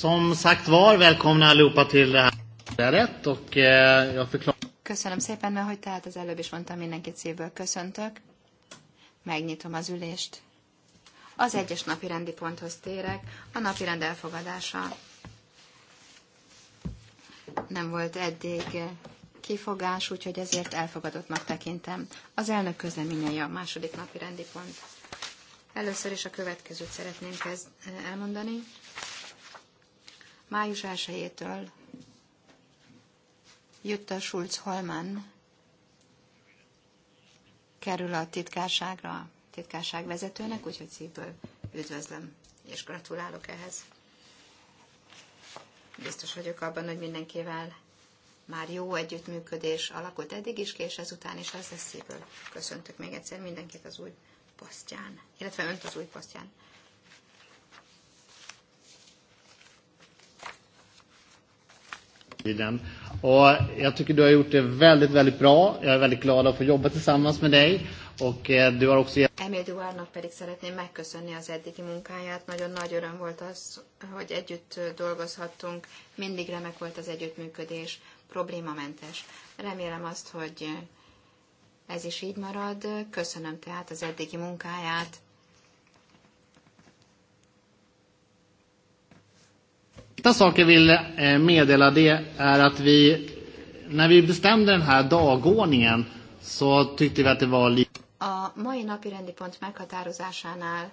Som sagt var, välkomna allihopa till det här rätt och eh, jag förklarar... Köszönöm szépen, mert hogy tehát az előbb is mondtam, mindenkit szívből köszöntök. Megnyitom az ülést. Az egyes napi rendi ponthoz térek, a napi rend elfogadása. Nem volt eddig kifogás, úgyhogy ezért elfogadottnak tekintem. Az elnök közleményei a második napi rendi pont. Először is a következőt szeretném kezd elmondani. Május 1-től Jutta Schulz Holman kerül a titkárságra, titkárság vezetőnek, úgyhogy szívből üdvözlöm és gratulálok ehhez. Biztos vagyok abban, hogy mindenkivel már jó együttműködés alakult eddig is és ezután is az lesz szívből. Köszöntök még egyszer mindenkit az új posztján, illetve önt az új posztján. tiden. Och jag tycker du har gjort det väldigt, väldigt bra. Jag är väldigt glad att få jobba tillsammans med dig. Och eh, du har också Emil Duárnak pedig szeretném megköszönni az eddigi munkáját. Nagyon nagy öröm volt az, hogy együtt dolgozhattunk. Mindig remek volt az együttműködés, problémamentes. Remélem azt, hogy ez is így marad. Köszönöm tehát az eddigi munkáját. sista sak jag vill eh, meddela det är att vi, när vi bestämde den här dagordningen så tyckte vi att det var lite... A mai napi rendi pont meghatározásánál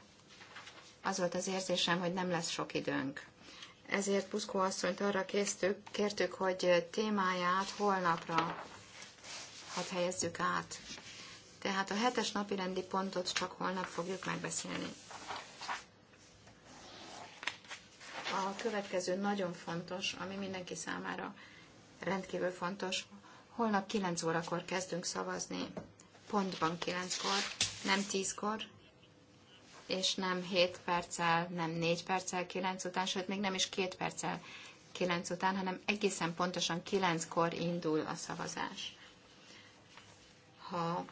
az volt az érzésem, hogy nem lesz sok időnk. Ezért Puszkó asszonyt arra késztük, kértük, hogy témáját holnapra hadd helyezzük át. Tehát a hetes napi rendi pontot csak holnap fogjuk megbeszélni. a következő nagyon fontos, ami mindenki számára rendkívül fontos. Holnap 9 órakor kezdünk szavazni, pontban 9-kor, nem 10-kor, és nem 7 perccel, nem 4 perccel 9 után, sőt még nem is 2 perccel 9 után, hanem egészen pontosan 9-kor indul a szavazás. Ha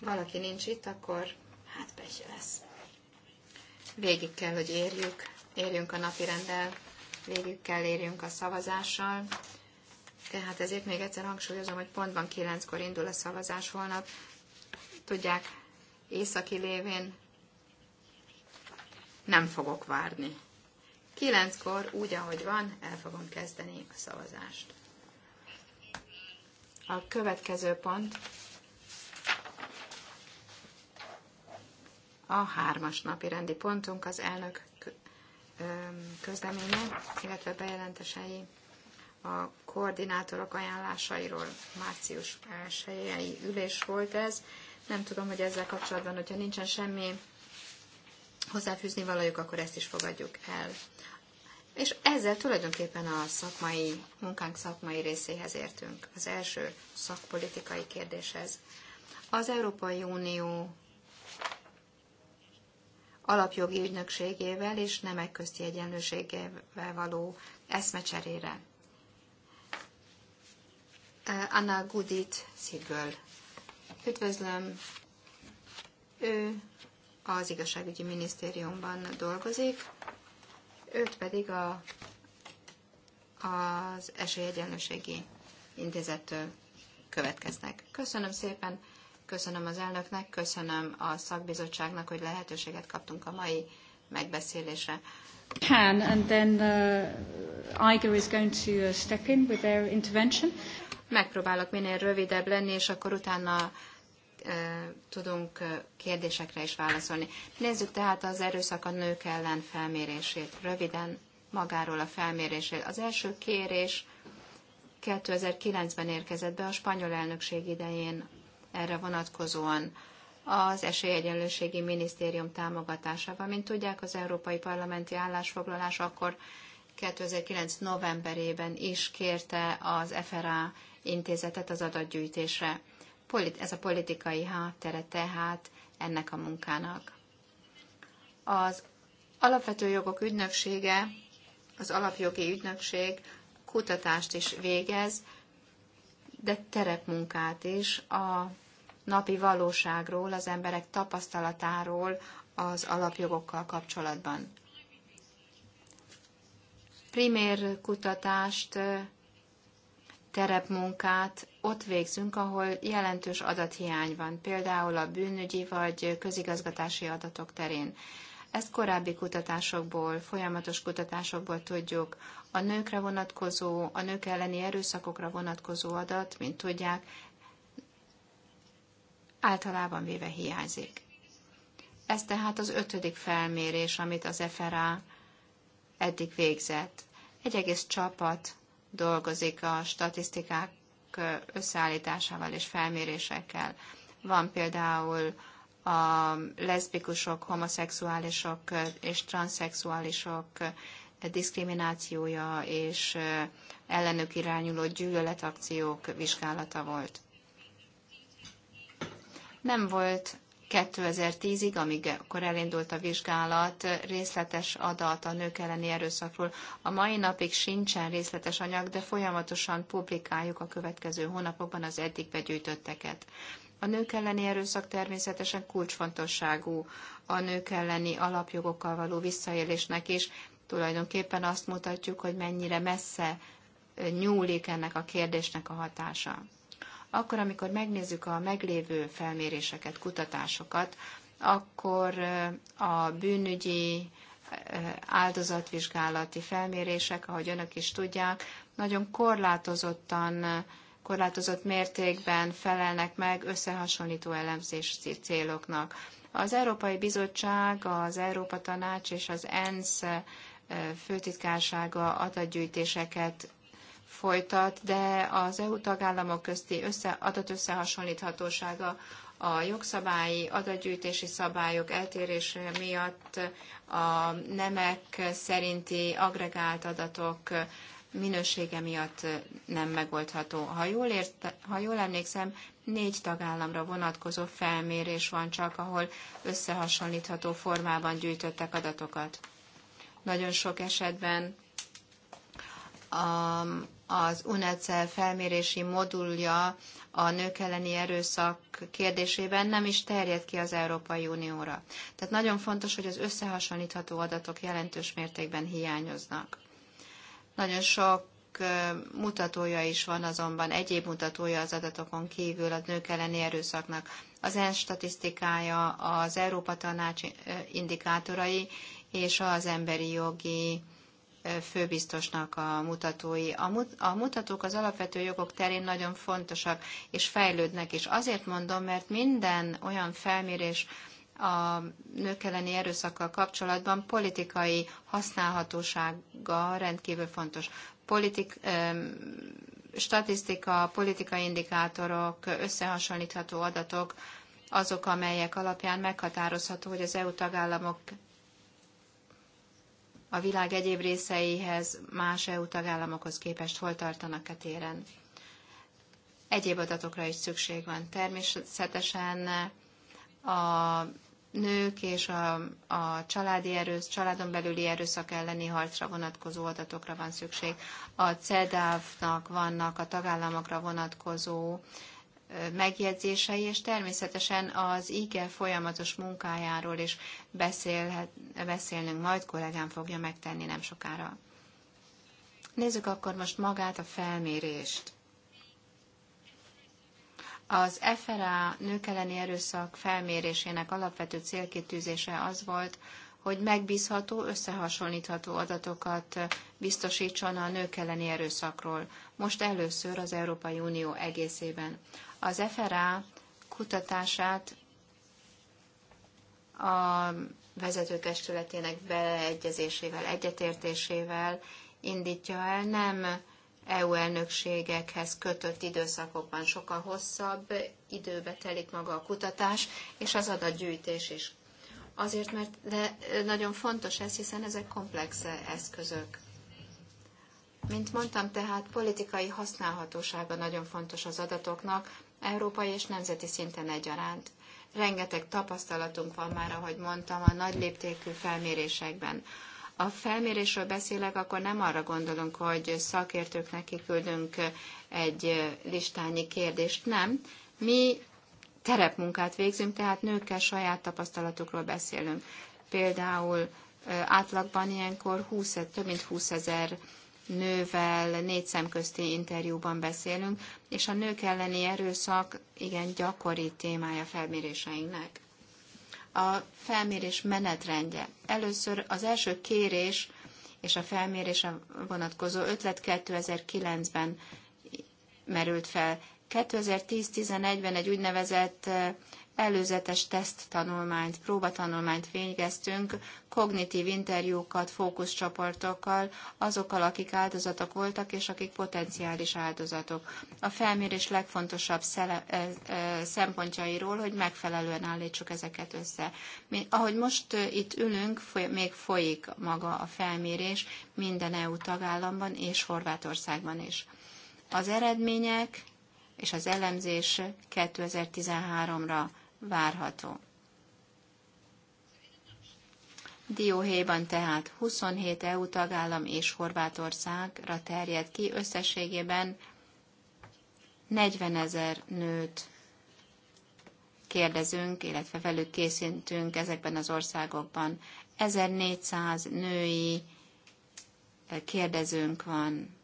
valaki nincs itt, akkor hát pesi lesz. Végig kell, hogy érjük érjünk a napi rendel, végig kell érjünk a szavazással. Tehát ezért még egyszer hangsúlyozom, hogy pontban kilenckor indul a szavazás holnap. Tudják, északi lévén nem fogok várni. Kilenckor, úgy, ahogy van, el fogom kezdeni a szavazást. A következő pont a hármas napi rendi pontunk az elnök közleménye, illetve bejelentései a koordinátorok ajánlásairól március 1 ülés volt ez. Nem tudom, hogy ezzel kapcsolatban, hogyha nincsen semmi hozzáfűzni valójuk akkor ezt is fogadjuk el. És ezzel tulajdonképpen a szakmai, munkánk szakmai részéhez értünk, az első szakpolitikai kérdéshez. Az Európai Unió alapjogi ügynökségével és nemek közti egyenlőségével való eszmecserére. Anna Gudit Szigöl. Üdvözlöm! Ő az igazságügyi minisztériumban dolgozik, őt pedig a, az esélyegyenlőségi intézettől következnek. Köszönöm szépen! köszönöm az elnöknek, köszönöm a szakbizottságnak, hogy lehetőséget kaptunk a mai megbeszélésre. Can, and then uh, IGA is going to uh, step in with their intervention. Megpróbálok minél rövidebb lenni, és akkor utána uh, tudunk uh, kérdésekre is válaszolni. Nézzük tehát az erőszak a nők ellen felmérését. Röviden magáról a felmérésről. Az első kérés 2009-ben érkezett be a spanyol elnökség idején erre vonatkozóan az Esélyegyenlőségi Minisztérium támogatásával. Mint tudják, az Európai Parlamenti állásfoglalás akkor 2009. novemberében is kérte az FRA intézetet az adatgyűjtésre. Ez a politikai háttere tehát ennek a munkának. Az Alapvető Jogok Ügynöksége, az Alapjogi Ügynökség kutatást is végez, de terepmunkát is a napi valóságról, az emberek tapasztalatáról az alapjogokkal kapcsolatban. Primér kutatást, terepmunkát ott végzünk, ahol jelentős adathiány van, például a bűnügyi vagy közigazgatási adatok terén. Ezt korábbi kutatásokból, folyamatos kutatásokból tudjuk. A nőkre vonatkozó, a nők elleni erőszakokra vonatkozó adat, mint tudják, általában véve hiányzik. Ez tehát az ötödik felmérés, amit az FRA eddig végzett. Egy egész csapat dolgozik a statisztikák összeállításával és felmérésekkel. Van például a leszbikusok, homoszexuálisok és transzexuálisok diszkriminációja és ellenük irányuló gyűlöletakciók vizsgálata volt. Nem volt 2010-ig, amíg akkor elindult a vizsgálat, részletes adat a nők elleni erőszakról. A mai napig sincsen részletes anyag, de folyamatosan publikáljuk a következő hónapokban az eddig begyűjtötteket. A nők elleni erőszak természetesen kulcsfontosságú a nők elleni alapjogokkal való visszaélésnek is. Tulajdonképpen azt mutatjuk, hogy mennyire messze nyúlik ennek a kérdésnek a hatása. Akkor, amikor megnézzük a meglévő felméréseket, kutatásokat, akkor a bűnügyi áldozatvizsgálati felmérések, ahogy önök is tudják, nagyon korlátozottan, korlátozott mértékben felelnek meg összehasonlító elemzési céloknak. Az Európai Bizottság, az Európa Tanács és az ENSZ főtitkársága adatgyűjtéseket folytat, de az EU tagállamok közti össze, adatösszehasonlíthatósága a jogszabályi adatgyűjtési szabályok eltérés miatt a nemek szerinti agregált adatok minősége miatt nem megoldható. Ha jól, ért, ha jól emlékszem, négy tagállamra vonatkozó felmérés van csak, ahol összehasonlítható formában gyűjtöttek adatokat. Nagyon sok esetben a, um, az UNECEL felmérési modulja a nők elleni erőszak kérdésében nem is terjed ki az Európai Unióra. Tehát nagyon fontos, hogy az összehasonlítható adatok jelentős mértékben hiányoznak. Nagyon sok mutatója is van azonban, egyéb mutatója az adatokon kívül a nők elleni erőszaknak. Az ENSZ statisztikája, az Európa Tanács indikátorai és az emberi jogi főbiztosnak a mutatói. A, mutatók az alapvető jogok terén nagyon fontosak, és fejlődnek és Azért mondom, mert minden olyan felmérés, a nők elleni erőszakkal kapcsolatban politikai használhatósága rendkívül fontos. Politik, statisztika, politikai indikátorok, összehasonlítható adatok azok, amelyek alapján meghatározható, hogy az EU tagállamok a világ egyéb részeihez, más EU tagállamokhoz képest hol tartanak a e téren. Egyéb adatokra is szükség van. Természetesen a nők és a, a családi erősz, családon belüli erőszak elleni harcra vonatkozó adatokra van szükség. A CEDAV-nak vannak a tagállamokra vonatkozó uh, megjegyzései, és természetesen az IGE folyamatos munkájáról is beszélhet, beszélnünk, majd kollégám fogja megtenni nem sokára. Nézzük akkor most magát a felmérést. Az FRA nők elleni erőszak felmérésének alapvető célkitűzése az volt, hogy megbízható, összehasonlítható adatokat biztosítson a nők elleni erőszakról, most először az Európai Unió egészében az FRA kutatását a vezetőtestületének beleegyezésével, egyetértésével indítja el, nem EU elnökségekhez kötött időszakokban sokkal hosszabb időbe telik maga a kutatás, és az adatgyűjtés is. Azért, mert de nagyon fontos ez, hiszen ezek komplex eszközök. Mint mondtam, tehát politikai használhatósága nagyon fontos az adatoknak, európai és nemzeti szinten egyaránt. Rengeteg tapasztalatunk van már, ahogy mondtam, a nagy léptékű felmérésekben. A felmérésről beszélek, akkor nem arra gondolunk, hogy szakértőknek kiküldünk egy listányi kérdést, nem. Mi terepmunkát végzünk, tehát nőkkel saját tapasztalatukról beszélünk. Például átlagban ilyenkor 20, több mint 20 ezer nővel négy szemközti interjúban beszélünk, és a nők elleni erőszak igen gyakori témája felméréseinknek. A felmérés menetrendje. Először az első kérés és a felmérésre vonatkozó ötlet 2009-ben merült fel. 2010-11-ben egy úgynevezett előzetes teszttanulmányt, próbatanulmányt végeztünk, kognitív interjúkat fókuszcsoportokkal, azokkal, akik áldozatok voltak, és akik potenciális áldozatok. A felmérés legfontosabb szele, szempontjairól, hogy megfelelően állítsuk ezeket össze. Mi, ahogy most itt ülünk, foly, még folyik maga a felmérés minden EU tagállamban és Horvátországban is. Az eredmények és az elemzés 2013-ra várható. Dióhéjban tehát 27 EU tagállam és Horvátországra terjed ki összességében 40 ezer nőt kérdezünk, illetve velük készítünk ezekben az országokban. 1400 női kérdezőnk van.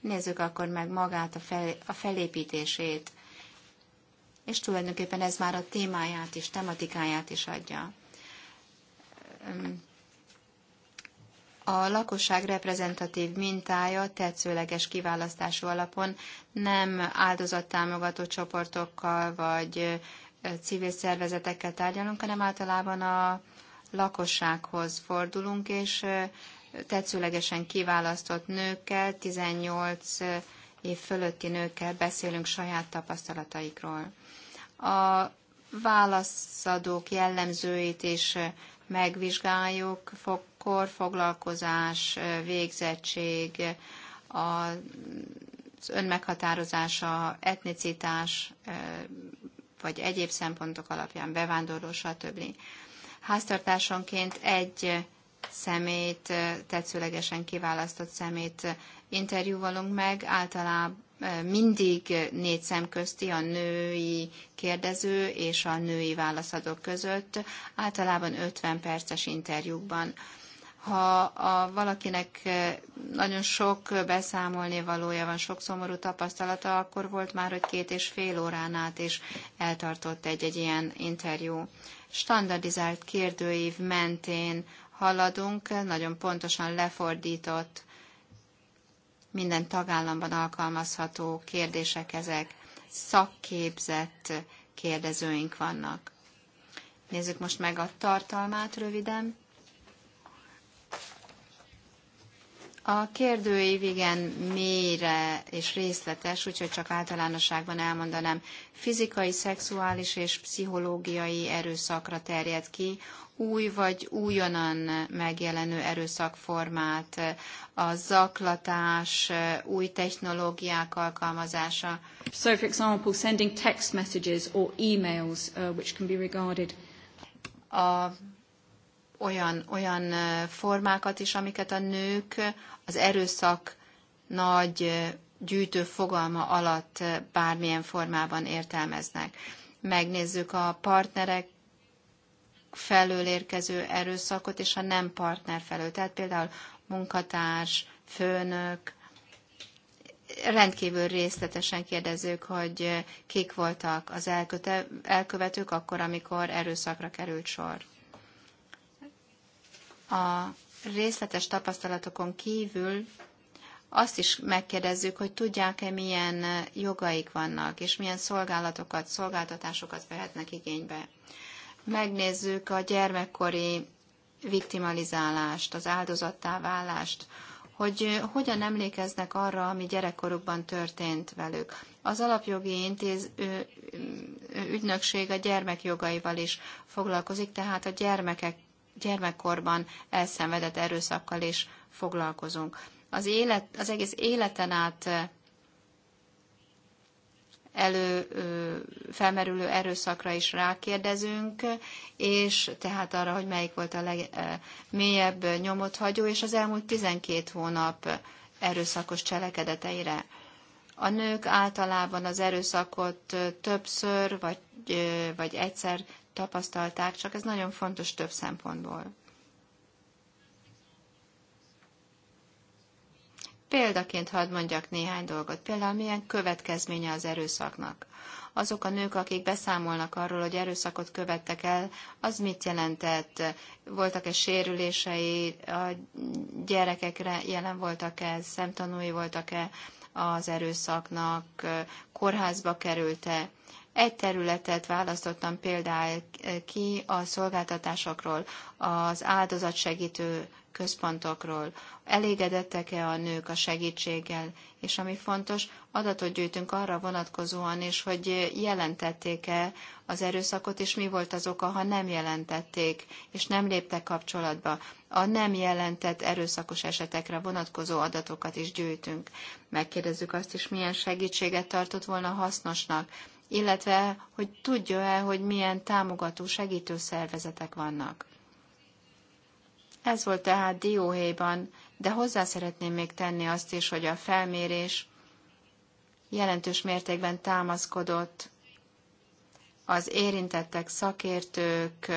Nézzük akkor meg magát a, fel, a felépítését és tulajdonképpen ez már a témáját is, tematikáját is adja. A lakosság reprezentatív mintája tetszőleges kiválasztású alapon nem áldozattámogató csoportokkal vagy civil szervezetekkel tárgyalunk, hanem általában a lakossághoz fordulunk, és tetszőlegesen kiválasztott nőkkel, 18 év fölötti nőkkel beszélünk saját tapasztalataikról a válaszadók jellemzőit is megvizsgáljuk, kor, foglalkozás, végzettség, az önmeghatározása, etnicitás, vagy egyéb szempontok alapján bevándorló, stb. Háztartásonként egy szemét, tetszőlegesen kiválasztott szemét interjúvalunk meg, általában mindig négy szem közti a női kérdező és a női válaszadók között, általában 50 perces interjúkban. Ha a valakinek nagyon sok beszámolni valója van, sok szomorú tapasztalata, akkor volt már, hogy két és fél órán át is eltartott egy-egy ilyen interjú. Standardizált kérdőív mentén haladunk, nagyon pontosan lefordított minden tagállamban alkalmazható kérdések ezek, szakképzett kérdezőink vannak. Nézzük most meg a tartalmát röviden. A kérdőív igen mélyre és részletes, úgyhogy csak általánosságban elmondanám. Fizikai, szexuális és pszichológiai erőszakra terjed ki, új vagy újonnan megjelenő erőszakformát, a zaklatás, új technológiák alkalmazása. So for example, sending text messages or emails uh, which can be regarded a olyan, olyan uh, formákat is, amiket a nők az erőszak nagy uh, gyűjtő fogalma alatt uh, bármilyen formában értelmeznek. Megnézzük a partnerek felől érkező erőszakot, és a nem partner felől. Tehát például munkatárs, főnök, rendkívül részletesen kérdezők, hogy kik voltak az elköte, elkövetők akkor, amikor erőszakra került sor. A részletes tapasztalatokon kívül azt is megkérdezzük, hogy tudják-e, milyen jogaik vannak, és milyen szolgálatokat, szolgáltatásokat vehetnek igénybe megnézzük a gyermekkori viktimalizálást, az áldozattá válást, hogy hogyan emlékeznek arra, ami gyerekkorukban történt velük. Az alapjogi intéz ő, ügynökség a gyermekjogaival is foglalkozik, tehát a gyermekek gyermekkorban elszenvedett erőszakkal is foglalkozunk. Az, élet, az egész életen át elő felmerülő erőszakra is rákérdezünk, és tehát arra, hogy melyik volt a legmélyebb nyomot hagyó, és az elmúlt 12 hónap erőszakos cselekedeteire. A nők általában az erőszakot többször vagy, vagy egyszer tapasztalták, csak ez nagyon fontos több szempontból. Példaként hadd mondjak néhány dolgot. Például milyen következménye az erőszaknak. Azok a nők, akik beszámolnak arról, hogy erőszakot követtek el, az mit jelentett? Voltak-e sérülései a gyerekekre? Jelen voltak-e? Szemtanúi voltak-e az erőszaknak? Kórházba került-e? Egy területet választottam például ki a szolgáltatásokról, az áldozatsegítő központokról. Elégedettek-e a nők a segítséggel? És ami fontos, adatot gyűjtünk arra vonatkozóan is, hogy jelentették-e az erőszakot, és mi volt az oka, ha nem jelentették, és nem léptek kapcsolatba. A nem jelentett erőszakos esetekre vonatkozó adatokat is gyűjtünk. Megkérdezzük azt is, milyen segítséget tartott volna hasznosnak illetve hogy tudja-e, hogy milyen támogató segítő szervezetek vannak. Ez volt tehát Dióhéjban, de hozzá szeretném még tenni azt is, hogy a felmérés jelentős mértékben támaszkodott az érintettek szakértők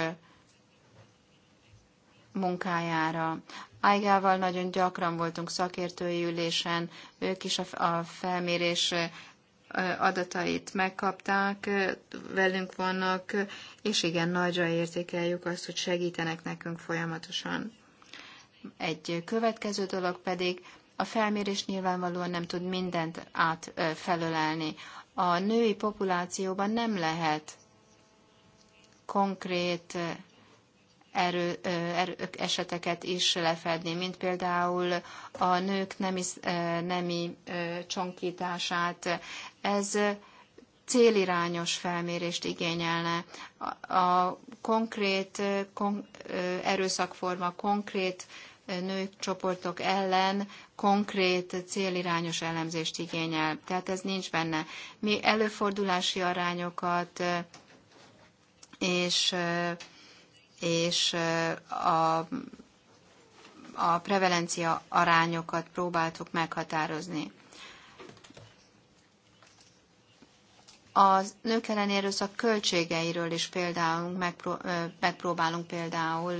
munkájára. Ájgával nagyon gyakran voltunk szakértői ülésen, ők is a felmérés adatait megkapták, velünk vannak, és igen, nagyra értékeljük azt, hogy segítenek nekünk folyamatosan. Egy következő dolog pedig, a felmérés nyilvánvalóan nem tud mindent átfelölelni. A női populációban nem lehet konkrét erő, erő, eseteket is lefedni, mint például a nők nemi, nemi csonkítását, ez célirányos felmérést igényelne. A, a konkrét kon, erőszakforma, konkrét csoportok ellen konkrét célirányos elemzést igényel. Tehát ez nincs benne. Mi előfordulási arányokat és, és a, a prevalencia arányokat próbáltuk meghatározni. a nők elleni erőszak költségeiről is például megpróbálunk például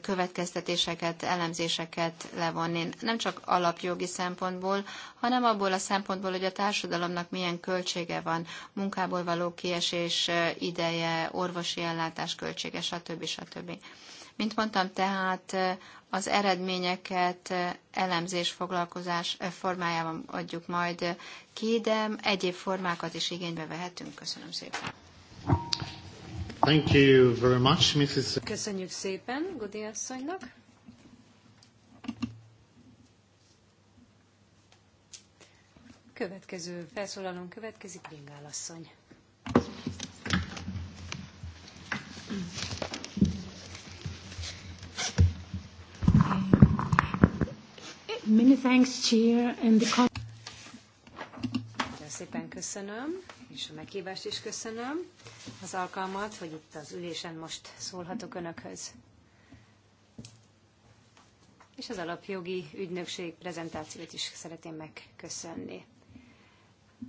következtetéseket, elemzéseket levonni, nem csak alapjogi szempontból, hanem abból a szempontból, hogy a társadalomnak milyen költsége van, munkából való kiesés ideje, orvosi ellátás költsége, stb. stb. Mint mondtam, tehát az eredményeket elemzés foglalkozás formájában adjuk majd ki, de egyéb formákat is igénybe vehetünk. Köszönöm szépen. Thank you very much, Mrs. Köszönjük szépen Gudi asszonynak. Következő felszólalón következik Ringál asszony. Many thanks, Chair, and the... Nagyon szépen köszönöm, és a meghívást is köszönöm, az alkalmat, hogy itt az ülésen most szólhatok Önökhöz. És az alapjogi ügynökség prezentációt is szeretném megköszönni.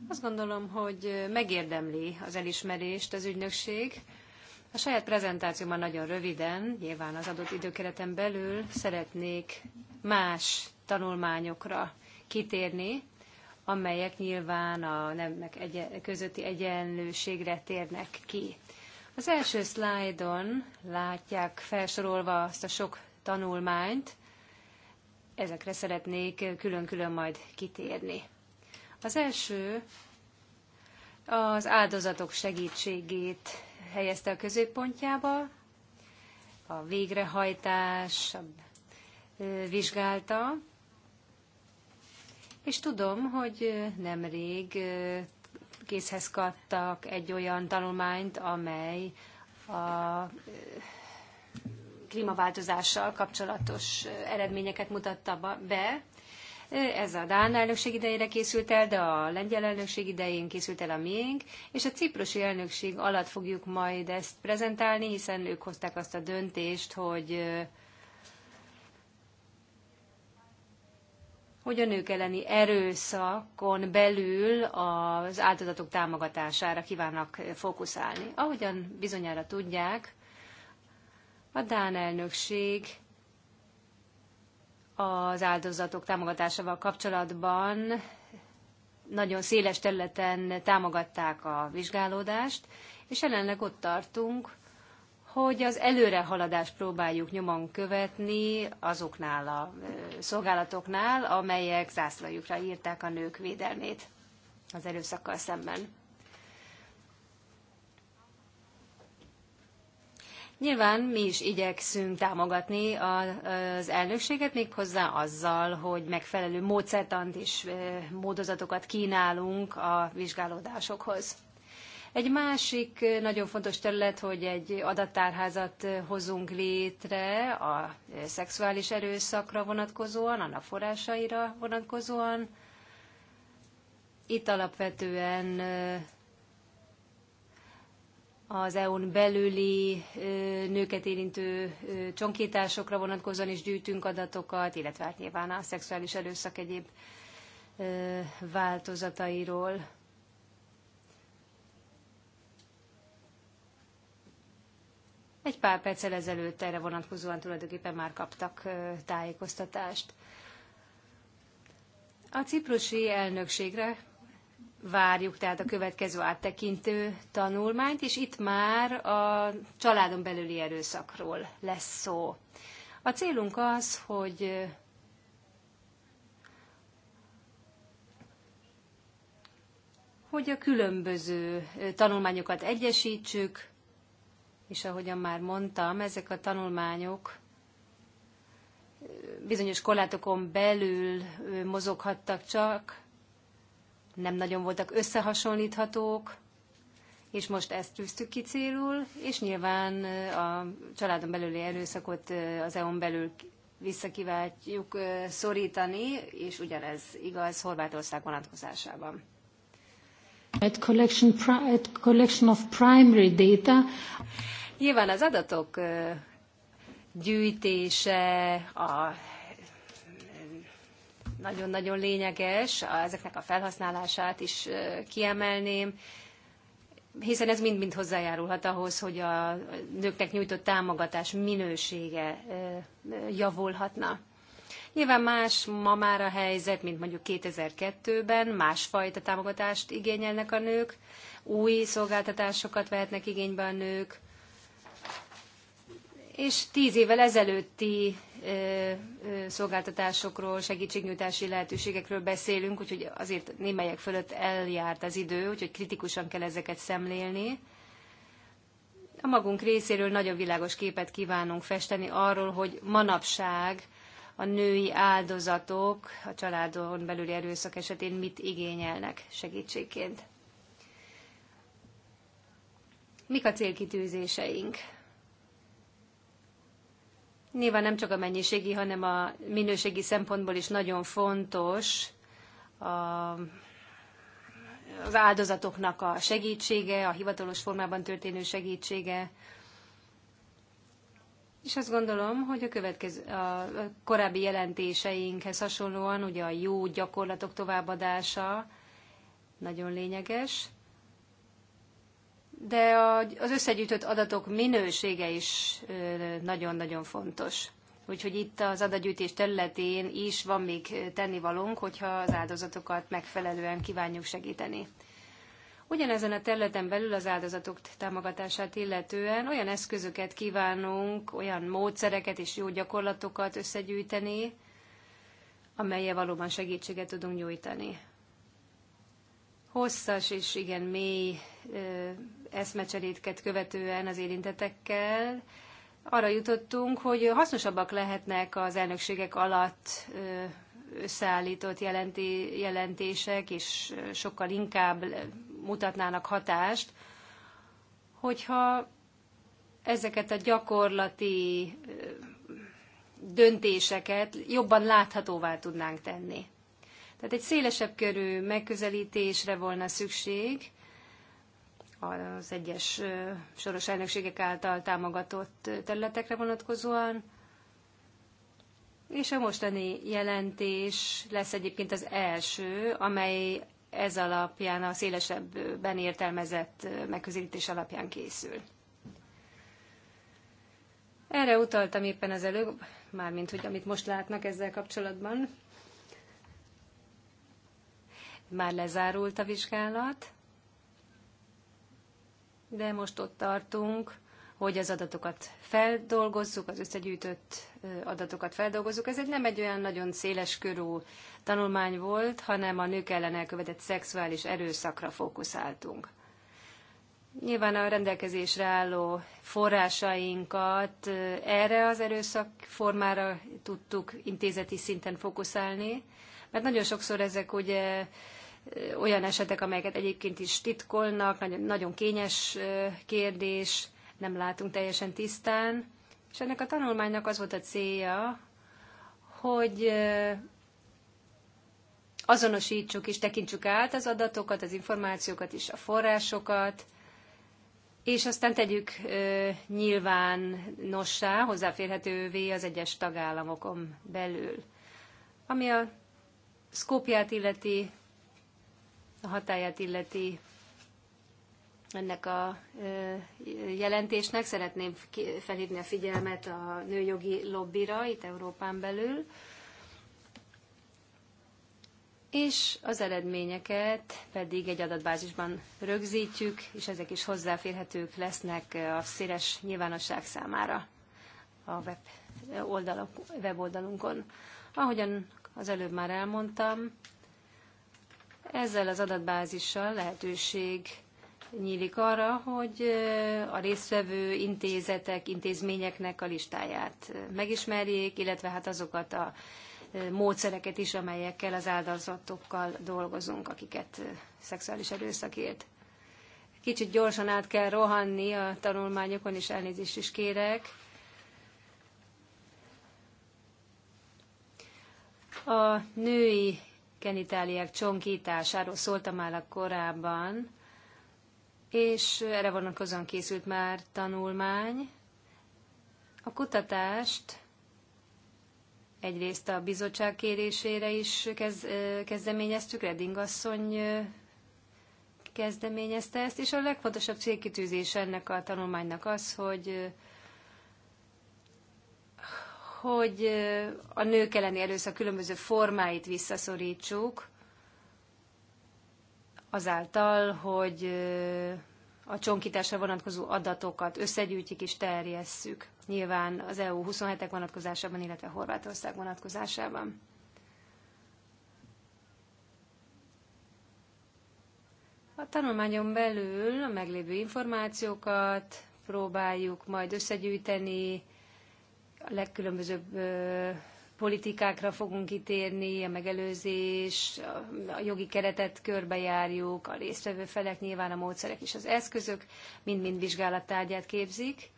Azt gondolom, hogy megérdemli az elismerést az ügynökség. A saját prezentációban nagyon röviden, nyilván az adott időkereten belül szeretnék más tanulmányokra kitérni, amelyek nyilván a nemek egy közötti egyenlőségre térnek ki. Az első szlájdon látják felsorolva azt a sok tanulmányt, ezekre szeretnék külön-külön majd kitérni. Az első az áldozatok segítségét helyezte a középpontjába, a végrehajtás vizsgálta, és tudom, hogy nemrég készhez kaptak egy olyan tanulmányt, amely a klímaváltozással kapcsolatos eredményeket mutatta be. Ez a Dán elnökség idejére készült el, de a lengyel elnökség idején készült el a miénk, és a ciprusi elnökség alatt fogjuk majd ezt prezentálni, hiszen ők hozták azt a döntést, hogy hogy a nők elleni erőszakon belül az áldozatok támogatására kívánnak fókuszálni. Ahogyan bizonyára tudják, a Dán elnökség az áldozatok támogatásával kapcsolatban nagyon széles területen támogatták a vizsgálódást, és jelenleg ott tartunk, hogy az előrehaladást próbáljuk nyomon követni azoknál a szolgálatoknál, amelyek zászlajukra írták a nők védelmét az erőszakkal szemben. Nyilván mi is igyekszünk támogatni az elnökséget, méghozzá azzal, hogy megfelelő módszertant és módozatokat kínálunk a vizsgálódásokhoz. Egy másik eh, nagyon fontos terület, hogy egy adattárházat eh, hozunk létre a eh, szexuális erőszakra vonatkozóan, annak forrásaira vonatkozóan. Itt alapvetően az EU-n belüli nőket érintő csonkításokra vonatkozóan is gyűjtünk adatokat, illetve hát nyilván a szexuális erőszak egyéb változatairól. Egy pár perccel ezelőtt erre vonatkozóan tulajdonképpen már kaptak tájékoztatást. A ciprusi elnökségre várjuk tehát a következő áttekintő tanulmányt, és itt már a családon belüli erőszakról lesz szó. A célunk az, hogy hogy a különböző tanulmányokat egyesítsük, és ahogyan már mondtam, ezek a tanulmányok bizonyos korlátokon belül mozoghattak csak, nem nagyon voltak összehasonlíthatók, és most ezt tűztük ki célul, és nyilván a családon belüli erőszakot az EON belül visszakiváltjuk szorítani, és ugyanez igaz Horvátország vonatkozásában. At collection, at collection of primary data. Nyilván az adatok gyűjtése, a nagyon-nagyon lényeges, ezeknek a felhasználását is kiemelném, hiszen ez mind-mind hozzájárulhat ahhoz, hogy a nőknek nyújtott támogatás minősége javulhatna. Nyilván más ma már a helyzet, mint mondjuk 2002-ben, másfajta támogatást igényelnek a nők, új szolgáltatásokat vehetnek igénybe a nők, és tíz évvel ezelőtti szolgáltatásokról, segítségnyújtási lehetőségekről beszélünk, úgyhogy azért némelyek fölött eljárt az idő, úgyhogy kritikusan kell ezeket szemlélni. A magunk részéről nagyon világos képet kívánunk festeni arról, hogy manapság a női áldozatok a családon belüli erőszak esetén mit igényelnek segítségként. Mik a célkitűzéseink? Nyilván nem csak a mennyiségi, hanem a minőségi szempontból is nagyon fontos a, az áldozatoknak a segítsége, a hivatalos formában történő segítsége. És azt gondolom, hogy a, következő, a korábbi jelentéseinkhez hasonlóan ugye a jó gyakorlatok továbbadása nagyon lényeges de az összegyűjtött adatok minősége is nagyon-nagyon fontos. Úgyhogy itt az adatgyűjtés területén is van még tennivalónk, hogyha az áldozatokat megfelelően kívánjuk segíteni. Ugyanezen a területen belül az áldozatok támogatását illetően olyan eszközöket kívánunk, olyan módszereket és jó gyakorlatokat összegyűjteni, amelyel valóban segítséget tudunk nyújtani. Hosszas és igen mély eszmecserétket követően az érintetekkel arra jutottunk, hogy hasznosabbak lehetnek az elnökségek alatt összeállított jelenti, jelentések, és sokkal inkább mutatnának hatást, hogyha ezeket a gyakorlati döntéseket jobban láthatóvá tudnánk tenni. Tehát egy szélesebb körű megközelítésre volna szükség, az egyes soros elnökségek által támogatott területekre vonatkozóan, és a mostani jelentés lesz egyébként az első, amely ez alapján, a szélesebben értelmezett megközelítés alapján készül. Erre utaltam éppen az előbb, mármint, hogy amit most látnak ezzel kapcsolatban. Már lezárult a vizsgálat, de most ott tartunk, hogy az adatokat feldolgozzuk, az összegyűjtött adatokat feldolgozzuk. Ez egy nem egy olyan nagyon széles körű tanulmány volt, hanem a nők ellen elkövetett szexuális erőszakra fókuszáltunk. Nyilván a rendelkezésre álló forrásainkat erre az erőszak formára tudtuk intézeti szinten fókuszálni, mert nagyon sokszor ezek ugye olyan esetek, amelyeket egyébként is titkolnak, nagyon, nagyon kényes kérdés, nem látunk teljesen tisztán. És ennek a tanulmánynak az volt a célja, hogy azonosítsuk és tekintsük át az adatokat, az információkat és a forrásokat, és aztán tegyük nyilván nyilvánossá, hozzáférhetővé az egyes tagállamokon belül. Ami a szkópját illeti, a hatáját illeti ennek a jelentésnek. Szeretném felhívni a figyelmet a nőjogi lobbira itt Európán belül, és az eredményeket pedig egy adatbázisban rögzítjük, és ezek is hozzáférhetők lesznek a széles nyilvánosság számára a web oldalak, weboldalunkon. Ahogyan az előbb már elmondtam, ezzel az adatbázissal lehetőség nyílik arra, hogy a résztvevő intézetek, intézményeknek a listáját megismerjék, illetve hát azokat a módszereket is, amelyekkel az áldozatokkal dolgozunk, akiket szexuális erőszakért. Kicsit gyorsan át kell rohanni a tanulmányokon, és elnézést is kérek. A női genitáliák csonkításáról szóltam már a korábban, és erre vonatkozóan készült már tanulmány. A kutatást egyrészt a bizottság kérésére is kez, kezdeményeztük, Redding asszony kezdeményezte ezt, és a legfontosabb célkitűzés ennek a tanulmánynak az, hogy hogy a nők elleni erőszak különböző formáit visszaszorítsuk, azáltal, hogy a csonkításra vonatkozó adatokat összegyűjtjük és terjesszük. Nyilván az EU 27-ek vonatkozásában, illetve Horvátország vonatkozásában. A tanulmányon belül a meglévő információkat próbáljuk majd összegyűjteni, a legkülönbözőbb politikákra fogunk kitérni, a megelőzés, a jogi keretet körbejárjuk, a résztvevő felek nyilván a módszerek és az eszközök mind-mind vizsgálattárgyát képzik,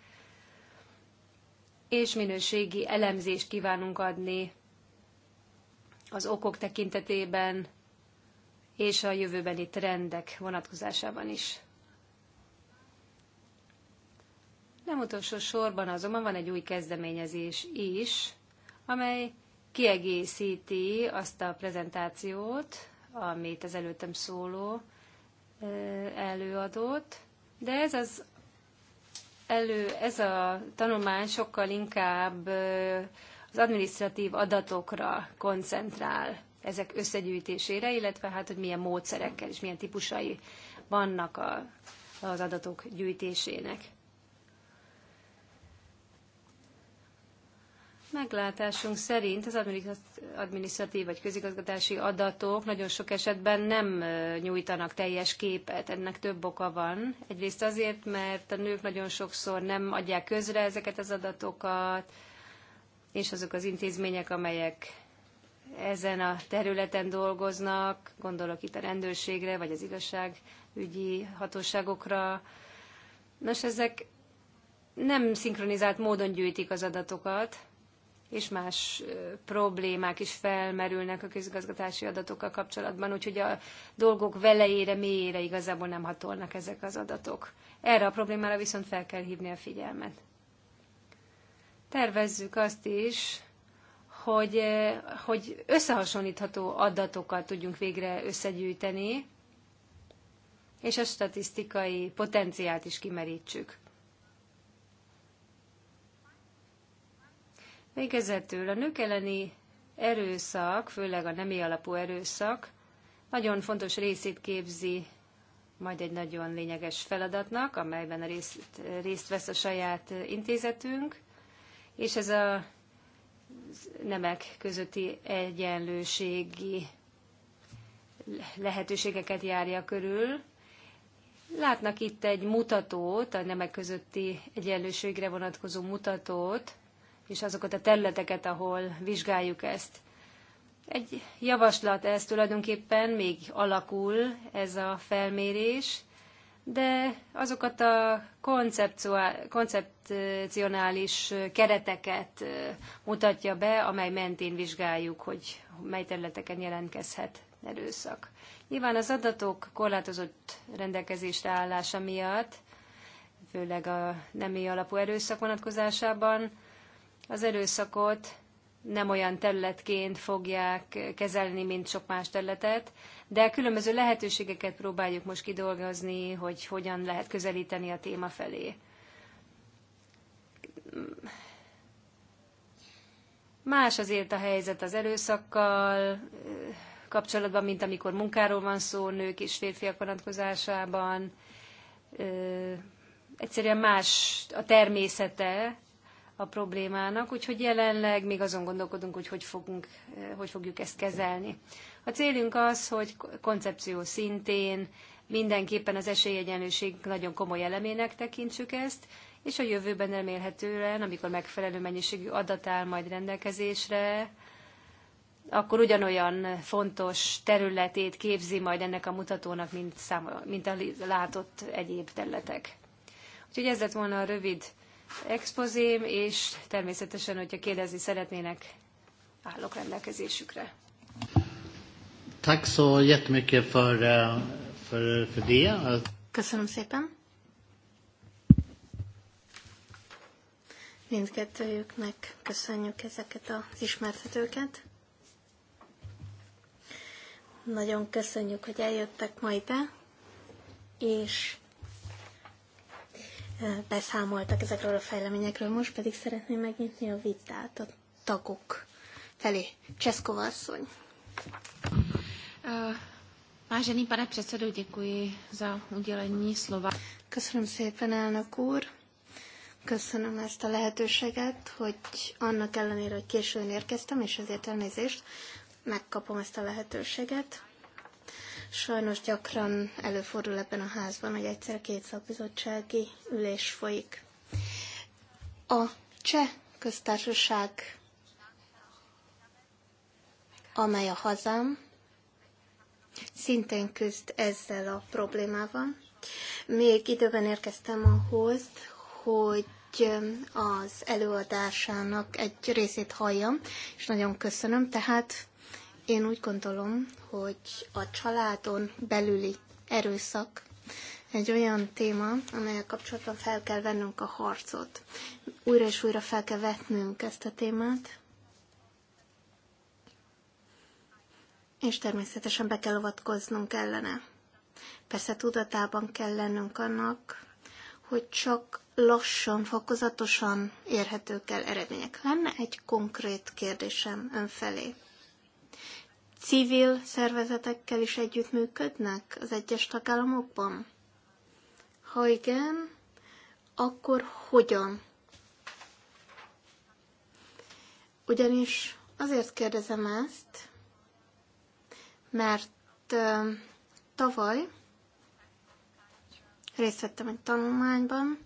és minőségi elemzést kívánunk adni az okok tekintetében és a jövőbeni trendek vonatkozásában is. Nem utolsó sorban azonban van egy új kezdeményezés is, amely kiegészíti azt a prezentációt, amit az előttem szóló előadott, de ez az elő, ez a tanulmány sokkal inkább az administratív adatokra koncentrál, ezek összegyűjtésére, illetve hát, hogy milyen módszerekkel és milyen típusai vannak a, az adatok gyűjtésének. Meglátásunk szerint az adminisztratív vagy közigazgatási adatok nagyon sok esetben nem nyújtanak teljes képet. Ennek több oka van. Egyrészt azért, mert a nők nagyon sokszor nem adják közre ezeket az adatokat, és azok az intézmények, amelyek ezen a területen dolgoznak, gondolok itt a rendőrségre, vagy az igazságügyi hatóságokra. Nos, ezek nem szinkronizált módon gyűjtik az adatokat, és más problémák is felmerülnek a közigazgatási adatokkal kapcsolatban, úgyhogy a dolgok velejére, mélyére igazából nem hatolnak ezek az adatok. Erre a problémára viszont fel kell hívni a figyelmet. Tervezzük azt is, hogy, hogy összehasonlítható adatokat tudjunk végre összegyűjteni, és a statisztikai potenciált is kimerítsük. Végezetül a nők elleni erőszak, főleg a nemi alapú erőszak, nagyon fontos részét képzi majd egy nagyon lényeges feladatnak, amelyben a részt, részt vesz a saját intézetünk, és ez a nemek közötti egyenlőségi lehetőségeket járja körül. Látnak itt egy mutatót, a nemek közötti egyenlőségre vonatkozó mutatót, és azokat a területeket, ahol vizsgáljuk ezt. Egy javaslat ez tulajdonképpen még alakul ez a felmérés, de azokat a koncepcionális kereteket mutatja be, amely mentén vizsgáljuk, hogy mely területeken jelentkezhet erőszak. Nyilván az adatok korlátozott rendelkezésre állása miatt, főleg a nemi alapú erőszak vonatkozásában, az erőszakot nem olyan területként fogják kezelni, mint sok más területet, de különböző lehetőségeket próbáljuk most kidolgozni, hogy hogyan lehet közelíteni a téma felé. Más azért a helyzet az erőszakkal eh, kapcsolatban, mint amikor munkáról van szó, nők és férfiak vonatkozásában. Eh, egyszerűen más a természete a problémának, úgyhogy jelenleg még azon gondolkodunk, hogy hogy, fogunk, eh, hogy fogjuk ezt kezelni. A célunk az, hogy koncepció szintén mindenképpen az esélyegyenlőség nagyon komoly elemének tekintsük ezt, és a jövőben remélhetően, amikor megfelelő mennyiségű adat áll majd rendelkezésre, akkor ugyanolyan fontos területét képzi majd ennek a mutatónak, mint, száma, mint a látott egyéb területek. Úgyhogy ez lett volna a rövid expozém, és természetesen, hogyha kérdezni szeretnének, állok rendelkezésükre. Tack så jättemycket för, eh, för, för det. Köszönöm szépen. Mindkettőjüknek köszönjük ezeket az ismertetőket. Nagyon köszönjük, hogy eljöttek ma ide, és beszámoltak ezekről a fejleményekről, most pedig szeretném megnyitni a vitát a tagok felé. Cseszkova asszony. Vážený pane předsedo, děkuji za udělení slova. Köszönöm szépen, elnök úr. Köszönöm ezt a lehetőséget, hogy annak ellenére, hogy későn érkeztem, és ezért elnézést, megkapom ezt a lehetőséget. Sajnos gyakran előfordul ebben a házban, hogy egyszer két szakbizottsági ülés folyik. A cseh köztársaság, amely a hazám, szintén küzd ezzel a problémával. Még időben érkeztem ahhoz, hogy az előadásának egy részét halljam, és nagyon köszönöm. Tehát én úgy gondolom, hogy a családon belüli erőszak egy olyan téma, amelyek kapcsolatban fel kell vennünk a harcot. Újra és újra fel kell vetnünk ezt a témát, és természetesen be kell avatkoznunk ellene. Persze tudatában kell lennünk annak, hogy csak lassan, fokozatosan érhetők el eredmények. Lenne egy konkrét kérdésem önfelé civil szervezetekkel is együttműködnek az egyes tagállamokban? Ha igen, akkor hogyan? Ugyanis azért kérdezem ezt, mert tavaly részt vettem egy tanulmányban,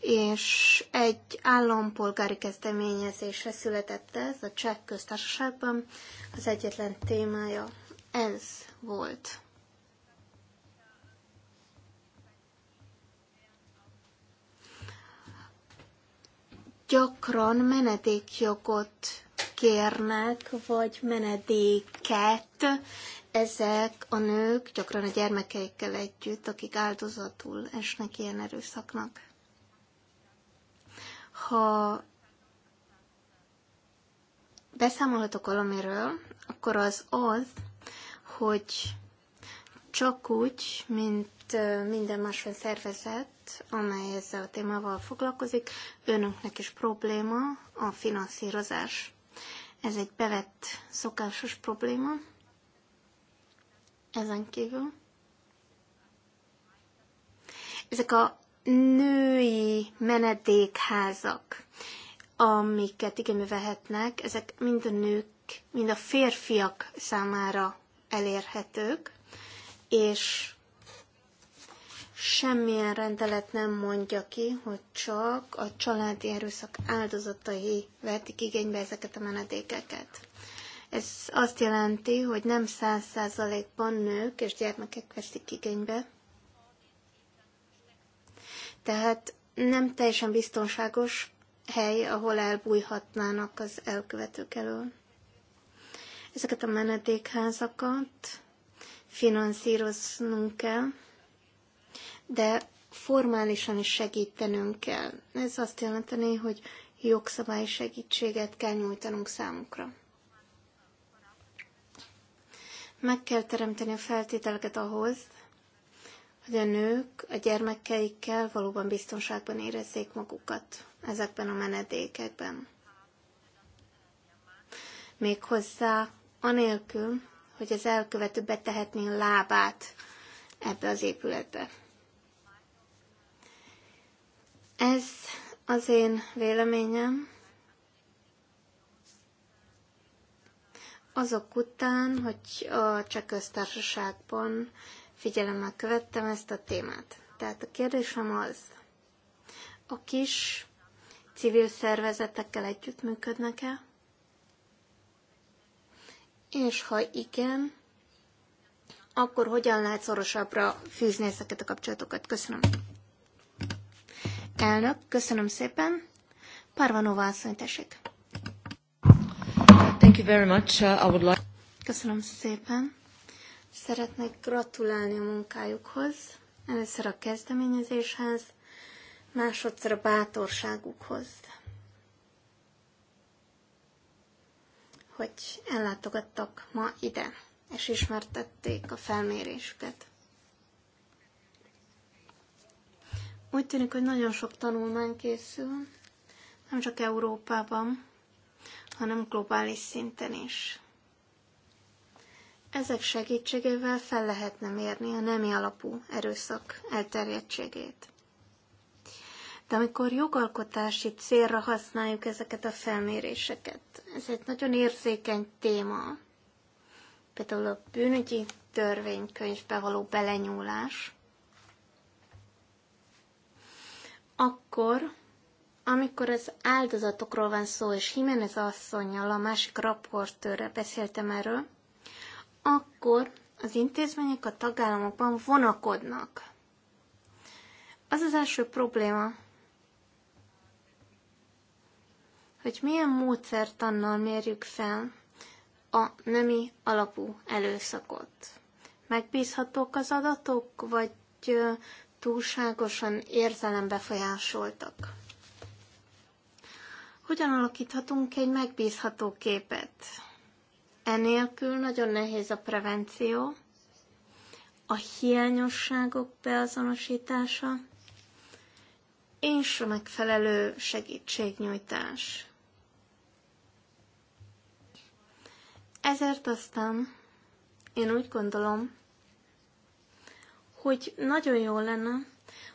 és egy állampolgári kezdeményezésre született ez a cseh köztársaságban. Az egyetlen témája ez volt. Gyakran menedékjogot kérnek, vagy menedéket ezek a nők, gyakran a gyermekeikkel együtt, akik áldozatul esnek ilyen erőszaknak. Ha beszámolhatok valamiről, akkor az az, hogy csak úgy, mint minden más szervezet, amely ezzel a témával foglalkozik, önöknek is probléma a finanszírozás. Ez egy bevett szokásos probléma. Ezen kívül. Ezek a női menedékházak, amiket igénybe vehetnek, ezek mind a nők, mind a férfiak számára elérhetők, és semmilyen rendelet nem mondja ki, hogy csak a családi erőszak áldozatai vetik igénybe ezeket a menedékeket. Ez azt jelenti, hogy nem száz százalékban nők és gyermekek veszik igénybe tehát nem teljesen biztonságos hely, ahol elbújhatnának az elkövetők elől. Ezeket a menedékházakat finanszíroznunk kell, de formálisan is segítenünk kell. Ez azt jelenteni, hogy jogszabályi segítséget kell nyújtanunk számukra. Meg kell teremteni a feltételeket ahhoz, hogy a nők a gyermekeikkel valóban biztonságban érezzék magukat ezekben a menedékekben. Méghozzá anélkül, hogy az elkövető betehetné a lábát ebbe az épületbe. Ez az én véleményem. Azok után, hogy a cseh köztársaságban figyelemmel követtem ezt a témát. Tehát a kérdésem az, a kis civil szervezetekkel együttműködnek-e? És ha igen, akkor hogyan lehet szorosabbra fűzni ezeket a kapcsolatokat? Köszönöm. Elnök, köszönöm szépen. Parvanova asszony, tessék. Thank you very much. Uh, I would like... Köszönöm szépen. Szeretnék gratulálni a munkájukhoz, először a kezdeményezéshez, másodszor a bátorságukhoz, hogy ellátogattak ma ide, és ismertették a felmérésüket. Úgy tűnik, hogy nagyon sok tanulmány készül, nem csak Európában, hanem globális szinten is. Ezek segítségével fel lehetne mérni a nemi alapú erőszak elterjedtségét. De amikor jogalkotási célra használjuk ezeket a felméréseket, ez egy nagyon érzékeny téma. Például a bűnügyi törvénykönyvbe való belenyúlás, akkor, amikor az áldozatokról van szó, és Jimenez asszonynal, a másik raportőre beszéltem erről, akkor az intézmények a tagállamokban vonakodnak. Az az első probléma, hogy milyen módszertannal mérjük fel a nemi alapú előszakot. Megbízhatók az adatok, vagy túlságosan érzelembefolyásoltak? Hogyan alakíthatunk egy megbízható képet? Enélkül nagyon nehéz a prevenció, a hiányosságok beazonosítása és a megfelelő segítségnyújtás. Ezért aztán én úgy gondolom, hogy nagyon jó lenne,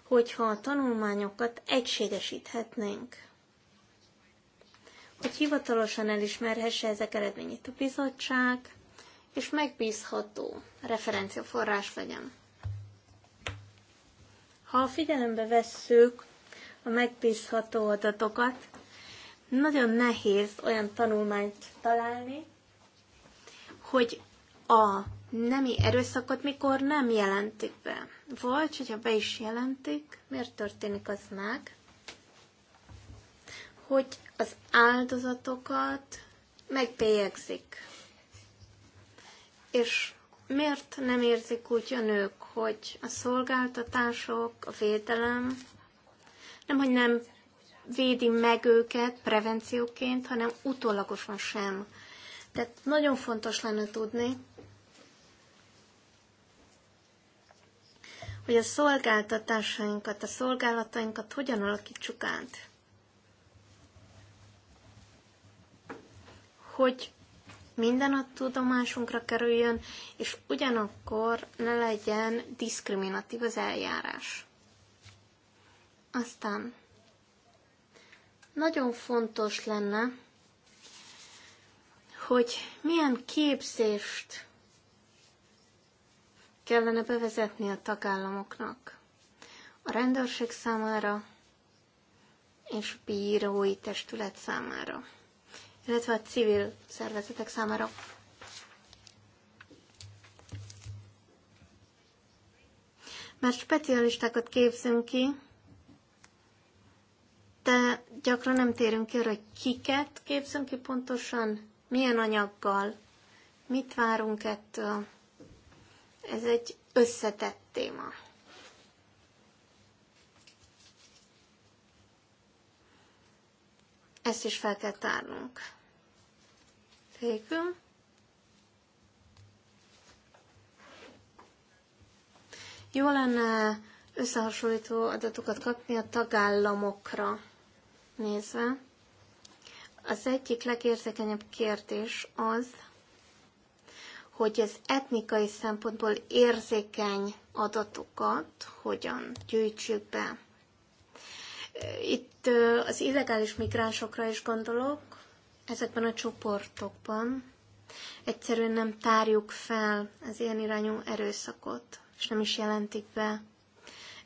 hogyha a tanulmányokat egységesíthetnénk hogy hivatalosan elismerhesse ezek eredményét a bizottság, és megbízható referenciaforrás legyen. Ha figyelembe vesszük a megbízható adatokat, nagyon nehéz olyan tanulmányt találni, hogy a nemi erőszakot mikor nem jelentik be. Vagy, hogyha be is jelentik, miért történik az meg? hogy az áldozatokat megbélyegzik. És miért nem érzik úgy a nők, hogy a szolgáltatások, a védelem nem, hogy nem védi meg őket prevencióként, hanem utólagosan sem. Tehát nagyon fontos lenne tudni, hogy a szolgáltatásainkat, a szolgálatainkat hogyan alakítsuk át. hogy minden a tudomásunkra kerüljön, és ugyanakkor ne legyen diszkriminatív az eljárás. Aztán nagyon fontos lenne, hogy milyen képzést kellene bevezetni a tagállamoknak a rendőrség számára és a bírói testület számára illetve a civil szervezetek számára. Mert specialistákat képzünk ki, de gyakran nem térünk ki arra, hogy kiket képzünk ki pontosan, milyen anyaggal, mit várunk ettől. Ez egy összetett téma. Ezt is fel kell tárnunk. Végül. Jó lenne összehasonlító adatokat kapni a tagállamokra nézve. Az egyik legérzékenyebb kérdés az, hogy az etnikai szempontból érzékeny adatokat hogyan gyűjtsük be. Itt az illegális migránsokra is gondolok, ezekben a csoportokban egyszerűen nem tárjuk fel az ilyen irányú erőszakot, és nem is jelentik be.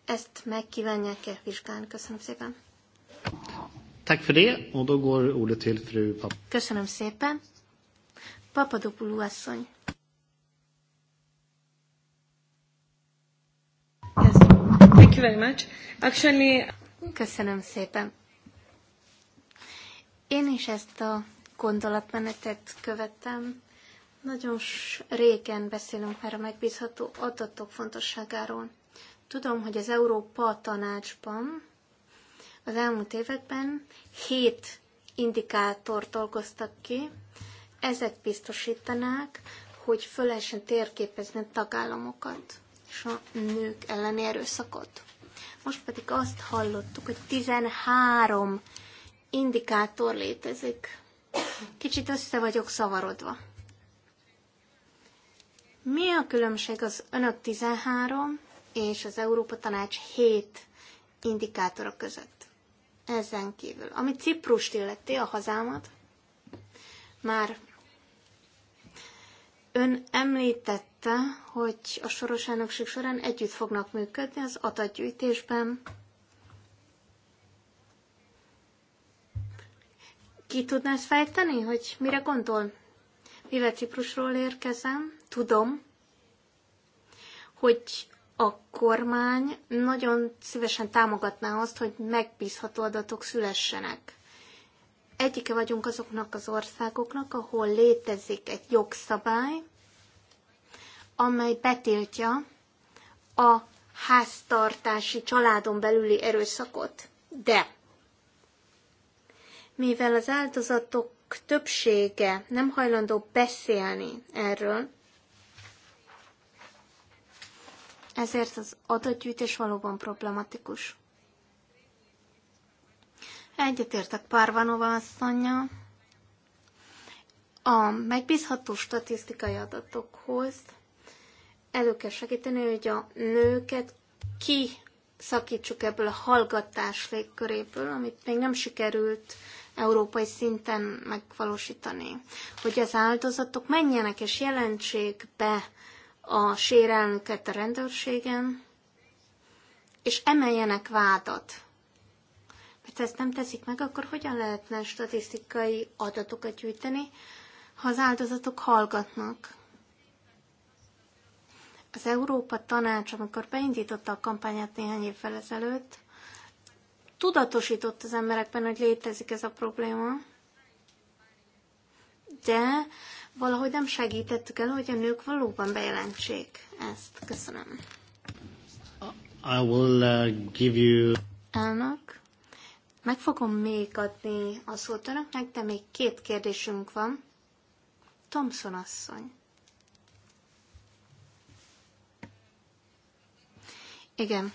Ezt megkívánják-e vizsgálni? Köszönöm szépen. Tack för det, och då går ordet till fru Pap. Köszönöm szépen. Papadopoulou asszony. Thank you very much. Actually... Köszönöm szépen. Én is ezt a gondolatmenetet követtem. Nagyon régen beszélünk már a megbízható adatok fontosságáról. Tudom, hogy az Európa Tanácsban az elmúlt években hét indikátor dolgoztak ki. Ezek biztosítanák, hogy föl térképezni tagállamokat és a nők elleni erőszakot. Most pedig azt hallottuk, hogy 13 indikátor létezik. Kicsit össze vagyok szavarodva. Mi a különbség az önök 13 és az Európa Tanács 7 indikátora között? Ezen kívül. Ami Ciprust illeti, a hazámat, már ön említette, hogy a soros elnökség során együtt fognak működni az adatgyűjtésben, Ki tudná ezt fejteni, hogy mire gondol? Mivel Ciprusról érkezem, tudom, hogy a kormány nagyon szívesen támogatná azt, hogy megbízható adatok szülessenek. Egyike vagyunk azoknak az országoknak, ahol létezik egy jogszabály, amely betiltja a háztartási családon belüli erőszakot. De mivel az áldozatok többsége nem hajlandó beszélni erről, ezért az adatgyűjtés valóban problematikus. Egyetértek Párvanova asszonya. A megbízható statisztikai adatokhoz elő kell segíteni, hogy a nőket ki szakítsuk ebből a hallgatás légköréből, amit még nem sikerült európai szinten megvalósítani, hogy az áldozatok menjenek és jelentsék be a sérelmüket a rendőrségen, és emeljenek vádat. Mert ezt nem teszik meg, akkor hogyan lehetne statisztikai adatokat gyűjteni, ha az áldozatok hallgatnak? Az Európa Tanács, amikor beindította a kampányát néhány évvel ezelőtt, tudatosított az emberekben, hogy létezik ez a probléma, de valahogy nem segítettük el, hogy a nők valóban bejelentsék ezt. Köszönöm. I will uh, give you... Elnök, meg fogom még adni a szót önöknek, de még két kérdésünk van. Thompson asszony. Igen.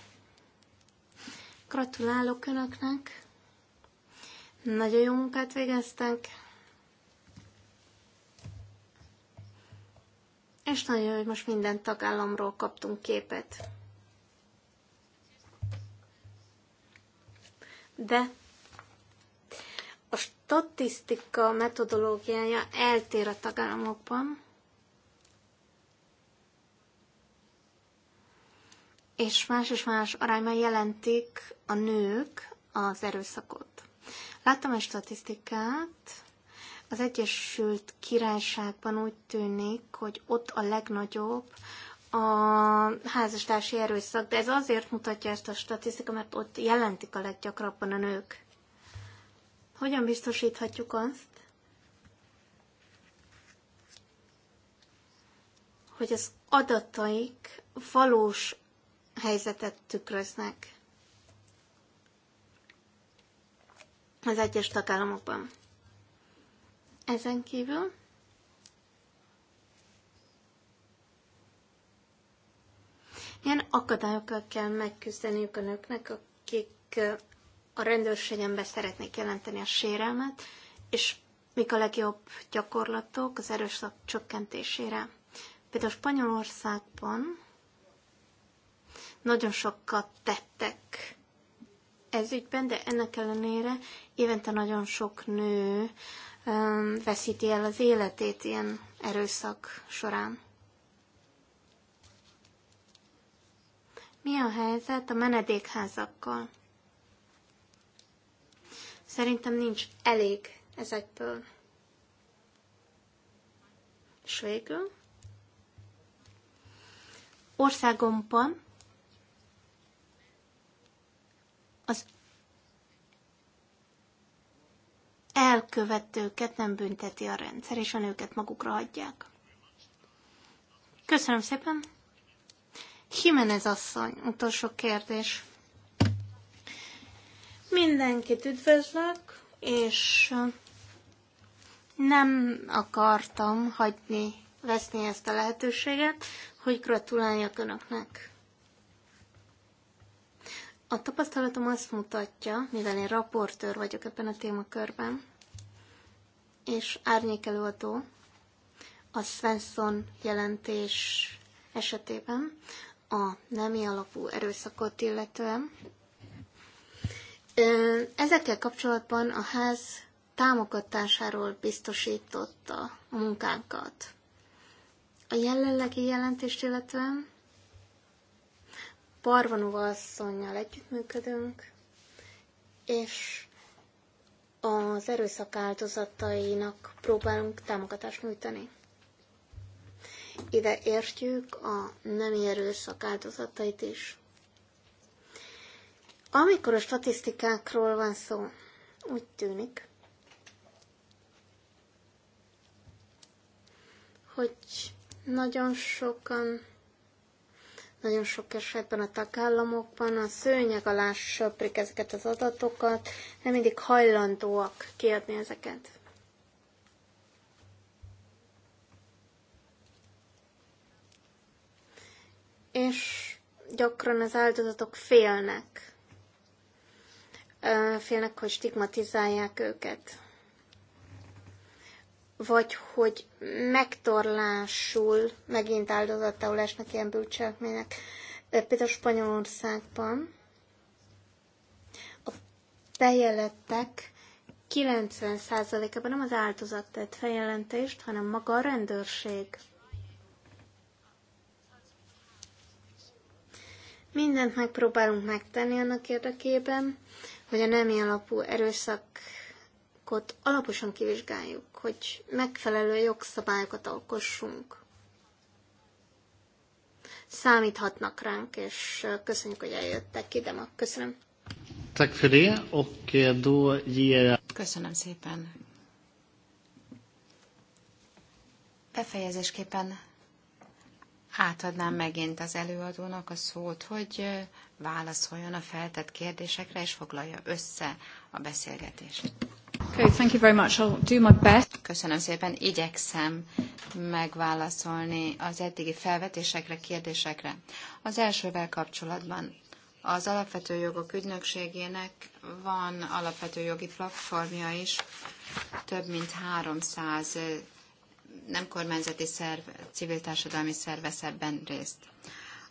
Gratulálok Önöknek. Nagyon jó munkát végeztek. És nagyon jó, hogy most minden tagállamról kaptunk képet. De a statisztika metodológiája eltér a tagállamokban, és más és más arányban jelentik a nők az erőszakot. Láttam egy statisztikát, az Egyesült Királyságban úgy tűnik, hogy ott a legnagyobb a házastársi erőszak, de ez azért mutatja ezt a statisztika, mert ott jelentik a leggyakrabban a nők. Hogyan biztosíthatjuk azt, hogy az adataik valós helyzetet tükröznek az egyes tagállamokban. Ezen kívül milyen akadályokkal kell megküzdeniük a nőknek, akik a rendőrségen be szeretnék jelenteni a sérelmet, és mik a legjobb gyakorlatok az erőszak csökkentésére. Például Spanyolországban nagyon sokat tettek ez ügyben, de ennek ellenére évente nagyon sok nő um, veszíti el az életét ilyen erőszak során. Mi a helyzet a menedékházakkal? Szerintem nincs elég ezekből. És végül, országomban az elkövetőket nem bünteti a rendszer, és a nőket magukra hagyják. Köszönöm szépen. Jimenez asszony, utolsó kérdés. Mindenkit üdvözlök, és nem akartam hagyni veszni ezt a lehetőséget, hogy gratuláljak Önöknek. A tapasztalatom azt mutatja, mivel én raportőr vagyok ebben a témakörben, és árnyékelőadó a Svensson jelentés esetében a nemi alapú erőszakot illetően. Ezekkel kapcsolatban a ház támogatásáról biztosította a munkánkat. A jelenlegi jelentést illetően Parvanova asszonynal együttműködünk, és az erőszak áldozatainak próbálunk támogatást nyújtani. Ide értjük a nemi erőszak áldozatait is. Amikor a statisztikákról van szó, úgy tűnik, hogy nagyon sokan nagyon sok esetben a tagállamokban a szőnyeg alá söprik ezeket az adatokat, nem mindig hajlandóak kiadni ezeket. És gyakran az áldozatok félnek. Félnek, hogy stigmatizálják őket vagy hogy megtorlásul megint áldozattául esnek ilyen bűncselekmények. Például Spanyolországban a bejelentek 90%-ában nem az áldozat tett feljelentést, hanem maga a rendőrség. Mindent megpróbálunk megtenni annak érdekében, hogy a nemi alapú erőszak bizottságot alaposan kivizsgáljuk, hogy megfelelő jogszabályokat alkossunk. Számíthatnak ránk, és köszönjük, hogy eljöttek ide ma. Köszönöm. Eh, Köszönöm szépen. Befejezésképpen átadnám megint az előadónak a szót, hogy eh, válaszoljon a feltett kérdésekre, és foglalja össze a beszélgetést. Okay, thank you very much. I'll do my best. Köszönöm szépen. Igyekszem megválaszolni az eddigi felvetésekre, kérdésekre. Az elsővel kapcsolatban az Alapvető Jogok Ügynökségének van alapvető jogi platformja is, több mint 300 nem kormányzati szerv, civil társadalmi szervez ebben részt.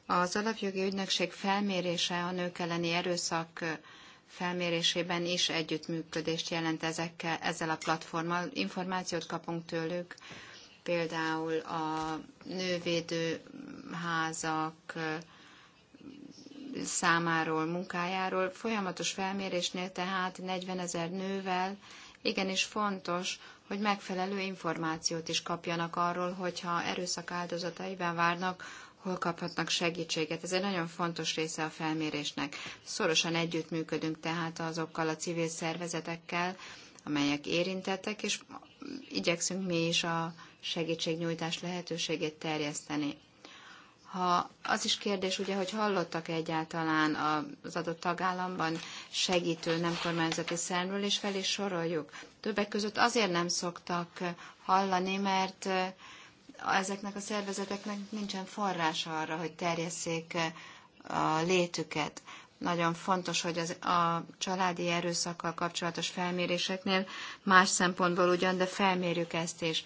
Az alapjogi ügynökség felmérése a nők elleni erőszak felmérésében is együttműködést jelent ezekkel, ezzel a platformmal. Információt kapunk tőlük, például a nővédőházak házak eh, számáról, munkájáról. Folyamatos felmérésnél tehát 40 ezer nővel igenis fontos, hogy megfelelő információt is kapjanak arról, hogyha erőszak áldozataivá várnak, hol kaphatnak segítséget. Ez egy nagyon fontos része a felmérésnek. Szorosan együttműködünk tehát azokkal a civil szervezetekkel, amelyek érintettek, és igyekszünk mi is a segítségnyújtás lehetőségét terjeszteni. Ha az is kérdés, ugye, hogy hallottak -e egyáltalán az adott tagállamban segítő nem kormányzati szervről, és fel is soroljuk. Többek között azért nem szoktak hallani, mert ezeknek a szervezeteknek nincsen forrása arra, hogy terjesszék eh, a létüket. Nagyon fontos, hogy az, a családi erőszakkal kapcsolatos felméréseknél más szempontból ugyan, de felmérjük ezt is.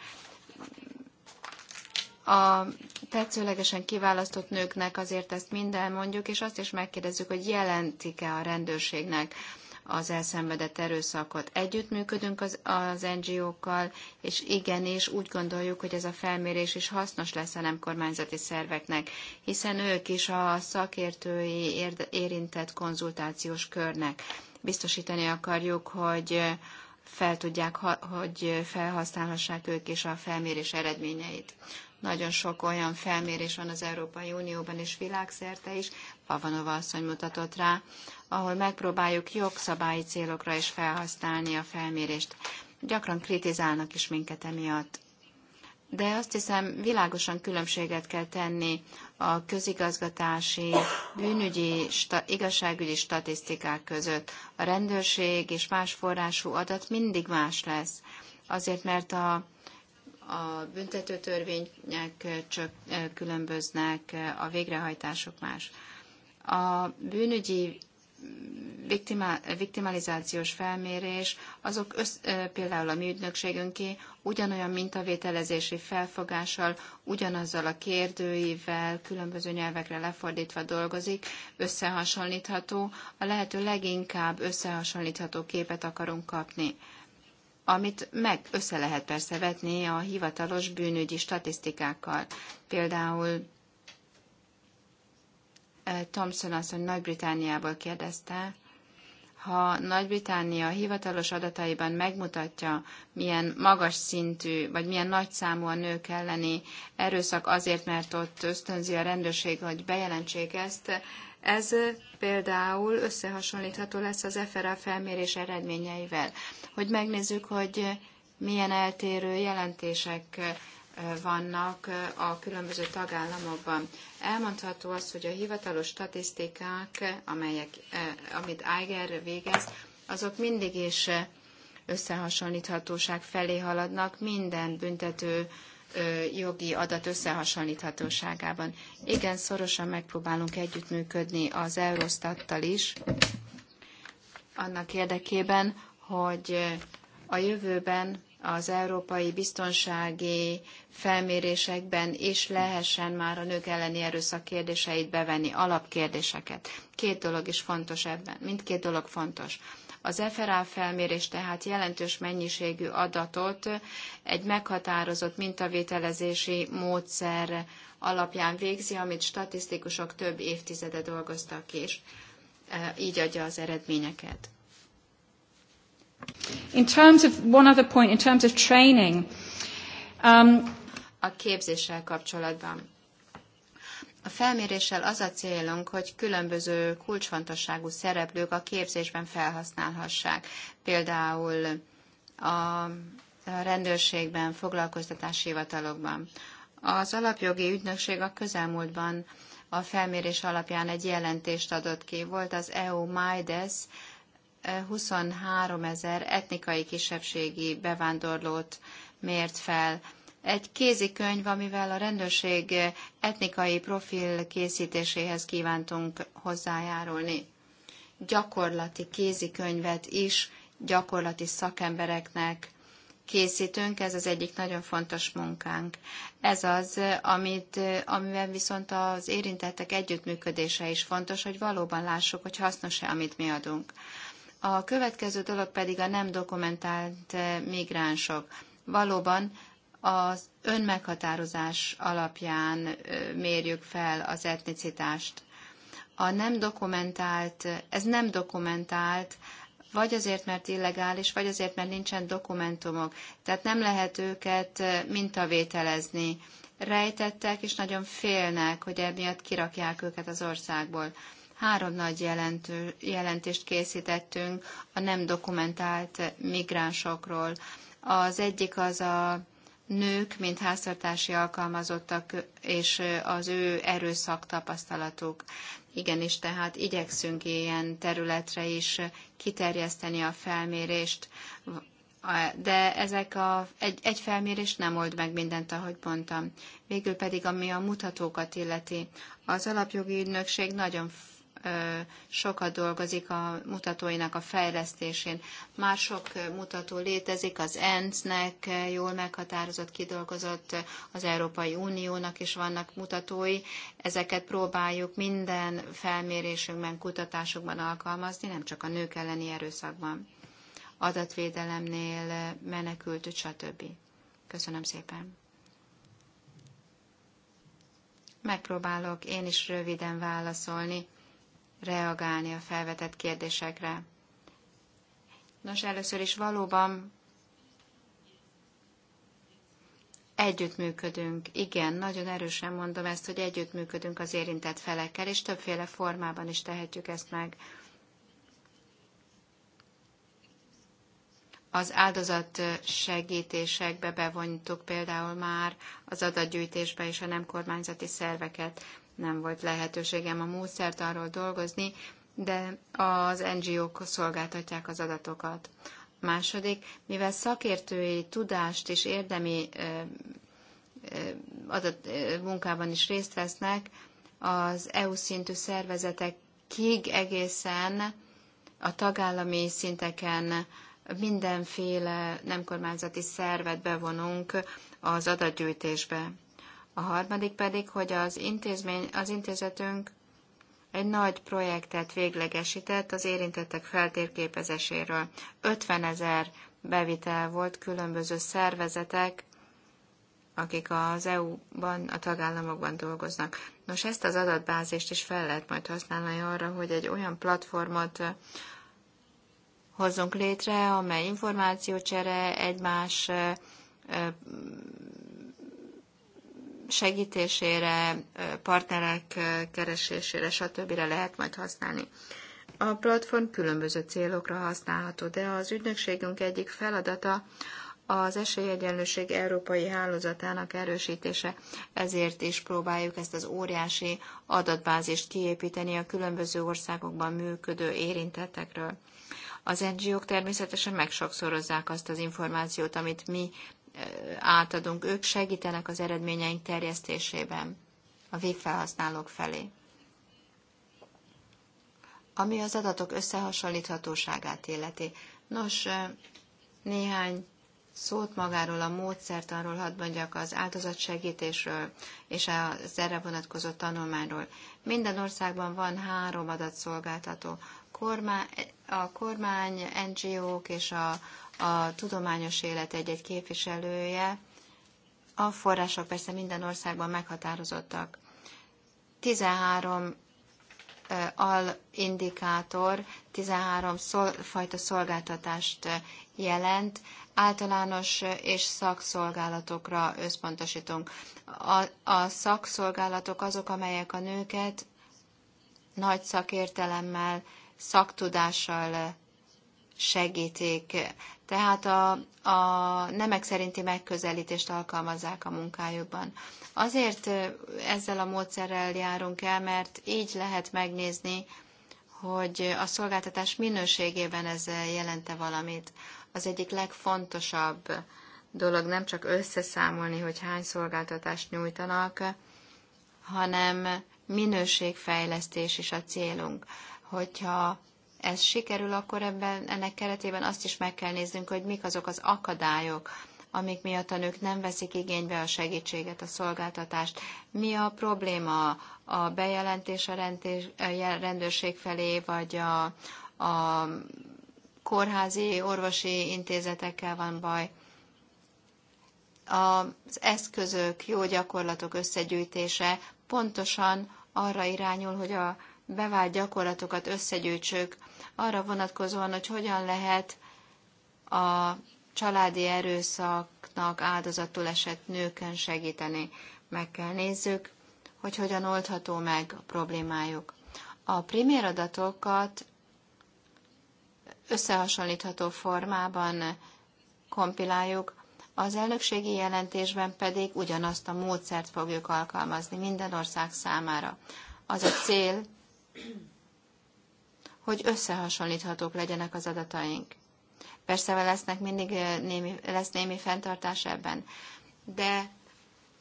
A tetszőlegesen kiválasztott nőknek azért ezt mind elmondjuk, és azt is megkérdezzük, hogy jelentik-e a rendőrségnek az elszenvedett erőszakot. Együttműködünk az, az NGO-kkal, és igenis úgy gondoljuk, hogy ez a felmérés is hasznos lesz a nem kormányzati szerveknek, hiszen ők is a szakértői érintett konzultációs körnek. Biztosítani akarjuk, hogy fel tudják, hogy felhasználhassák ők is a felmérés eredményeit. Nagyon sok olyan felmérés van az Európai Unióban és világszerte is, Pavanova asszony mutatott rá, ahol megpróbáljuk jogszabályi célokra is felhasználni a felmérést. Gyakran kritizálnak is minket emiatt. De azt hiszem, világosan különbséget kell tenni a közigazgatási, bűnügyi, sta, igazságügyi statisztikák között. A rendőrség és más forrású adat mindig más lesz. Azért, mert a, a büntetőtörvények csak különböznek, a végrehajtások más. A bűnügyi viktimalizációs felmérés, azok össz, például a mi ügynökségünké ugyanolyan mintavételezési felfogással, ugyanazzal a kérdőivel, különböző nyelvekre lefordítva dolgozik, összehasonlítható, a lehető leginkább összehasonlítható képet akarunk kapni amit meg össze lehet persze vetni a hivatalos bűnügyi statisztikákkal. Például Eh, Thompson asszony Nagy-Britániából kérdezte, ha Nagy-Británia hivatalos adataiban megmutatja, milyen magas szintű, vagy milyen nagy számú a nők elleni erőszak azért, mert ott ösztönzi a rendőrség, hogy bejelentsék ezt, ez például összehasonlítható lesz az FRA felmérés eredményeivel, hogy megnézzük, hogy milyen eltérő jelentések vannak a különböző tagállamokban. Elmondható az, hogy a hivatalos statisztikák, amelyek, amit Eiger végez, azok mindig is összehasonlíthatóság felé haladnak minden büntető jogi adat összehasonlíthatóságában. Igen, szorosan megpróbálunk együttműködni az Eurostattal is, annak érdekében, hogy a jövőben az európai biztonsági felmérésekben is lehessen már a nők elleni erőszak kérdéseit bevenni, alapkérdéseket. Két dolog is fontos ebben, mindkét dolog fontos. Az FRA felmérés tehát jelentős mennyiségű adatot egy meghatározott mintavételezési módszer alapján végzi, amit statisztikusok több évtizede dolgoztak és e, így adja az eredményeket. In terms of one other point, in terms of training, um, a képzéssel kapcsolatban. A felméréssel az a célunk, hogy különböző kulcsfontosságú szereplők a képzésben felhasználhassák. Például a rendőrségben, foglalkoztatási hivatalokban. Az alapjogi ügynökség a közelmúltban a felmérés alapján egy jelentést adott ki. Volt az EU MIDES 23 ezer etnikai kisebbségi bevándorlót mért fel. Egy kézikönyv, amivel a rendőrség etnikai profil készítéséhez kívántunk hozzájárulni. Gyakorlati kézikönyvet is gyakorlati szakembereknek készítünk, ez az egyik nagyon fontos munkánk. Ez az, amit, amiben viszont az érintettek együttműködése is fontos, hogy valóban lássuk, hogy hasznos-e, amit mi adunk. A következő dolog pedig a nem dokumentált eh, migránsok. Valóban az önmeghatározás alapján eh, mérjük fel az etnicitást. A nem dokumentált, eh, ez nem dokumentált, vagy azért, mert illegális, vagy azért, mert nincsen dokumentumok. Tehát nem lehet őket mintavételezni. Rejtettek, és nagyon félnek, hogy emiatt kirakják őket az országból. Három nagy jelentő, jelentést készítettünk a nem dokumentált migránsokról. Az egyik az a nők, mint háztartási alkalmazottak, és az ő erőszak tapasztalatuk. Igenis, tehát igyekszünk ilyen területre is kiterjeszteni a felmérést, de ezek a, egy, egy felmérés nem old meg mindent, ahogy mondtam. Végül pedig, ami a mutatókat illeti, az alapjogi ügynökség nagyon sokat dolgozik a mutatóinak a fejlesztésén. Már sok mutató létezik, az ENSZ-nek jól meghatározott, kidolgozott, az Európai Uniónak is vannak mutatói. Ezeket próbáljuk minden felmérésünkben, kutatásokban alkalmazni, nem csak a nők elleni erőszakban, adatvédelemnél, menekült, stb. Köszönöm szépen! Megpróbálok én is röviden válaszolni reagálni a felvetett kérdésekre. Nos, először is valóban együttműködünk. Igen, nagyon erősen mondom ezt, hogy együttműködünk az érintett felekkel, és többféle formában is tehetjük ezt meg. Az áldozat segítésekbe bevontuk például már az adatgyűjtésbe és a nem kormányzati szerveket nem volt lehetőségem a módszert arról dolgozni, de az NGO-k szolgáltatják az adatokat. Második, mivel szakértői tudást és érdemi adat munkában is részt vesznek, az EU szintű szervezetek kig egészen a tagállami szinteken mindenféle nem kormányzati szervet bevonunk az adatgyűjtésbe. A harmadik pedig, hogy az, intézmény, az intézetünk egy nagy projektet véglegesített az érintettek feltérképezéséről. 50 ezer bevitel volt különböző szervezetek, akik az EU-ban, a tagállamokban dolgoznak. Nos, ezt az adatbázist is fel lehet majd használni arra, hogy egy olyan platformot hozzunk létre, amely információcsere, egymás segítésére, partnerek keresésére, stb. lehet majd használni. A platform különböző célokra használható, de az ügynökségünk egyik feladata az esélyegyenlőség európai hálózatának erősítése, ezért is próbáljuk ezt az óriási adatbázist kiépíteni a különböző országokban működő érintettekről. Az NGO-k természetesen megsokszorozzák azt az információt, amit mi átadunk, ők segítenek az eredményeink terjesztésében a végfelhasználók felé. Ami az adatok összehasonlíthatóságát illeti. Nos, néhány szót magáról, a módszert arról hadd mondjak az áldozatsegítésről és az erre vonatkozó tanulmányról. Minden országban van három adatszolgáltató. Kormány, a kormány, NGO-k és a, a tudományos élet egy-egy képviselője. A források persze minden országban meghatározottak. 13 alindikátor 13 szol, fajta szolgáltatást jelent, általános és szakszolgálatokra összpontosítunk. A, a szakszolgálatok azok, amelyek a nőket nagy szakértelemmel, szaktudással segítik tehát a, a nemek szerinti megközelítést alkalmazzák a munkájukban. Azért ezzel a módszerrel járunk el, mert így lehet megnézni, hogy a szolgáltatás minőségében ez jelente valamit. Az egyik legfontosabb dolog nem csak összeszámolni, hogy hány szolgáltatást nyújtanak, hanem minőségfejlesztés is a célunk. Hogyha ez sikerül, akkor ebben, ennek keretében azt is meg kell néznünk, hogy mik azok az akadályok, amik miatt a nők nem veszik igénybe a segítséget, a szolgáltatást. Mi a probléma a bejelentés a, rendőrség felé, vagy a, a kórházi, orvosi intézetekkel van baj? Az eszközök, jó gyakorlatok összegyűjtése pontosan arra irányul, hogy a bevált gyakorlatokat összegyűjtsük arra vonatkozóan, hogy hogyan lehet a családi erőszaknak áldozatul esett nőkön segíteni. Meg kell nézzük, hogy hogyan oldható meg a problémájuk. A primér adatokat összehasonlítható formában kompiláljuk, az elnökségi jelentésben pedig ugyanazt a módszert fogjuk alkalmazni minden ország számára. Az a cél, hogy összehasonlíthatók legyenek az adataink. Persze lesznek mindig eh, némi, lesz némi fenntartás ebben, de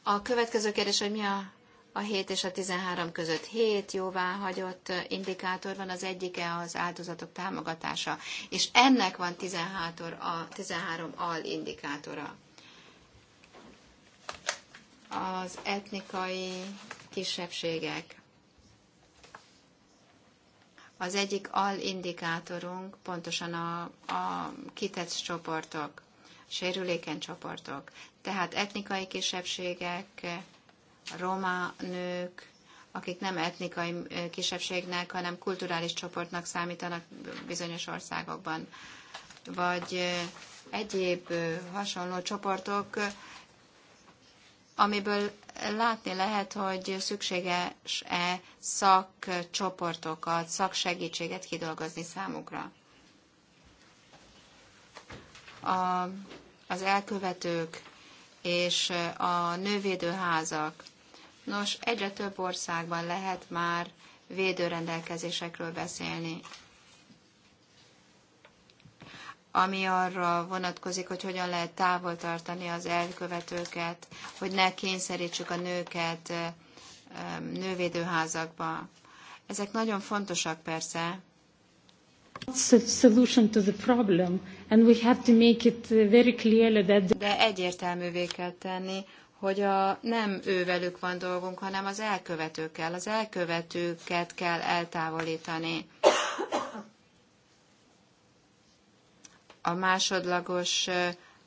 a következő kérdés, hogy mi a, a 7 és a 13 között. 7 hagyott eh, indikátor van, az egyike az áldozatok támogatása, és ennek van 13, a, 13 al indikátora. Az etnikai kisebbségek, az egyik alindikátorunk pontosan a, a kitett csoportok, sérülékeny csoportok, tehát etnikai kisebbségek, roma nők, akik nem etnikai kisebbségnek, hanem kulturális csoportnak számítanak bizonyos országokban, vagy egyéb hasonló csoportok amiből látni lehet, hogy szükséges-e szakcsoportokat, szaksegítséget kidolgozni számukra. A, az elkövetők és a nővédőházak. Nos, egyre több országban lehet már védőrendelkezésekről beszélni ami arra vonatkozik, hogy hogyan lehet távol tartani az elkövetőket, hogy ne kényszerítsük a nőket nővédőházakba. Ezek nagyon fontosak persze. Solution to the problem, and we have to make it uh, very that. De egyértelművé kell tenni, hogy a, nem ővelük van dolgunk, hanem az elkövetőkkel. Az elkövetőket kell eltávolítani. a másodlagos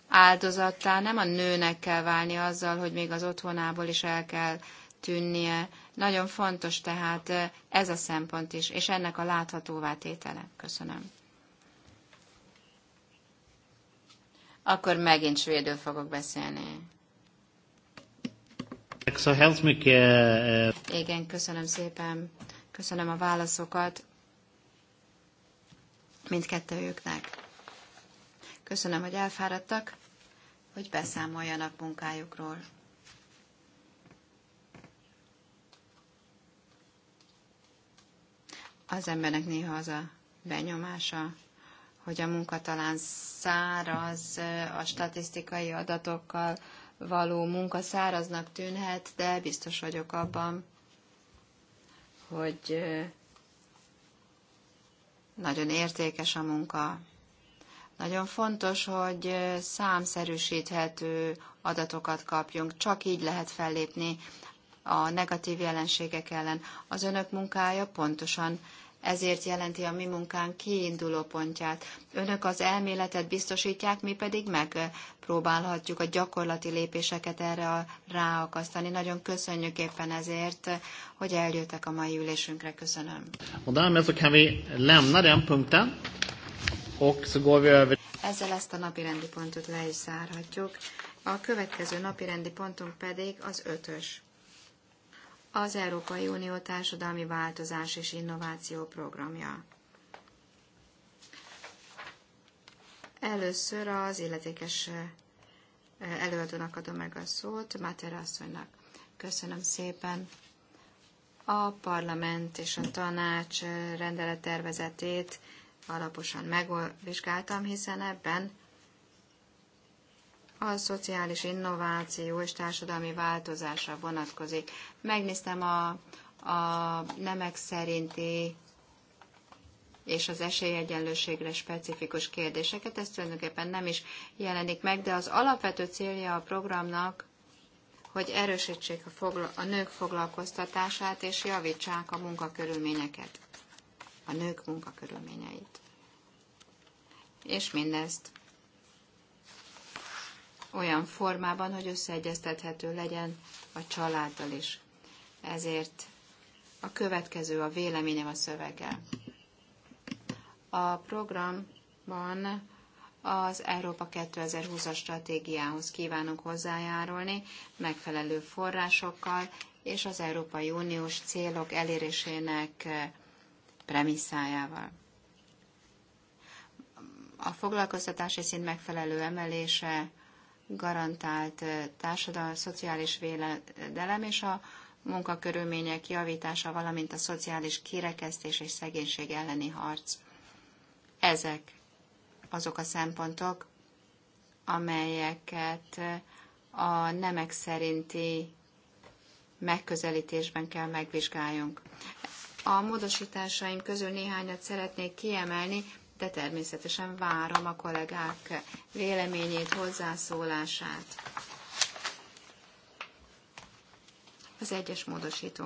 áldozattá nem a nőnek kell válni azzal, hogy még az otthonából is el kell tűnnie. Nagyon fontos tehát ez a szempont is, és ennek a láthatóvá tétele. Köszönöm. Akkor megint svédül fogok beszélni. Igen, köszönöm szépen. Köszönöm a válaszokat mindkettőjüknek. Köszönöm, hogy elfáradtak, hogy beszámoljanak munkájukról. Az embernek néha az a benyomása, hogy a munka talán száraz, a statisztikai adatokkal való munka száraznak tűnhet, de biztos vagyok abban, hogy nagyon értékes a munka, nagyon fontos, hogy számszerűsíthető adatokat kapjunk. Csak így lehet fellépni a negatív jelenségek ellen. Az önök munkája pontosan ezért jelenti a mi munkánk kiinduló pontját. Önök az elméletet biztosítják, mi pedig megpróbálhatjuk a gyakorlati lépéseket erre a, ráakasztani. Nagyon köszönjük éppen ezért, hogy eljöttek a mai ülésünkre. Köszönöm. Och därmed så kan vi lämna Och så går vi över. Ezzel ezt a napi rendi pontot le is zárhatjuk. A következő napi rendi pontunk pedig az ötös. Az Európai Unió Társadalmi Változás és Innováció Programja. Először az illetékes eh, előadónak adom meg a szót, Máter asszonynak. Köszönöm szépen. A parlament és a tanács eh, rendelettervezetét tervezetét alaposan megvizsgáltam, hiszen ebben a szociális innováció és társadalmi változásra vonatkozik. Megnéztem a, a nemek szerinti és az esélyegyenlőségre specifikus kérdéseket. Ez tulajdonképpen nem is jelenik meg, de az alapvető célja a programnak, hogy erősítsék a, fogla- a nők foglalkoztatását és javítsák a munkakörülményeket a nők munkakörülményeit. És mindezt olyan formában, hogy összeegyeztethető legyen a családdal is. Ezért a következő a véleményem a szöveggel. A programban az Európa 2020-as stratégiához kívánunk hozzájárulni megfelelő forrásokkal és az Európai Uniós célok elérésének premisszájával. A foglalkoztatási szint megfelelő emelése garantált társadalmi szociális védelem és a munkakörülmények javítása, valamint a szociális kirekesztés és szegénység elleni harc. Ezek azok a szempontok, amelyeket a nemek szerinti megközelítésben kell megvizsgáljunk. A módosításaim közül néhányat szeretnék kiemelni, de természetesen várom a kollégák véleményét, hozzászólását. Az egyes módosító.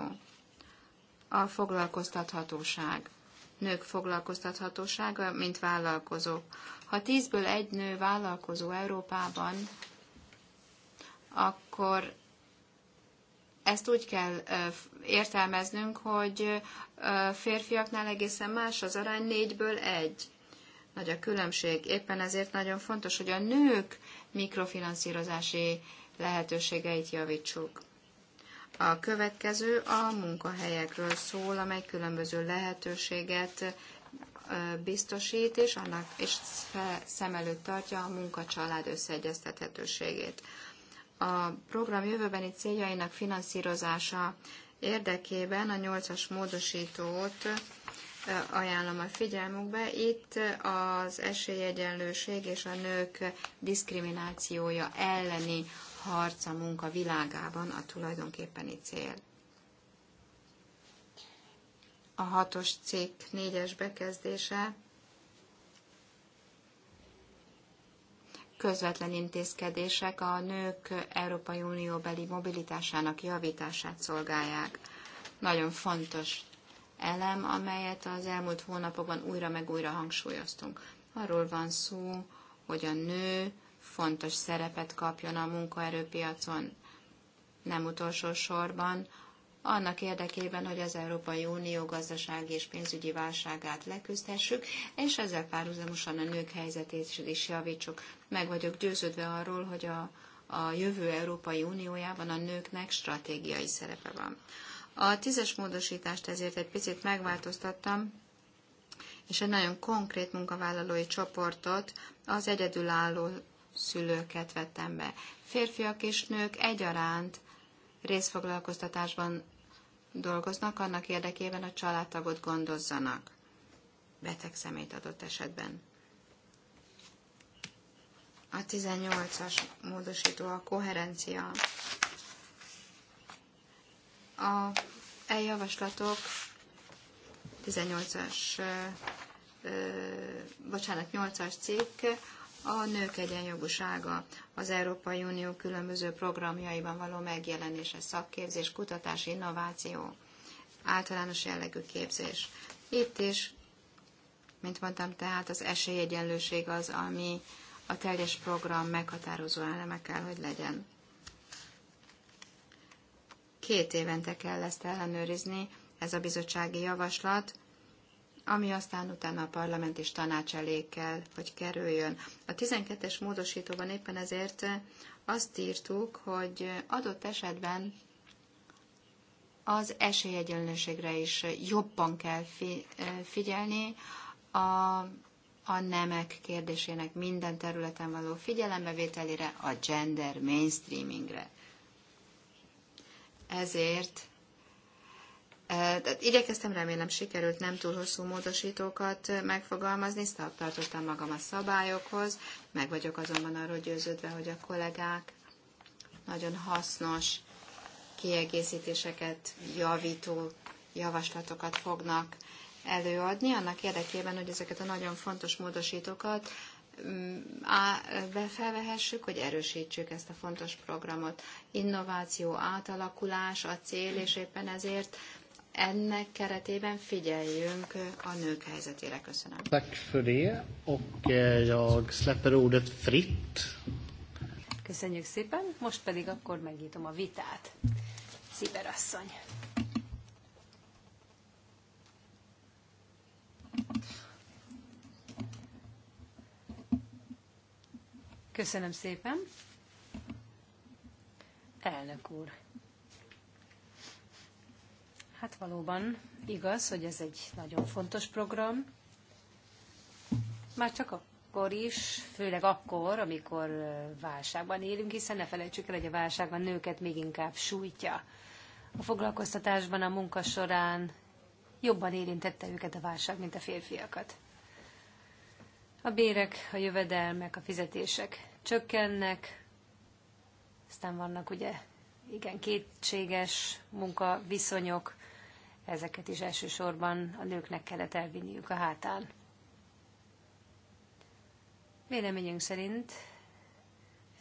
A foglalkoztathatóság. Nők foglalkoztathatósága, mint vállalkozók. Ha tízből egy nő vállalkozó Európában, akkor ezt úgy kell értelmeznünk, hogy férfiaknál egészen más az arány, négyből egy. Nagy a különbség. Éppen ezért nagyon fontos, hogy a nők mikrofinanszírozási lehetőségeit javítsuk. A következő a munkahelyekről szól, amely különböző lehetőséget biztosít, és, annak, és szem előtt tartja a munka-család összeegyeztethetőségét. A program jövőbeni céljainak finanszírozása érdekében a 8-as módosítót ajánlom a figyelmükbe. Itt az esélyegyenlőség és a nők diszkriminációja elleni harca munka világában a tulajdonképpeni cél. A hatos cikk négyes bekezdése közvetlen intézkedések a nők Európai Unióbeli mobilitásának javítását szolgálják. Nagyon fontos elem, amelyet az elmúlt hónapokban újra meg újra hangsúlyoztunk. Arról van szó, hogy a nő fontos szerepet kapjon a munkaerőpiacon, nem utolsó sorban annak érdekében, hogy az Európai Unió gazdasági és pénzügyi válságát leküzdhessük, és ezzel párhuzamosan a nők helyzetét is javítsuk. Meg vagyok győződve arról, hogy a, a jövő Európai Uniójában a nőknek stratégiai szerepe van. A tízes módosítást ezért egy picit megváltoztattam, és egy nagyon konkrét munkavállalói csoportot, az egyedülálló szülőket vettem be. Férfiak és nők egyaránt részfoglalkoztatásban dolgoznak annak érdekében, a családtagot gondozzanak. Beteg szemét adott esetben. A 18-as módosító a koherencia. A eljavaslatok 18-as, bocsánat, 8-as cikk a nők egyenjogúsága az Európai Unió különböző programjaiban való megjelenése, szakképzés, kutatás, innováció, általános jellegű képzés. Itt is, mint mondtam, tehát az esélyegyenlőség az, ami a teljes program meghatározó eleme kell, hogy legyen. Két évente kell ezt ellenőrizni, ez a bizottsági javaslat, ami aztán utána a parlament és tanács elé kell, hogy kerüljön. A 12-es módosítóban éppen ezért azt írtuk, hogy adott esetben az esélyegyenlőségre is jobban kell eh, figyelni, a, a nemek kérdésének minden területen való figyelembevételére, a gender mainstreamingre. Ezért tehát igyekeztem, remélem sikerült nem túl hosszú módosítókat megfogalmazni, tartottam magam a szabályokhoz, meg vagyok azonban arról győződve, hogy a kollégák nagyon hasznos kiegészítéseket, javító javaslatokat fognak előadni, annak érdekében, hogy ezeket a nagyon fontos módosítókat mm, befelvehessük, hogy erősítsük ezt a fontos programot. Innováció, átalakulás a cél, és éppen ezért ennek keretében figyeljünk a nők helyzetére. Köszönöm. Tack för det, och eh, jag släpper ordet fritt. Köszönjük szépen, most pedig akkor megnyitom a vitát. Sziberasszony. Köszönöm szépen. Elnök úr. Hát valóban igaz, hogy ez egy nagyon fontos program. Már csak akkor is, főleg akkor, amikor válságban élünk, hiszen ne felejtsük el, hogy a válságban nőket még inkább sújtja. A foglalkoztatásban, a munka során jobban érintette őket a válság, mint a férfiakat. A bérek, a jövedelmek, a fizetések csökkennek, aztán vannak ugye igen kétséges munkaviszonyok, ezeket is elsősorban a nőknek kellett elvinniük a hátán. Véleményünk szerint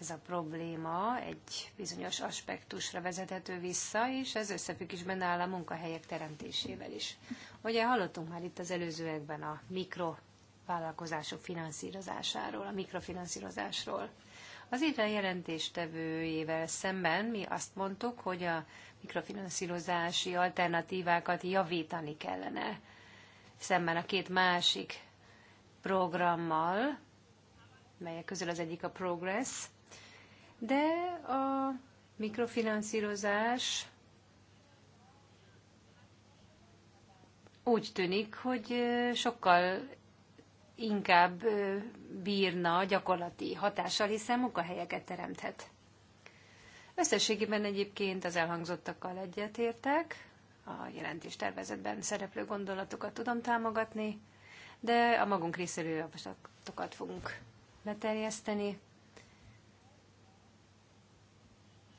ez a probléma egy bizonyos aspektusra vezethető vissza, és ez összefügg is benne áll a munkahelyek teremtésével is. Ugye hallottunk már itt az előzőekben a mikrovállalkozások finanszírozásáról, a mikrofinanszírozásról. Az évre jelentéstevőjével szemben mi azt mondtuk, hogy a mikrofinanszírozási alternatívákat javítani kellene szemben a két másik programmal, melyek közül az egyik a Progress, de a mikrofinanszírozás úgy tűnik, hogy sokkal inkább bírna gyakorlati hatással, hiszen munkahelyeket teremthet. Összességében egyébként az elhangzottakkal egyetértek, a jelentés tervezetben szereplő gondolatokat tudom támogatni, de a magunk részéről javaslatokat fogunk beterjeszteni.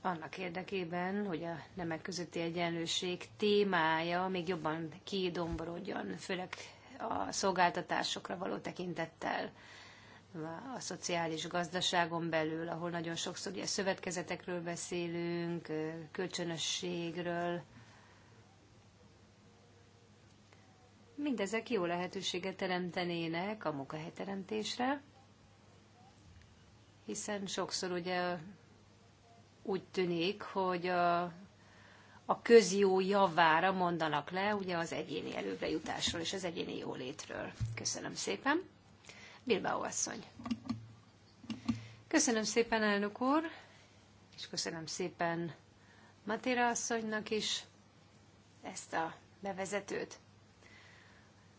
Annak érdekében, hogy a nemek közötti egyenlőség témája még jobban kidomborodjon, főleg a szolgáltatásokra való tekintettel a szociális gazdaságon belül, ahol nagyon sokszor ugye szövetkezetekről beszélünk, kölcsönösségről. Mindezek jó lehetőséget teremtenének a munkahelyteremtésre, hiszen sokszor ugye úgy tűnik, hogy a a közjó javára mondanak le, ugye az egyéni előbrejutásról és az egyéni jólétről. Köszönöm szépen. Bilbao asszony. Köszönöm szépen, elnök úr, és köszönöm szépen Matéra asszonynak is ezt a bevezetőt.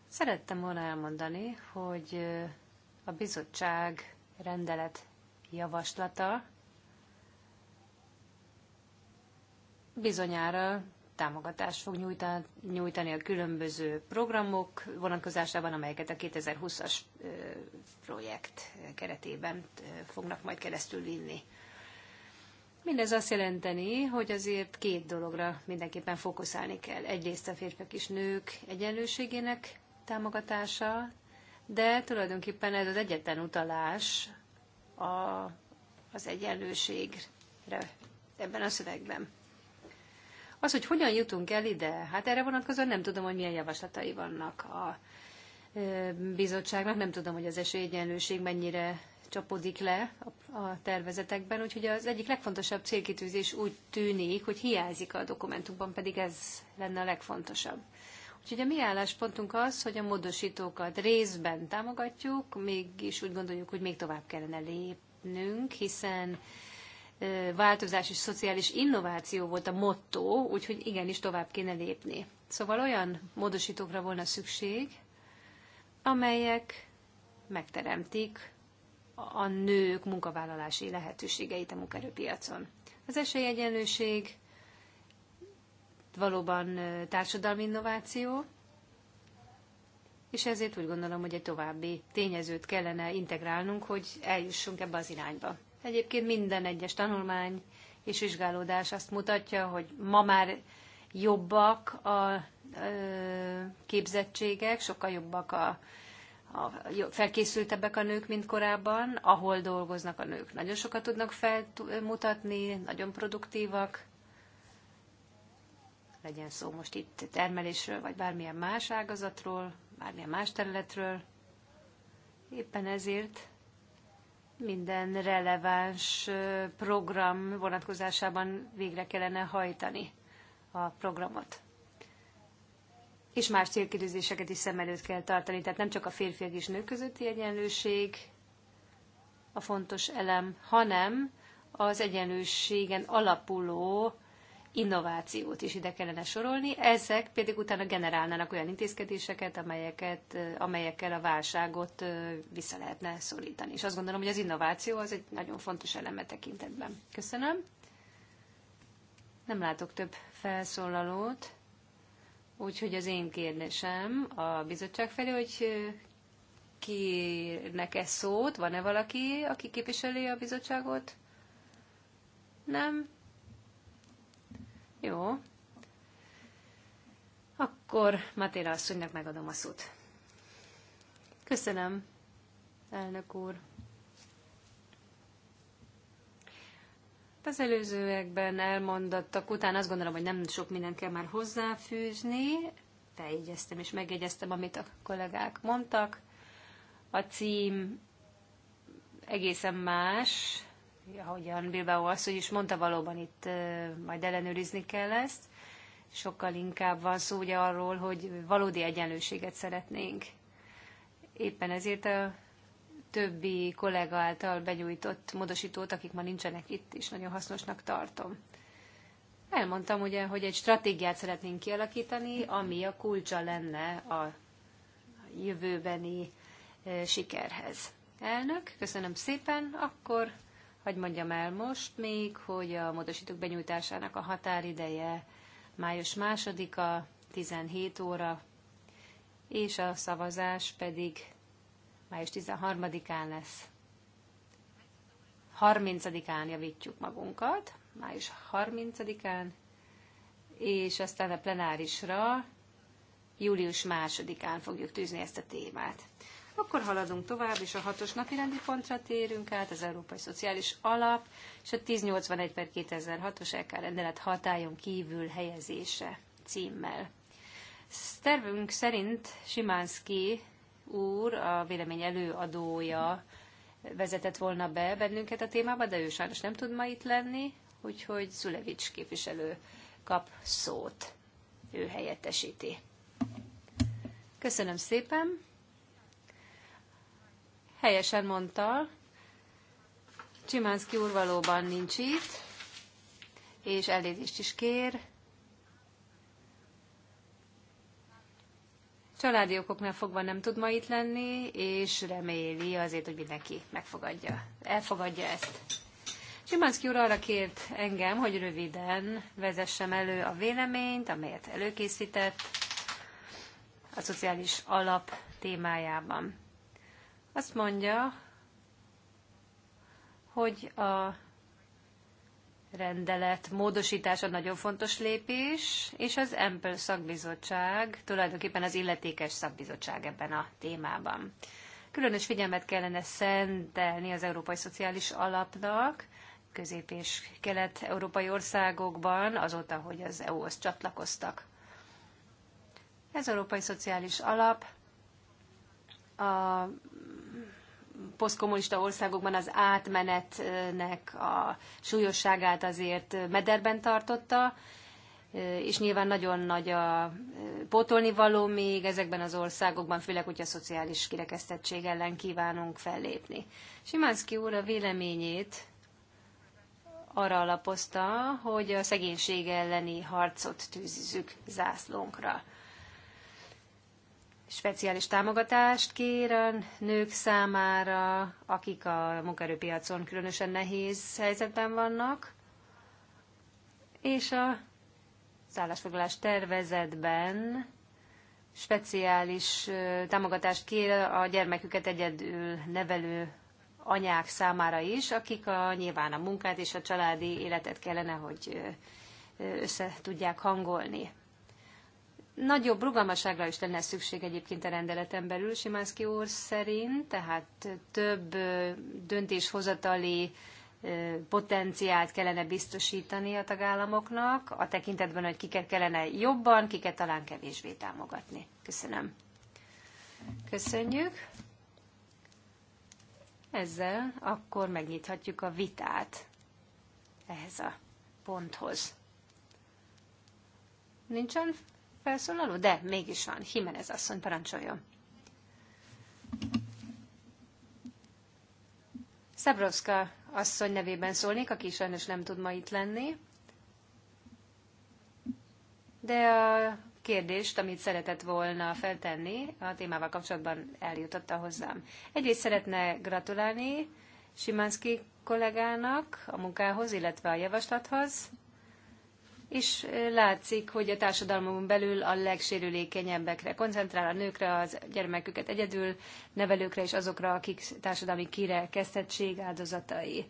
Szerettem volna elmondani, hogy a bizottság rendelet javaslata bizonyára támogatást fog nyújtani, nyújtani a különböző programok vonatkozásában, amelyeket a 2020-as projekt keretében fognak majd keresztül vinni. Mindez azt jelenteni, hogy azért két dologra mindenképpen fókuszálni kell. Egyrészt a férfiak és nők egyenlőségének támogatása, de tulajdonképpen ez az egyetlen utalás a, az egyenlőségre ebben a szövegben. Az, hogy hogyan jutunk el ide, hát erre vonatkozóan nem tudom, hogy milyen javaslatai vannak a bizottságnak, nem tudom, hogy az esélyegyenlőség mennyire csapódik le a tervezetekben, úgyhogy az egyik legfontosabb célkitűzés úgy tűnik, hogy hiányzik a dokumentumban, pedig ez lenne a legfontosabb. Úgyhogy a mi álláspontunk az, hogy a módosítókat részben támogatjuk, mégis úgy gondoljuk, hogy még tovább kellene lépnünk, hiszen változás és szociális innováció volt a motto, úgyhogy igenis tovább kéne lépni. Szóval olyan módosítókra volna szükség, amelyek megteremtik a nők munkavállalási lehetőségeit a munkaerőpiacon. Az esélyegyenlőség valóban társadalmi innováció, és ezért úgy gondolom, hogy egy további tényezőt kellene integrálnunk, hogy eljussunk ebbe az irányba. Egyébként minden egyes tanulmány és vizsgálódás azt mutatja, hogy ma már jobbak a képzettségek, sokkal jobbak a, a felkészültebbek a nők, mint korábban, ahol dolgoznak a nők. Nagyon sokat tudnak felmutatni, nagyon produktívak, legyen szó most itt termelésről, vagy bármilyen más ágazatról, bármilyen más területről. Éppen ezért minden releváns program vonatkozásában végre kellene hajtani a programot. És más célkérdéseket is szem előtt kell tartani, tehát nem csak a férfiak és nők közötti egyenlőség a fontos elem, hanem az egyenlőségen alapuló innovációt is ide kellene sorolni, ezek pedig utána generálnának olyan intézkedéseket, amelyeket, amelyekkel a válságot vissza lehetne szorítani. És azt gondolom, hogy az innováció az egy nagyon fontos eleme tekintetben. Köszönöm. Nem látok több felszólalót, úgyhogy az én kérdésem a bizottság felé, hogy kinek ez szót, van-e valaki, aki képviseli a bizottságot? Nem, jó. Akkor Matéra asszonynak megadom a szót. Köszönöm, elnök úr. Az előzőekben elmondattak után azt gondolom, hogy nem sok minden kell már hozzáfűzni. Feljegyeztem és megjegyeztem, amit a kollégák mondtak. A cím egészen más, ahogyan Bilbao hogy is mondta, valóban itt majd ellenőrizni kell ezt. Sokkal inkább van szó ugye arról, hogy valódi egyenlőséget szeretnénk. Éppen ezért a többi kollega által benyújtott módosítót, akik ma nincsenek itt, is nagyon hasznosnak tartom. Elmondtam ugye, hogy egy stratégiát szeretnénk kialakítani, ami a kulcsa lenne a jövőbeni sikerhez. Elnök, köszönöm szépen, akkor hogy mondjam el most még, hogy a módosítók benyújtásának a határideje május másodika, 17 óra, és a szavazás pedig május 13-án lesz. 30-án javítjuk magunkat, május 30-án, és aztán a plenárisra július 2-án fogjuk tűzni ezt a témát. Akkor haladunk tovább, és a hatos napi rendi pontra térünk át, az Európai Szociális Alap és a 1081 per 2006-os LK e rendelet hatályon kívül helyezése címmel. Tervünk szerint Simánszki úr, a vélemény előadója vezetett volna be bennünket a témába, de ő sajnos nem tud ma itt lenni, úgyhogy Szulevics képviselő kap szót. Ő helyettesíti. Köszönöm szépen! Helyesen mondta, Csimánszki úr valóban nincs itt, és elnézést is kér. Családi okoknál fogva nem tud ma itt lenni, és reméli azért, hogy mindenki megfogadja, elfogadja ezt. Csimánszki úr arra kért engem, hogy röviden vezessem elő a véleményt, amelyet előkészített a szociális alap témájában. Azt mondja, hogy a rendelet módosítása nagyon fontos lépés, és az Empel szakbizottság tulajdonképpen az illetékes szakbizottság ebben a témában. Különös figyelmet kellene szentelni az Európai Szociális Alapnak, közép- és kelet-európai országokban azóta, hogy az EU-hoz csatlakoztak. Ez Európai Szociális Alap a posztkommunista országokban az átmenetnek a súlyosságát azért mederben tartotta, és nyilván nagyon nagy a pótolni való még ezekben az országokban, főleg, hogyha a szociális kirekesztettség ellen kívánunk fellépni. Simánszki úr a véleményét arra alapozta, hogy a szegénység elleni harcot tűzzük zászlónkra speciális támogatást kér a nők számára, akik a munkaerőpiacon különösen nehéz helyzetben vannak, és a szállásfoglalás tervezetben speciális támogatást kér a gyermeküket egyedül nevelő anyák számára is, akik a, nyilván a munkát és a családi életet kellene, hogy össze tudják hangolni. Nagyobb rugalmasságra is lenne szükség egyébként a rendeleten belül, Simánszki úr szerint, tehát több döntéshozatali potenciált kellene biztosítani a tagállamoknak, a tekintetben, hogy kiket kellene jobban, kiket talán kevésbé támogatni. Köszönöm. Köszönjük. Ezzel akkor megnyithatjuk a vitát ehhez a ponthoz. Nincsen felszólaló? De mégis van. Jimenez asszony, parancsoljon. Szabroszka asszony nevében szólnék, aki sajnos nem tud ma itt lenni. De a kérdést, amit szeretett volna feltenni a témával kapcsolatban eljutotta hozzám. Egyrészt szeretne gratulálni Simanski kollégának a munkához, illetve a javaslathoz és látszik, hogy a társadalmon belül a legsérülékenyebbekre koncentrál, a nőkre, az gyermeküket egyedül nevelőkre és azokra, akik társadalmi kirekesztettség áldozatai.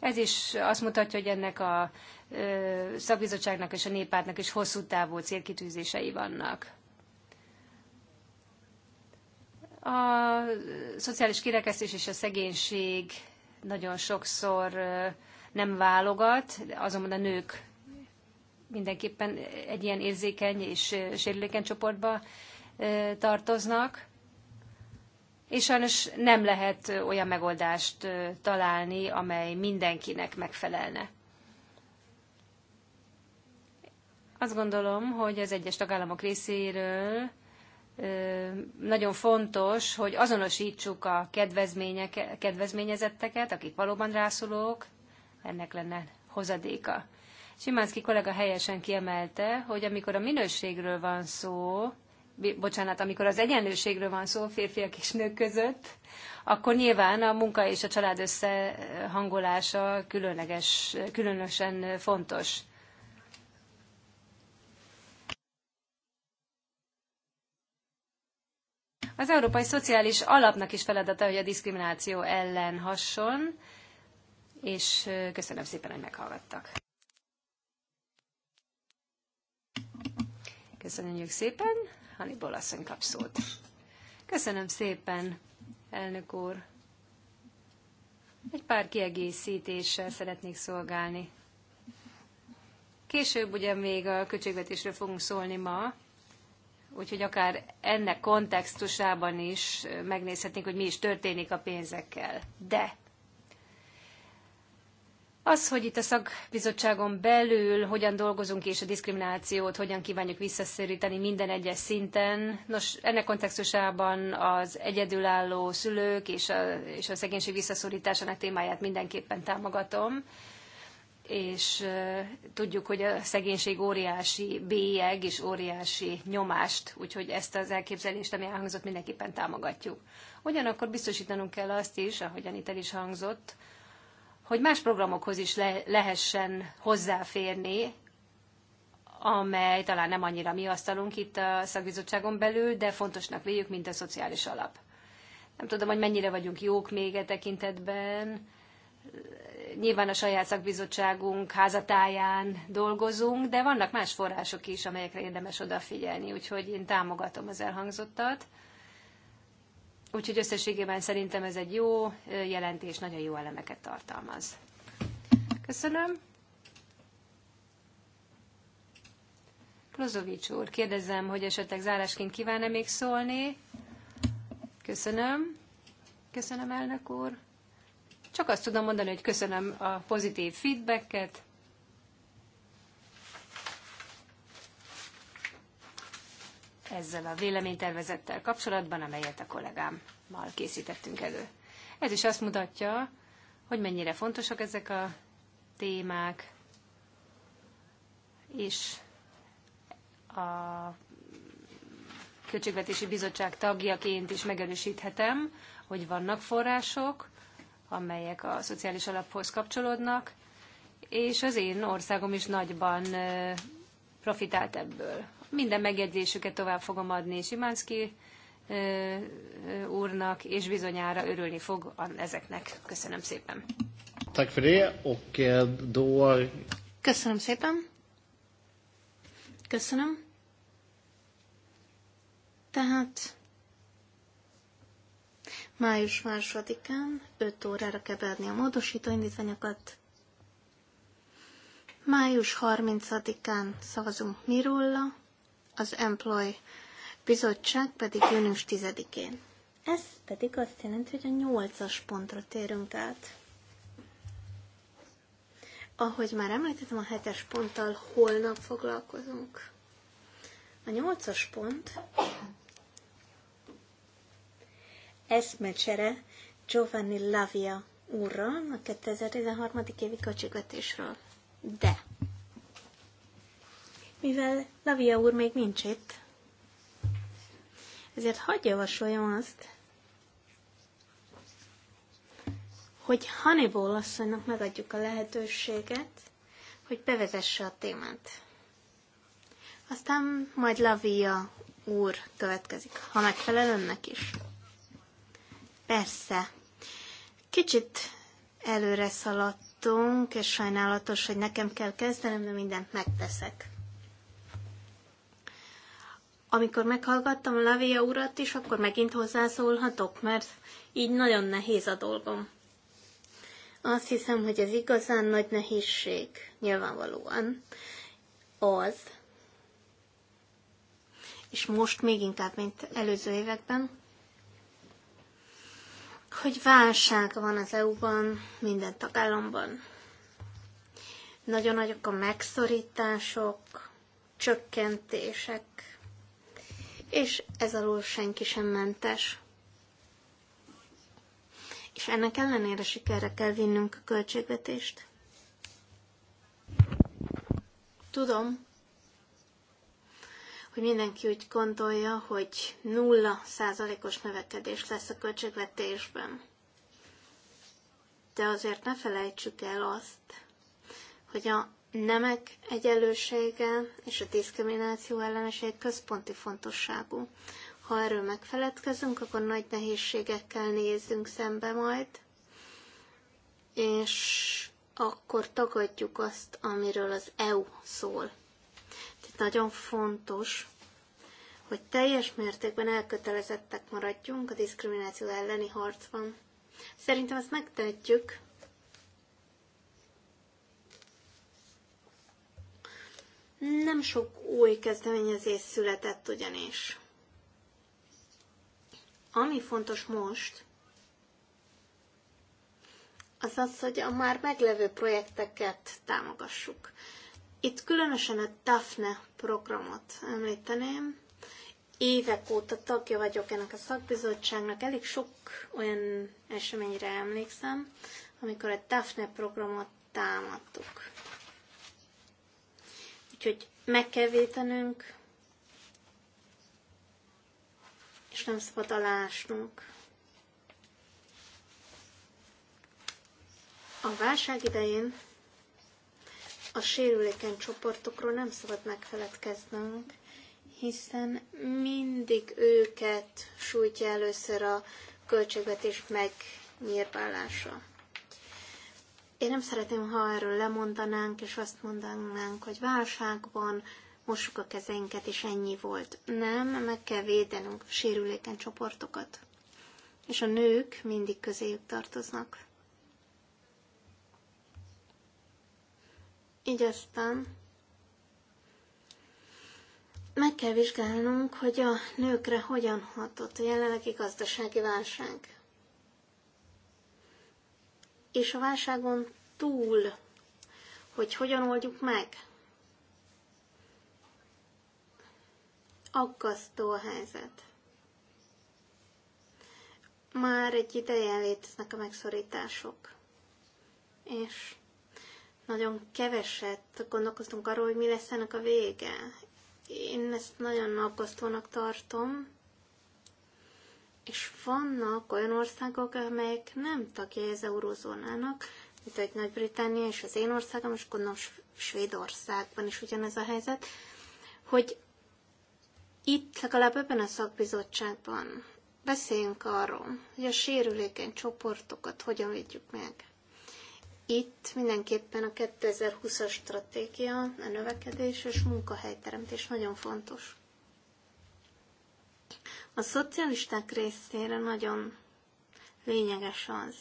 Ez is azt mutatja, hogy ennek a ö, szakbizottságnak és a néppártnak is hosszú távú célkitűzései vannak. A szociális kirekesztés és a szegénység nagyon sokszor nem válogat, azonban a nők mindenképpen egy ilyen érzékeny és sérülékeny csoportba tartoznak, és sajnos nem lehet olyan megoldást találni, amely mindenkinek megfelelne. Azt gondolom, hogy az egyes tagállamok részéről nagyon fontos, hogy azonosítsuk a kedvezmények, kedvezményezetteket, akik valóban rászulók, ennek lenne hozadéka. Simánszki kollega helyesen kiemelte, hogy amikor a minőségről van szó, bocsánat, amikor az egyenlőségről van szó férfiak és nők között, akkor nyilván a munka és a család összehangolása különleges, különösen fontos. Az Európai Szociális Alapnak is feladata, hogy a diszkrimináció ellen hasson, és köszönöm szépen, hogy meghallgattak. Köszönjük szépen. hani asszony kap szót. Köszönöm szépen, elnök úr. Egy pár kiegészítéssel szeretnék szolgálni. Később ugye még a költségvetésről fogunk szólni ma, úgyhogy akár ennek kontextusában is megnézhetnénk, hogy mi is történik a pénzekkel. De az, hogy itt a szakbizottságon belül hogyan dolgozunk és a diszkriminációt hogyan kívánjuk visszaszorítani minden egyes szinten, nos, ennek kontextusában az egyedülálló szülők és a, és a szegénység visszaszorításának témáját mindenképpen támogatom és tudjuk, hogy a szegénység óriási bélyeg és óriási nyomást, úgyhogy ezt az elképzelést, ami elhangzott, mindenképpen támogatjuk. Ugyanakkor biztosítanunk kell azt is, ahogyan itt el is hangzott, hogy más programokhoz is le, lehessen hozzáférni, amely talán nem annyira mi asztalunk itt a szakbizottságon belül, de fontosnak véljük, mint a szociális alap. Nem tudom, hogy mennyire vagyunk jók még e tekintetben. Nyilván a saját szakbizottságunk házatáján dolgozunk, de vannak más források is, amelyekre érdemes odafigyelni, úgyhogy én támogatom az elhangzottat. Úgyhogy összességében szerintem ez egy jó jelentés, nagyon jó elemeket tartalmaz. Köszönöm. Klozovics úr, kérdezem, hogy esetleg zárásként kíván-e még szólni? Köszönöm. Köszönöm, elnök úr. Csak azt tudom mondani, hogy köszönöm a pozitív feedbacket, ezzel a véleménytervezettel kapcsolatban, amelyet a kollégámmal készítettünk elő. Ez is azt mutatja, hogy mennyire fontosak ezek a témák, és a Költségvetési Bizottság tagjaként is megerősíthetem, hogy vannak források, amelyek a szociális alaphoz kapcsolódnak, és az én országom is nagyban profitált ebből minden megjegyzésüket tovább fogom adni Simánszki úrnak, és bizonyára örülni fog ezeknek. Köszönöm szépen. Tack för det, och eh, då... Köszönöm szépen. Köszönöm. Tehát május másodikán 5 órára kell beadni a módosító indítványokat. Május 30-án szavazunk Mirulla, az Employ Bizottság pedig június 10-én. Ez pedig azt jelenti, hogy a nyolcas pontra térünk át. Ahogy már említettem, a hetes ponttal holnap foglalkozunk. A nyolcas pont eszmecsere Giovanni Lavia úrral a 2013. évi költségvetésről. De mivel Lavia úr még nincs itt, ezért hagyj javasoljam azt, hogy Hannibal asszonynak megadjuk a lehetőséget, hogy bevezesse a témát. Aztán majd Lavia úr következik, ha megfelel önnek is. Persze. Kicsit előre szaladtunk, és sajnálatos, hogy nekem kell kezdenem, de mindent megteszek. Amikor meghallgattam Lavia urat is, akkor megint hozzászólhatok, mert így nagyon nehéz a dolgom. Azt hiszem, hogy ez igazán nagy nehézség, nyilvánvalóan, az, és most még inkább, mint előző években, hogy válság van az EU-ban, minden tagállamban. Nagyon nagyok a megszorítások, csökkentések, és ez alól senki sem mentes. És ennek ellenére sikerre kell vinnünk a költségvetést. Tudom, hogy mindenki úgy gondolja, hogy nulla százalékos növekedés lesz a költségvetésben. De azért ne felejtsük el azt, hogy a nemek egyenlősége és a diszkrimináció ellenesség központi fontosságú. Ha erről megfeledkezünk, akkor nagy nehézségekkel nézzünk szembe majd, és akkor tagadjuk azt, amiről az EU szól. Tehát nagyon fontos, hogy teljes mértékben elkötelezettek maradjunk a diszkrimináció elleni harcban. Szerintem ezt megtehetjük, Nem sok új kezdeményezés született ugyanis. Ami fontos most, az az, hogy a már meglevő projekteket támogassuk. Itt különösen a Tafne programot említeném. Évek óta tagja vagyok ennek a szakbizottságnak, elég sok olyan eseményre emlékszem, amikor a Tafne programot támadtuk. Úgyhogy meg kell vétenünk, és nem szabad alásnunk. A válság idején a sérülékeny csoportokról nem szabad megfeledkeznünk, hiszen mindig őket sújtja először a költségvetés megnyírválása. Én nem szeretném, ha erről lemondanánk, és azt mondanánk, hogy válságban mossuk a kezeinket, és ennyi volt. Nem, meg kell védenünk sérüléken sérülékeny csoportokat. És a nők mindig közéjük tartoznak. Így aztán meg kell vizsgálnunk, hogy a nőkre hogyan hatott a jelenlegi gazdasági válság és a válságon túl, hogy hogyan oldjuk meg. Aggasztó a helyzet. Már egy ideje léteznek a megszorítások, és nagyon keveset gondolkoztunk arról, hogy mi lesz ennek a vége. Én ezt nagyon aggasztónak tartom, és vannak olyan országok, amelyek nem tagjai az eurózónának, mint egy Nagy-Britannia és az én országom, és gondolom Svédországban is ugyanez a helyzet, hogy itt legalább ebben a szakbizottságban beszéljünk arról, hogy a sérülékeny csoportokat hogyan védjük meg. Itt mindenképpen a 2020-as stratégia, a növekedés és munkahelyteremtés nagyon fontos. A szocialisták részére nagyon lényeges az,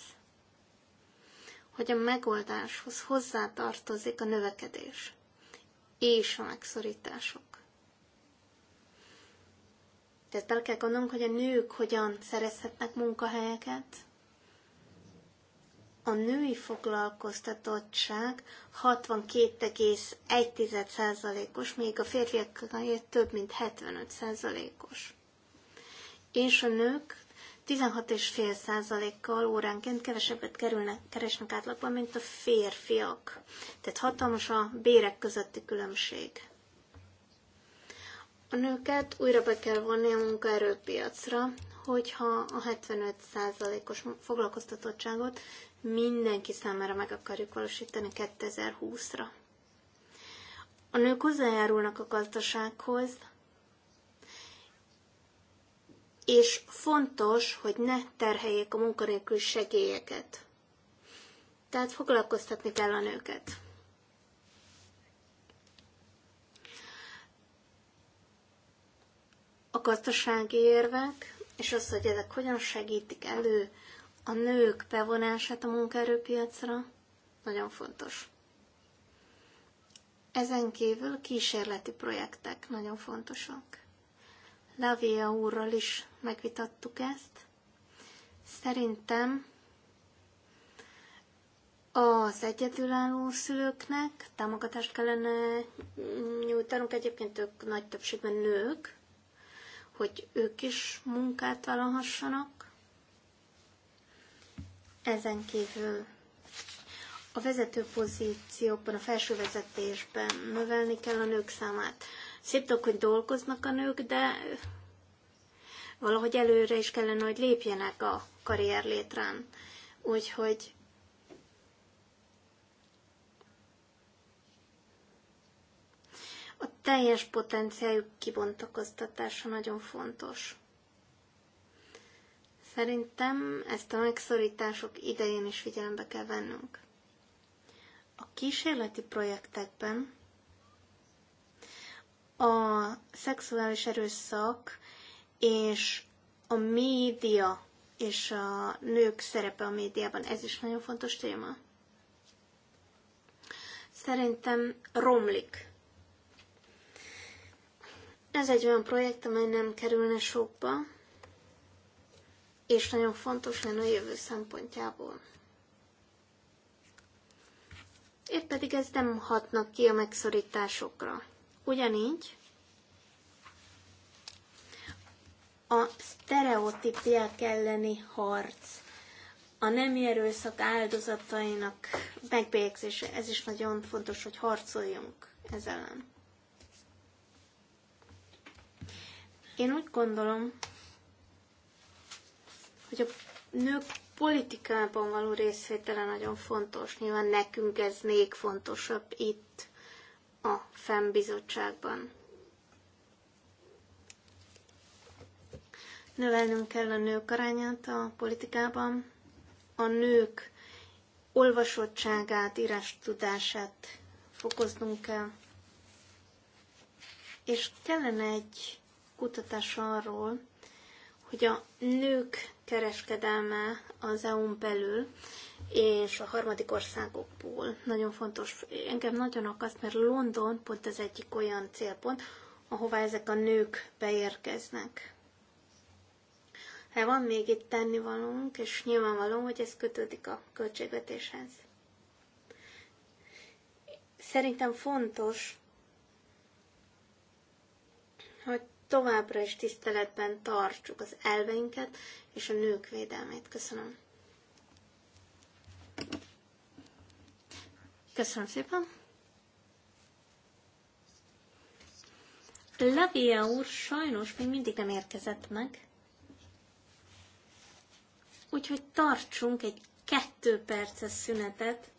hogy a megoldáshoz hozzátartozik a növekedés és a megszorítások. Tehát bele kell gondolnunk, hogy a nők hogyan szerezhetnek munkahelyeket. A női foglalkoztatottság 62,1%-os, még a férfiaké több mint 75%-os és a nők 16,5%-kal óránként kevesebbet kerülnek, keresnek átlagban, mint a férfiak. Tehát hatalmas a bérek közötti különbség. A nőket újra be kell vonni a munkaerőpiacra, hogyha a 75%-os foglalkoztatottságot mindenki számára meg akarjuk valósítani 2020-ra. A nők hozzájárulnak a gazdasághoz, és fontos, hogy ne terheljék a munkanélkül segélyeket. Tehát foglalkoztatni kell a nőket. A gazdasági érvek, és az, hogy ezek hogyan segítik elő a nők bevonását a munkaerőpiacra, nagyon fontos. Ezen kívül kísérleti projektek nagyon fontosak. Lavia úrral is megvitattuk ezt. Szerintem az egyedülálló szülőknek támogatást kellene nyújtanunk, egyébként ők nagy többségben nők, hogy ők is munkát vállalhassanak. Ezen kívül a vezető pozíciókban, a felső vezetésben növelni kell a nők számát. Szép dolog, hogy dolgoznak a nők, de valahogy előre is kellene, hogy lépjenek a karrier létrán. Úgyhogy a teljes potenciáljuk kibontakoztatása nagyon fontos. Szerintem ezt a megszorítások idején is figyelembe kell vennünk. A kísérleti projektekben a szexuális erőszak és a média és a nők szerepe a médiában, ez is nagyon fontos téma. Szerintem romlik. Ez egy olyan projekt, amely nem kerülne sokba, és nagyon fontos lenne a jövő szempontjából. Épp pedig ez nem hatnak ki a megszorításokra. Ugyanígy a sztereotípiák elleni harc, a nemi erőszak áldozatainak megbélyegzése, ez is nagyon fontos, hogy harcoljunk ez ellen. Én úgy gondolom, hogy a nők politikában való részvétele nagyon fontos. Nyilván nekünk ez még fontosabb itt a FEM bizottságban. Növelnünk kell a nők arányát a politikában, a nők olvasottságát, írás tudását fokoznunk kell, és kellene egy kutatás arról, hogy a nők kereskedelme az EU-n belül és a harmadik országokból. Nagyon fontos, engem nagyon akaszt, mert London pont az egyik olyan célpont, ahová ezek a nők beérkeznek. Ha van még itt tennivalónk, és nyilvánvaló, hogy ez kötődik a költségvetéshez. Szerintem fontos, hogy továbbra is tiszteletben tartsuk az elveinket és a nők védelmét. Köszönöm. Köszönöm szépen. Lavia úr sajnos még mindig nem érkezett meg, úgyhogy tartsunk egy kettő perces szünetet,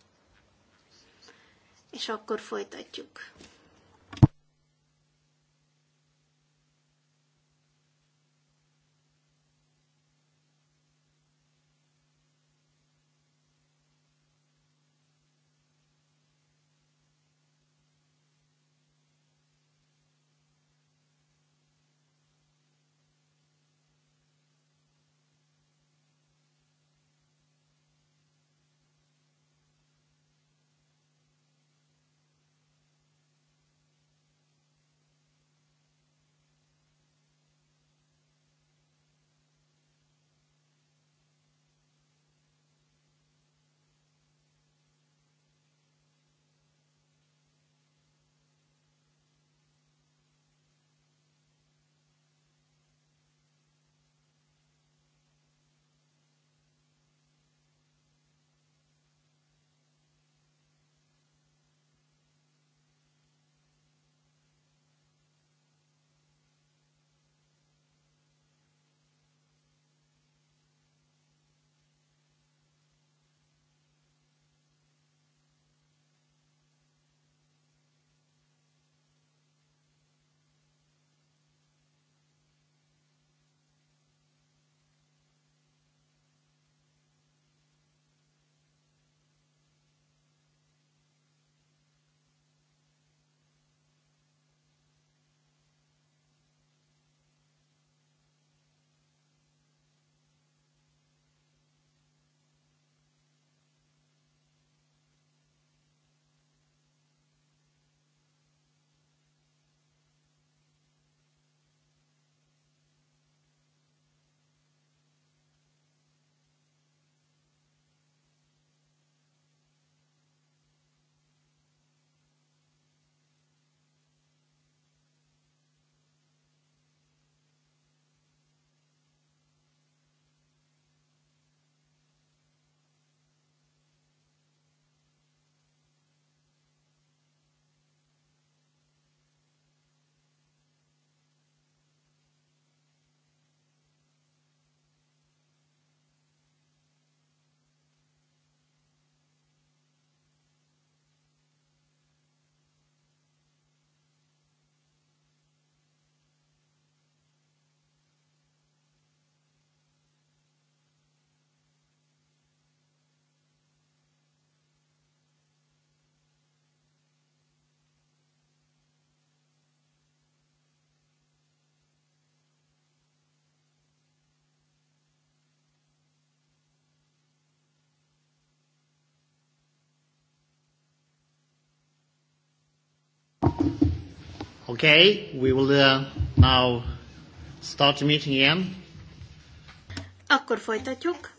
és akkor folytatjuk. Okay, we will uh, now start the meeting again. Akkor folytatjuk.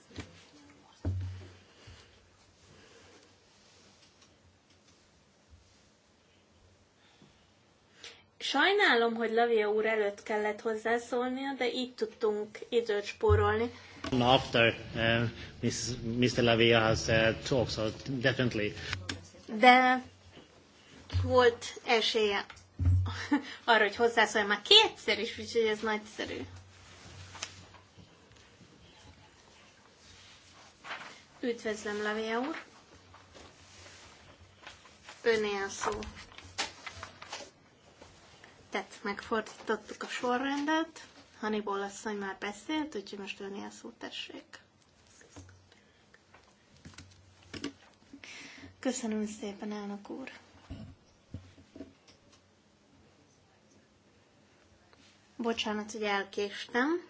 Sajnálom, hogy Lavia úr előtt kellett hozzászólnia, de így tudtunk időt spórolni. After uh, Mrs. Mr. Lavia has uh, talked, so definitely. De volt esélye arra, hogy hozzászóljon már kétszer is, úgyhogy ez nagyszerű. Üdvözlöm, Lavia úr. Önél szó. Tehát megfordítottuk a sorrendet. azt asszony már beszélt, úgyhogy most önél a szó, tessék. Köszönöm szépen, elnök úr. Bocsánat, hogy elkéstem.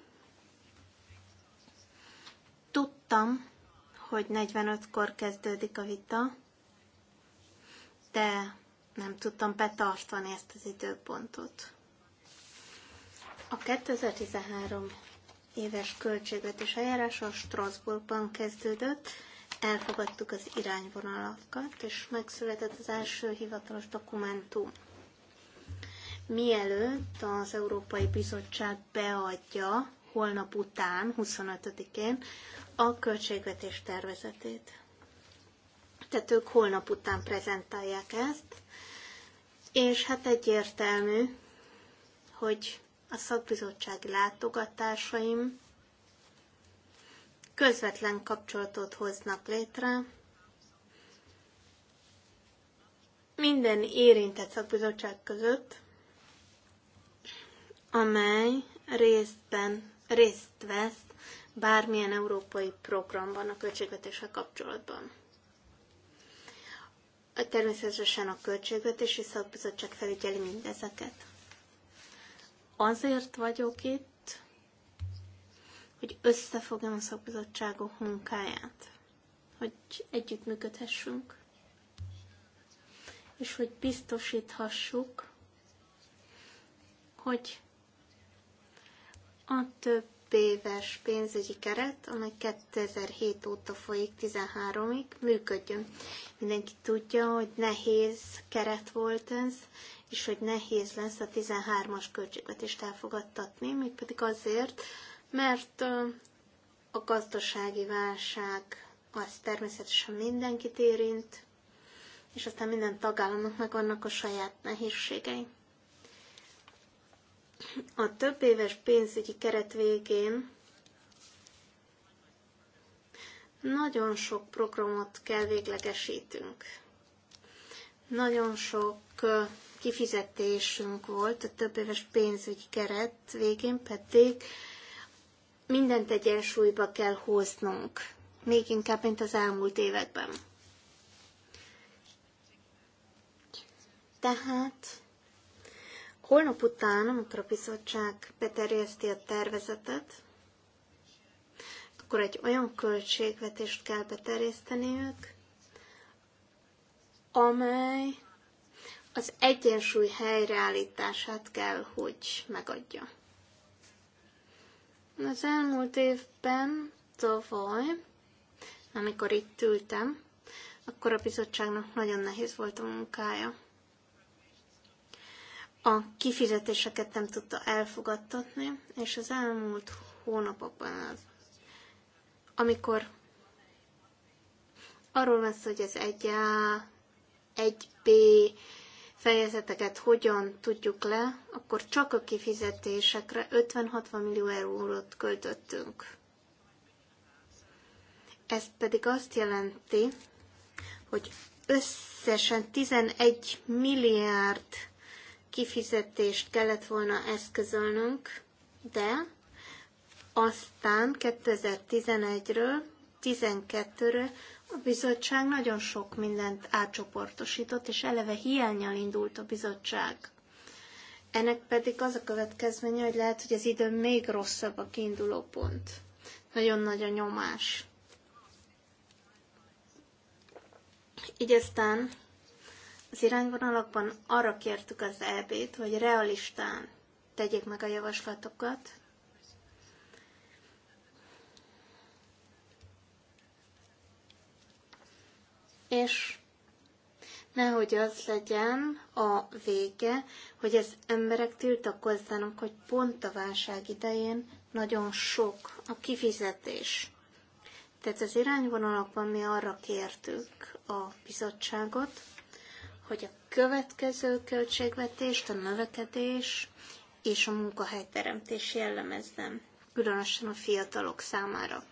Tudtam, hogy 45-kor kezdődik a vita, de nem tudtam betartani ezt az időpontot. A 2013 éves költségvetés eljárás a Strasbourgban kezdődött, elfogadtuk az irányvonalakat, és megszületett az első hivatalos dokumentum mielőtt az Európai Bizottság beadja holnap után, 25-én, a költségvetés tervezetét. Tehát ők holnap után prezentálják ezt, és hát egyértelmű, hogy a szakbizottsági látogatásaim közvetlen kapcsolatot hoznak létre, minden érintett szakbizottság között, amely részben részt vesz bármilyen európai programban a költségvetéssel kapcsolatban. Természetesen a Költségvetési Szakbizottság felügyeli mindezeket. Azért vagyok itt, hogy összefogjam a szakbizottságok munkáját, hogy együttműködhessünk, és hogy biztosíthassuk, hogy a több éves pénzügyi keret, amely 2007 óta folyik 13-ig, működjön. Mindenki tudja, hogy nehéz keret volt ez, és hogy nehéz lesz a 13-as is elfogadtatni, mégpedig azért, mert a gazdasági válság az természetesen mindenkit érint, és aztán minden tagállamnak meg vannak a saját nehézségei. A több éves pénzügyi keret végén nagyon sok programot kell véglegesítünk. Nagyon sok kifizetésünk volt a több éves pénzügyi keret végén, pedig mindent egyensúlyba kell hoznunk, még inkább, mint az elmúlt években. Tehát Holnap után, amikor a bizottság beterjeszti a tervezetet, akkor egy olyan költségvetést kell beterjeszteniük, amely az egyensúly helyreállítását kell, hogy megadja. Az elmúlt évben, tavaly, amikor itt ültem, akkor a bizottságnak nagyon nehéz volt a munkája a kifizetéseket nem tudta elfogadtatni, és az elmúlt hónapokban az, amikor arról van hogy ez egy a egy b fejezeteket hogyan tudjuk le, akkor csak a kifizetésekre 50-60 millió eurót költöttünk. Ez pedig azt jelenti, hogy összesen 11 milliárd kifizetést kellett volna eszközölnünk, de aztán 2011-ről 12-re a bizottság nagyon sok mindent átcsoportosított, és eleve hiányjal indult a bizottság. Ennek pedig az a következménye, hogy lehet, hogy az idő még rosszabb a kiinduló pont. Nagyon nagy a nyomás. Így aztán az irányvonalakban arra kértük az EB-t, hogy realistán tegyék meg a javaslatokat, és nehogy az legyen a vége, hogy az emberek tiltakozzanak, hogy pont a válság idején nagyon sok a kifizetés. Tehát az irányvonalakban mi arra kértük a bizottságot, hogy a következő költségvetést a növekedés és a munkahelyteremtés jellemezzem, különösen a fiatalok számára.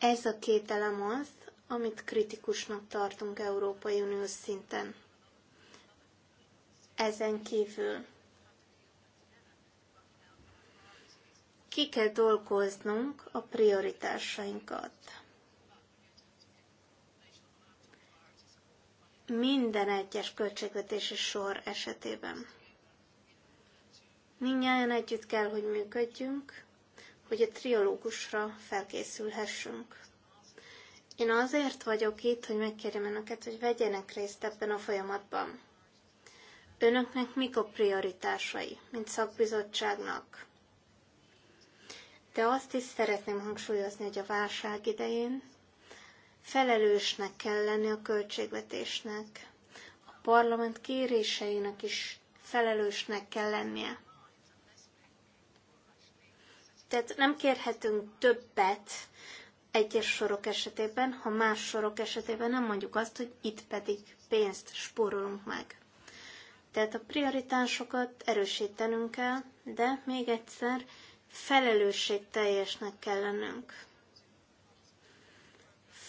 Ez a két elem az, amit kritikusnak tartunk Európai Unió szinten. Ezen kívül ki kell dolgoznunk a prioritásainkat. minden egyes költségvetési sor esetében. Mindjárt együtt kell, hogy működjünk, hogy a triológusra felkészülhessünk. Én azért vagyok itt, hogy megkérjem önöket, hogy vegyenek részt ebben a folyamatban. Önöknek mik a prioritásai, mint szakbizottságnak? De azt is szeretném hangsúlyozni, hogy a válság idején Felelősnek kell lenni a költségvetésnek. A parlament kéréseinek is felelősnek kell lennie. Tehát nem kérhetünk többet egyes sorok esetében, ha más sorok esetében nem mondjuk azt, hogy itt pedig pénzt spórolunk meg. Tehát a prioritásokat erősítenünk kell, de még egyszer felelősségteljesnek kell lennünk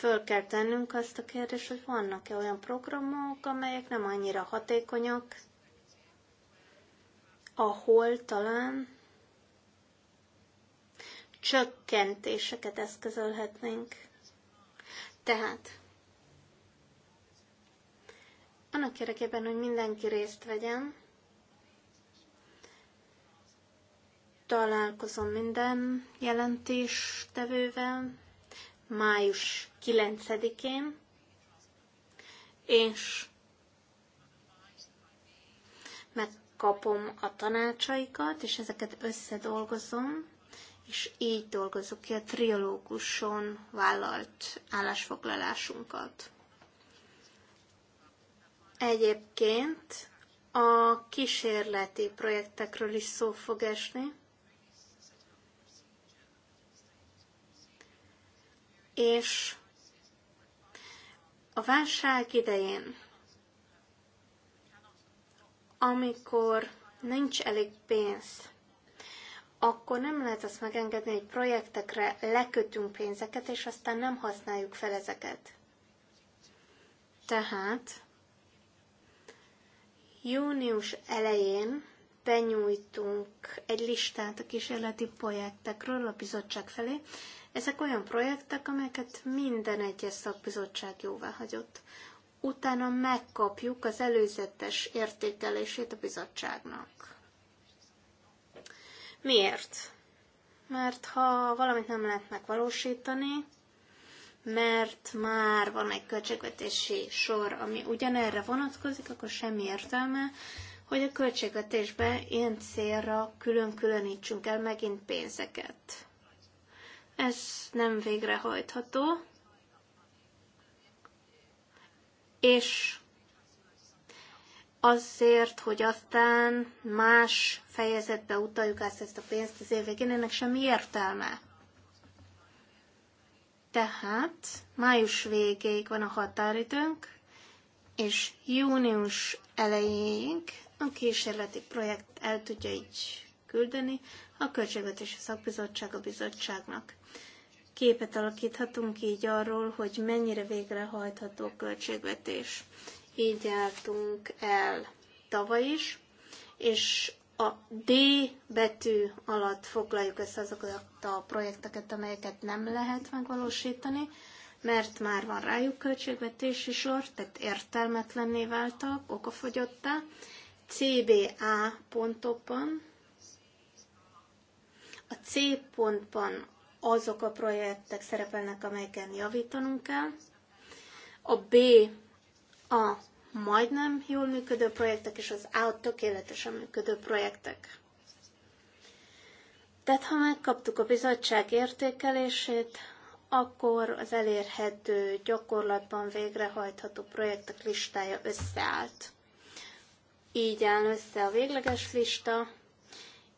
föl kell tennünk azt a kérdést, hogy vannak-e olyan programok, amelyek nem annyira hatékonyak, ahol talán csökkentéseket eszközölhetnénk. Tehát annak érdekében, hogy mindenki részt vegyen, találkozom minden jelentéstevővel, május 9-én, és megkapom a tanácsaikat, és ezeket összedolgozom, és így dolgozok ki a triológuson vállalt állásfoglalásunkat. Egyébként a kísérleti projektekről is szó fog esni, és a válság idején, amikor nincs elég pénz, akkor nem lehet azt megengedni, hogy projektekre lekötünk pénzeket, és aztán nem használjuk fel ezeket. Tehát június elején benyújtunk egy listát a kísérleti projektekről a bizottság felé, ezek olyan projektek, amelyeket minden egyes szakbizottság jóvá hagyott. Utána megkapjuk az előzetes értékelését a bizottságnak. Miért? Mert ha valamit nem lehet megvalósítani, mert már van egy költségvetési sor, ami ugyanerre vonatkozik, akkor semmi értelme, hogy a költségvetésbe ilyen célra külön-különítsünk el megint pénzeket. Ez nem végrehajtható. És azért, hogy aztán más fejezetbe utaljuk ezt, ezt a pénzt az év végén, ennek semmi értelme. Tehát május végéig van a határidőnk, és június elejéig a kísérleti projekt el tudja így küldeni a Költségvetési Szakbizottság a bizottságnak képet alakíthatunk így arról, hogy mennyire végrehajtható a költségvetés. Így jártunk el tavaly is, és a D betű alatt foglaljuk össze azokat a projekteket, amelyeket nem lehet megvalósítani, mert már van rájuk költségvetési sor, tehát értelmetlenné váltak, okafogyottá. CBA pontokban, a C pontban azok a projektek szerepelnek, amelyeken javítanunk kell. A B a majdnem jól működő projektek, és az A tökéletesen működő projektek. Tehát ha megkaptuk a bizottság értékelését, akkor az elérhető gyakorlatban végrehajtható projektek listája összeállt. Így áll össze a végleges lista,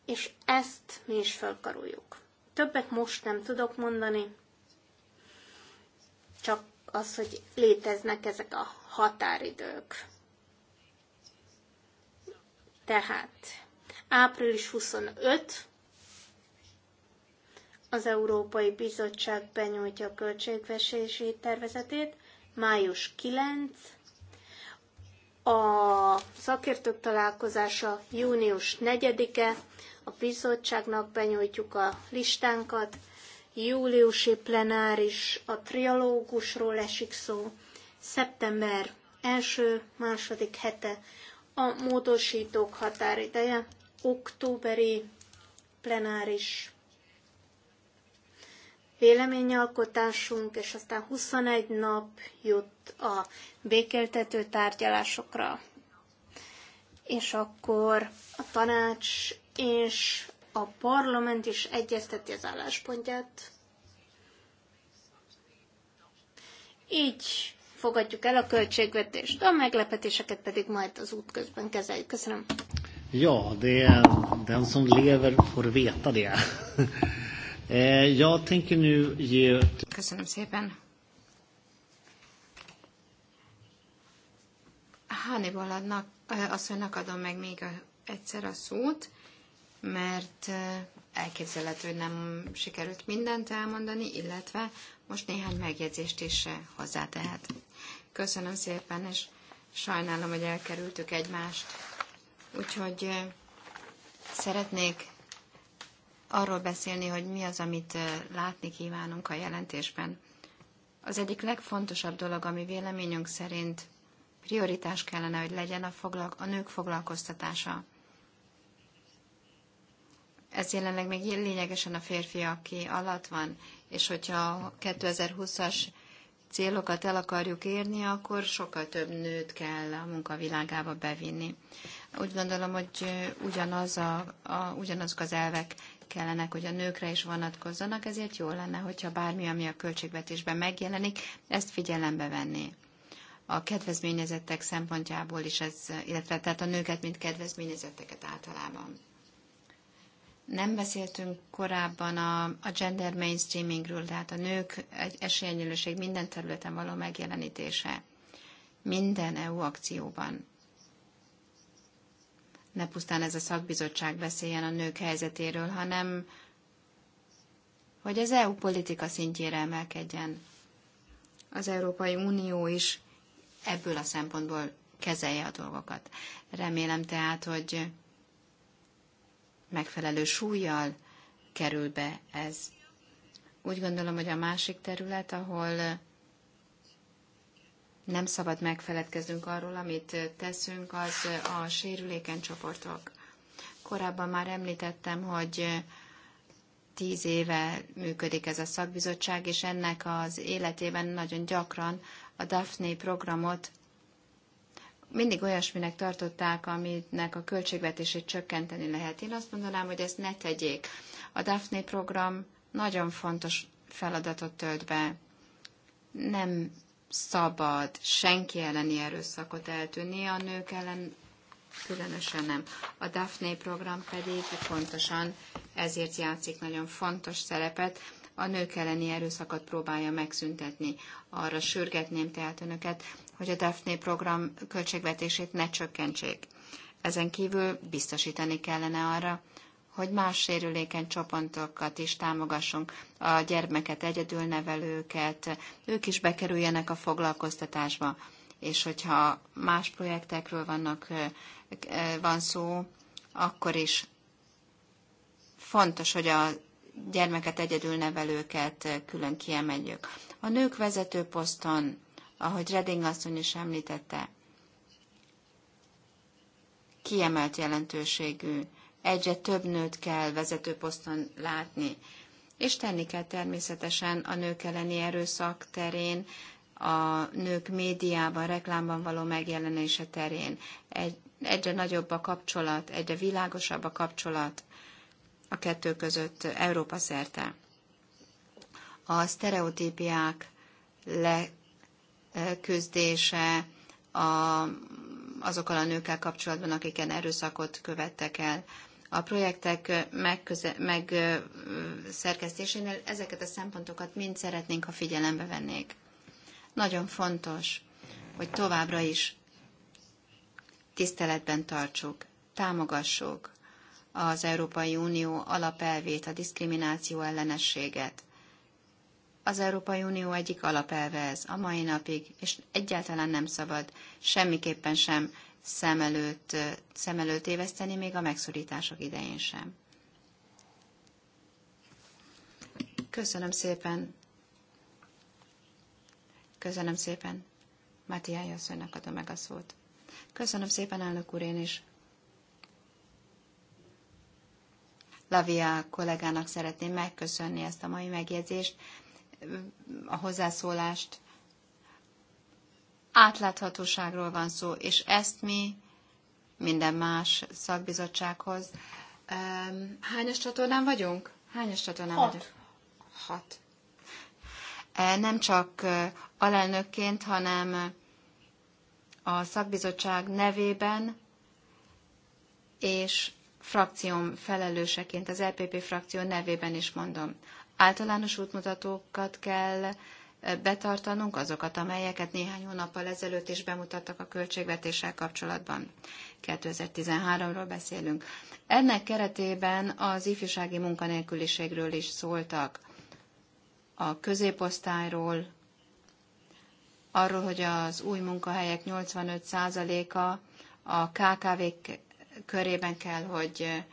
és ezt mi is felkaruljuk. Többet most nem tudok mondani, csak az, hogy léteznek ezek a határidők. Tehát április 25 az Európai Bizottság benyújtja a költségvetési tervezetét, május 9, a szakértők találkozása június 4-e, a bizottságnak benyújtjuk a listánkat, júliusi plenáris a trialógusról esik szó, szeptember első, második hete a módosítók határideje, októberi plenáris véleményalkotásunk, és aztán 21 nap jut a békeltető tárgyalásokra. És akkor a tanács és a parlament is egyezteti az álláspontját. Így fogadjuk el a költségvetést, a meglepetéseket pedig majd az út közben kezeljük. Köszönöm. Ja, det är den som lever får veta det. Eh, jag tänker nu ge... Köszönöm szépen. Hannibal adnak, eh, asszonynak adom meg még egyszer a szót, mert elképzelhető, hogy nem sikerült mindent elmondani, illetve most néhány megjegyzést is hozzátehet. Köszönöm szépen, és sajnálom, hogy elkerültük egymást. Úgyhogy szeretnék arról beszélni, hogy mi az, amit látni kívánunk a jelentésben. Az egyik legfontosabb dolog, ami véleményünk szerint prioritás kellene, hogy legyen a, foglalko- a nők foglalkoztatása ez jelenleg még lényegesen a aki alatt van, és hogyha 2020-as célokat el akarjuk érni, akkor sokkal több nőt kell a munkavilágába bevinni. Úgy gondolom, hogy ugyanaz a, a, ugyanazok az elvek kellenek, hogy a nőkre is vonatkozzanak, ezért jó lenne, hogyha bármi, ami a költségvetésben megjelenik, ezt figyelembe venni. A kedvezményezettek szempontjából is ez, illetve tehát a nőket, mint kedvezményezetteket általában. Nem beszéltünk korábban a, a gender mainstreamingről, tehát a nők esélyegyenlőség minden területen való megjelenítése. Minden EU akcióban. Ne pusztán ez a szakbizottság beszéljen a nők helyzetéről, hanem hogy az EU politika szintjére emelkedjen. Az Európai Unió is ebből a szempontból kezelje a dolgokat. Remélem tehát, hogy megfelelő súlyjal kerül be ez. Úgy gondolom, hogy a másik terület, ahol nem szabad megfeledkeznünk arról, amit teszünk, az a sérülékeny csoportok. Korábban már említettem, hogy tíz éve működik ez a szakbizottság, és ennek az életében nagyon gyakran a Daphne programot mindig olyasminek tartották, aminek a költségvetését csökkenteni lehet. Én azt mondanám, hogy ezt ne tegyék. A Daphne program nagyon fontos feladatot tölt be. Nem szabad senki elleni erőszakot eltűnni, a nők ellen különösen nem. A Daphne program pedig pontosan ezért játszik nagyon fontos szerepet, a nők elleni erőszakot próbálja megszüntetni. Arra sürgetném tehát önöket, hogy a Daphne program költségvetését ne csökkentsék. Ezen kívül biztosítani kellene arra, hogy más sérülékeny csoportokat is támogassunk, a gyermeket, egyedülnevelőket, ők is bekerüljenek a foglalkoztatásba. És hogyha más projektekről vannak, van szó, akkor is fontos, hogy a gyermeket, egyedülnevelőket külön kiemeljük. A nők vezető poszton ahogy Reding asszony is említette, kiemelt jelentőségű. Egyre több nőt kell vezető poszton látni, és tenni kell természetesen a nők elleni erőszak terén, a nők médiában, reklámban való megjelenése terén. Egy, egyre nagyobb a kapcsolat, egyre világosabb a kapcsolat a kettő között Európa szerte. A sztereotípiák le küzdése a, azokkal a nőkkel kapcsolatban, akiken erőszakot követtek el. A projektek megszerkesztésénél meg ezeket a szempontokat mind szeretnénk, ha figyelembe vennék. Nagyon fontos, hogy továbbra is tiszteletben tartsuk, támogassuk az Európai Unió alapelvét, a diszkrimináció ellenességet, az Európai Unió egyik alapelve ez a mai napig, és egyáltalán nem szabad semmiképpen sem szem előtt, szem előtt éveszteni, még a megszorítások idején sem. Köszönöm szépen. Köszönöm szépen. Matiája asszonynak adom meg a szót. Köszönöm szépen, elnök úr, én is. Lavia kollégának szeretném megköszönni ezt a mai megjegyzést, a hozzászólást. Átláthatóságról van szó, és ezt mi minden más szakbizottsághoz. Hányas csatornán vagyunk? Hányas csatornán Hat. vagyunk? Hat. E, nem csak alelnökként, hanem a szakbizottság nevében és frakcióm felelőseként, az LPP frakció nevében is mondom. Általános útmutatókat kell eh, betartanunk, azokat, amelyeket néhány hónappal ezelőtt is bemutattak a költségvetéssel kapcsolatban. 2013-ról beszélünk. Ennek keretében az ifjúsági munkanélküliségről is szóltak. A középosztályról, arról, hogy az új munkahelyek 85%-a a KKV k körében kell, hogy eh,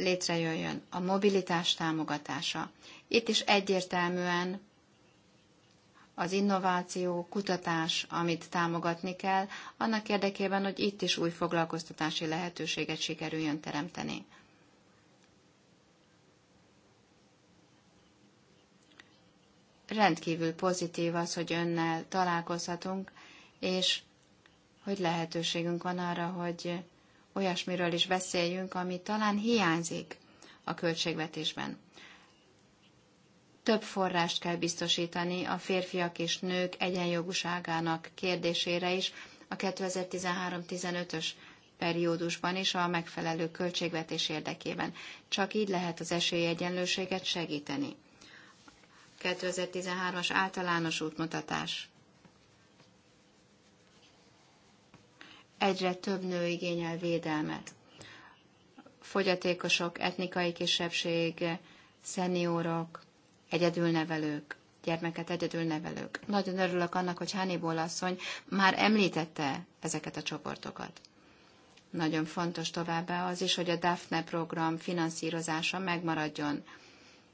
létrejöjjön, a mobilitás támogatása. Itt is egyértelműen az innováció, kutatás, amit támogatni kell, annak érdekében, hogy itt is új foglalkoztatási lehetőséget sikerüljön teremteni. Rendkívül pozitív az, hogy önnel találkozhatunk, és hogy lehetőségünk van arra, hogy olyasmiről is beszéljünk, ami talán hiányzik a költségvetésben. Több forrást kell biztosítani a férfiak és nők egyenjogúságának kérdésére is a 2013-15-ös periódusban is a megfelelő költségvetés érdekében. Csak így lehet az esélyegyenlőséget segíteni. 2013-as általános útmutatás. egyre több nő igényel védelmet. Fogyatékosok, etnikai kisebbség, szeniórok, egyedülnevelők, gyermeket egyedülnevelők. Nagyon örülök annak, hogy Hannibal asszony már említette ezeket a csoportokat. Nagyon fontos továbbá az is, hogy a DAFNE program finanszírozása megmaradjon.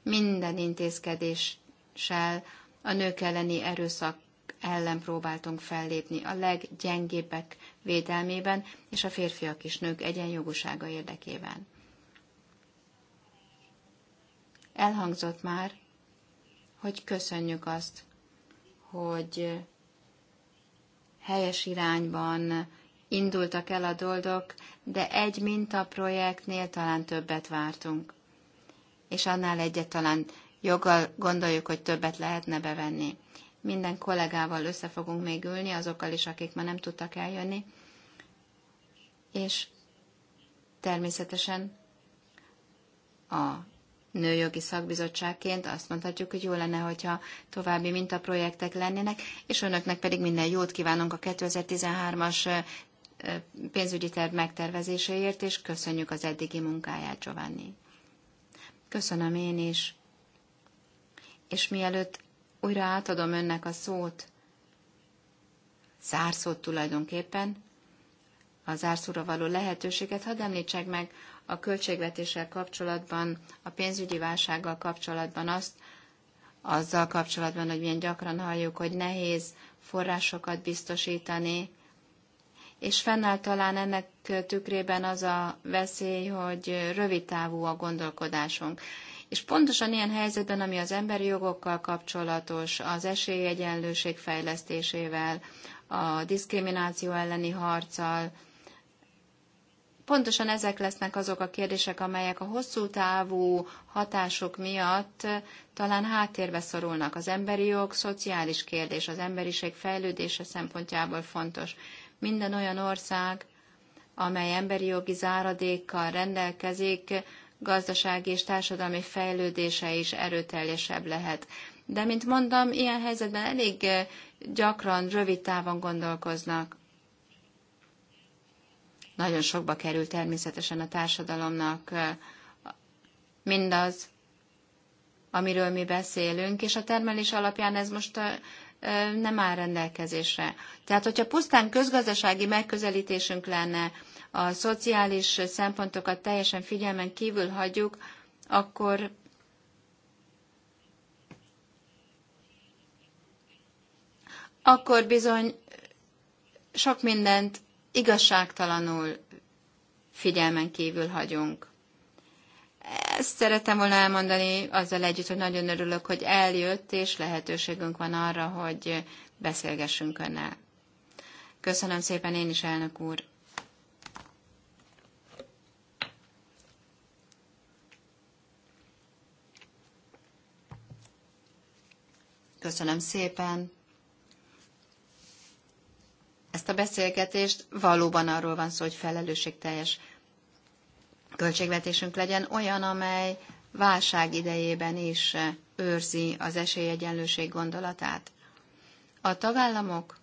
Minden intézkedéssel a nők elleni erőszak ellen próbáltunk fellépni a leggyengébbek védelmében és a férfiak és nők egyenjogúsága érdekében. Elhangzott már, hogy köszönjük azt, hogy helyes irányban indultak el a dolgok, de egy mintaprojektnél talán többet vártunk. És annál egyet talán joggal gondoljuk, hogy többet lehetne bevenni. Minden kollégával össze fogunk még ülni, azokkal is, akik ma nem tudtak eljönni. És természetesen a nőjogi szakbizottságként azt mondhatjuk, hogy jó lenne, hogyha további mintaprojektek lennének, és önöknek pedig minden jót kívánunk a 2013-as pénzügyi terv megtervezéséért, és köszönjük az eddigi munkáját, Giovanni. Köszönöm én is. És mielőtt újra átadom önnek a szót, zárszót tulajdonképpen, a zárszóra való lehetőséget, hadd említsek meg a költségvetéssel kapcsolatban, a pénzügyi válsággal kapcsolatban azt, azzal kapcsolatban, hogy milyen gyakran halljuk, hogy nehéz forrásokat biztosítani, és fennáll talán ennek tükrében az a veszély, hogy rövidtávú a gondolkodásunk. És pontosan ilyen helyzetben, ami az emberi jogokkal kapcsolatos, az esélyegyenlőség fejlesztésével, a diszkrimináció elleni harccal, pontosan ezek lesznek azok a kérdések, amelyek a hosszú távú hatások miatt talán háttérbe szorulnak. Az emberi jog szociális kérdés, az emberiség fejlődése szempontjából fontos. Minden olyan ország, amely emberi jogi záradékkal rendelkezik, gazdasági és társadalmi fejlődése is erőteljesebb lehet. De, mint mondom, ilyen helyzetben elég eh, gyakran, rövid távon gondolkoznak. Nagyon sokba kerül természetesen a társadalomnak eh, mindaz, amiről mi beszélünk, és a termelés alapján ez most eh, nem áll rendelkezésre. Tehát, hogyha pusztán közgazdasági megközelítésünk lenne, a szociális szempontokat teljesen figyelmen kívül hagyjuk, akkor akkor bizony sok mindent igazságtalanul figyelmen kívül hagyunk. Ezt szeretem volna elmondani, azzal együtt, hogy nagyon örülök, hogy eljött, és lehetőségünk van arra, hogy beszélgessünk önnel. Köszönöm szépen én is, elnök úr. Köszönöm szépen. Ezt a beszélgetést valóban arról van szó, hogy felelősségteljes költségvetésünk legyen olyan, amely válság idejében is őrzi az esélyegyenlőség gondolatát. A tagállamok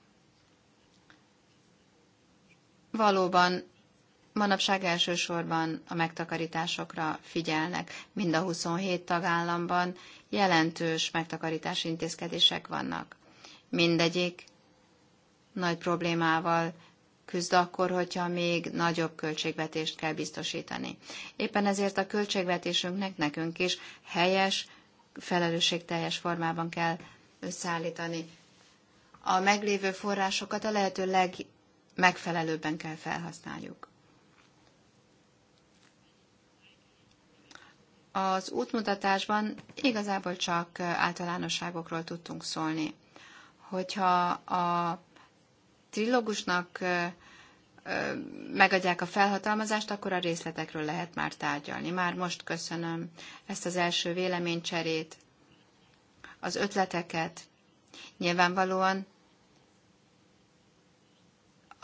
valóban manapság elsősorban a megtakarításokra figyelnek. Mind a 27 tagállamban jelentős megtakarítási intézkedések vannak. Mindegyik nagy problémával küzd akkor, hogyha még nagyobb költségvetést kell biztosítani. Éppen ezért a költségvetésünknek nekünk is helyes, felelősségteljes formában kell összeállítani. A meglévő forrásokat a lehető legmegfelelőbben kell felhasználjuk. az útmutatásban igazából csak általánosságokról tudtunk szólni. Hogyha a trilógusnak megadják a felhatalmazást, akkor a részletekről lehet már tárgyalni. Már most köszönöm ezt az első véleménycserét, az ötleteket. Nyilvánvalóan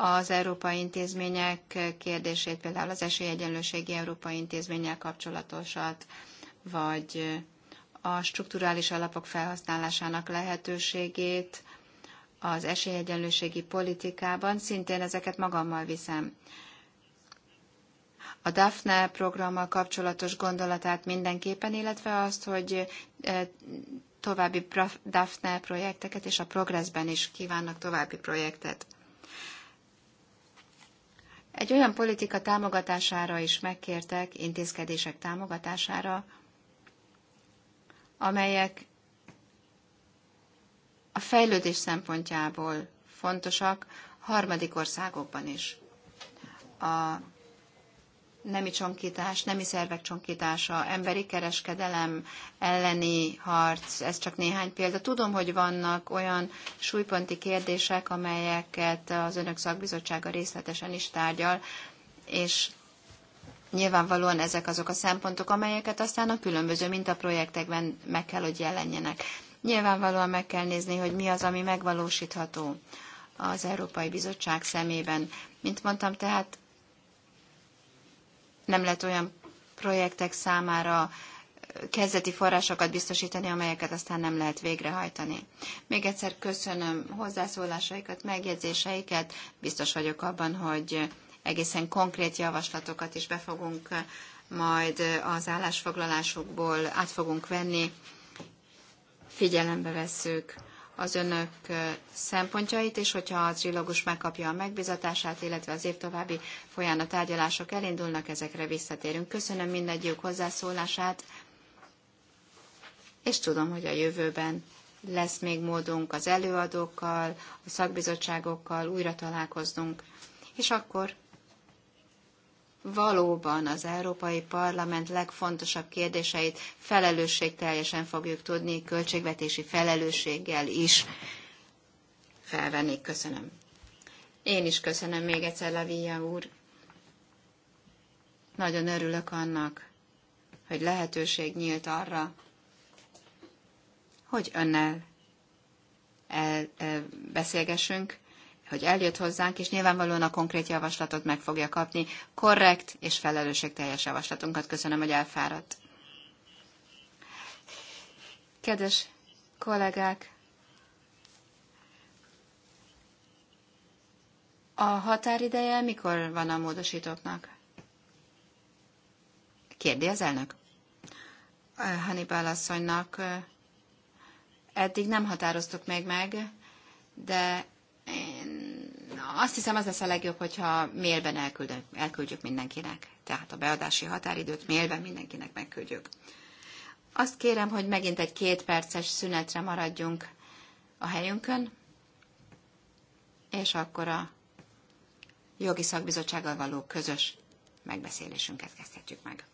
az európai intézmények kérdését, például az esélyegyenlőségi európai intézménnyel kapcsolatosat, vagy a strukturális alapok felhasználásának lehetőségét az esélyegyenlőségi politikában, szintén ezeket magammal viszem. A DAFNE programmal kapcsolatos gondolatát mindenképpen, illetve azt, hogy e, további DAFNE projekteket és a Progressben is kívánnak további projektet. Egy olyan politika támogatására is megkértek, intézkedések támogatására, amelyek a fejlődés szempontjából fontosak harmadik országokban is. A nemi csonkítás, nemi szervek csonkítása, emberi kereskedelem elleni harc, ez csak néhány példa. Tudom, hogy vannak olyan súlyponti kérdések, amelyeket az Önök szakbizottsága részletesen is tárgyal, és Nyilvánvalóan ezek azok a szempontok, amelyeket aztán a különböző mintaprojektekben meg kell, hogy jelenjenek. Nyilvánvalóan meg kell nézni, hogy mi az, ami megvalósítható az Európai Bizottság szemében. Mint mondtam, tehát nem lehet olyan projektek számára kezdeti forrásokat biztosítani, amelyeket aztán nem lehet végrehajtani. Még egyszer köszönöm hozzászólásaikat, megjegyzéseiket. Biztos vagyok abban, hogy egészen konkrét javaslatokat is be fogunk majd az állásfoglalásokból át fogunk venni. Figyelembe vesszük az önök szempontjait, és hogyha a trilógus megkapja a megbizatását, illetve az év további folyán a tárgyalások elindulnak, ezekre visszatérünk. Köszönöm mindegyik hozzászólását, és tudom, hogy a jövőben lesz még módunk az előadókkal, a szakbizottságokkal újra találkoznunk, és akkor valóban az Európai Parlament legfontosabb kérdéseit felelősségteljesen fogjuk tudni költségvetési felelősséggel is felvenni. Köszönöm. Én is köszönöm még egyszer, Lavia úr. Nagyon örülök annak, hogy lehetőség nyílt arra, hogy önnel el, el, beszélgessünk, hogy eljött hozzánk, és nyilvánvalóan a konkrét javaslatot meg fogja kapni. Korrekt és felelősségteljes javaslatunkat. Köszönöm, hogy elfáradt. Kedves kollégák! A határideje mikor van a módosítóknak? Kérdi az elnök. Hannibal asszonynak eddig nem határoztuk még meg, de én azt hiszem az lesz a legjobb, hogyha mailben elküldök, elküldjük mindenkinek. Tehát a beadási határidőt mailben mindenkinek megküldjük. Azt kérem, hogy megint egy két perces szünetre maradjunk a helyünkön, és akkor a jogi szakbizottsággal való közös megbeszélésünket kezdhetjük meg.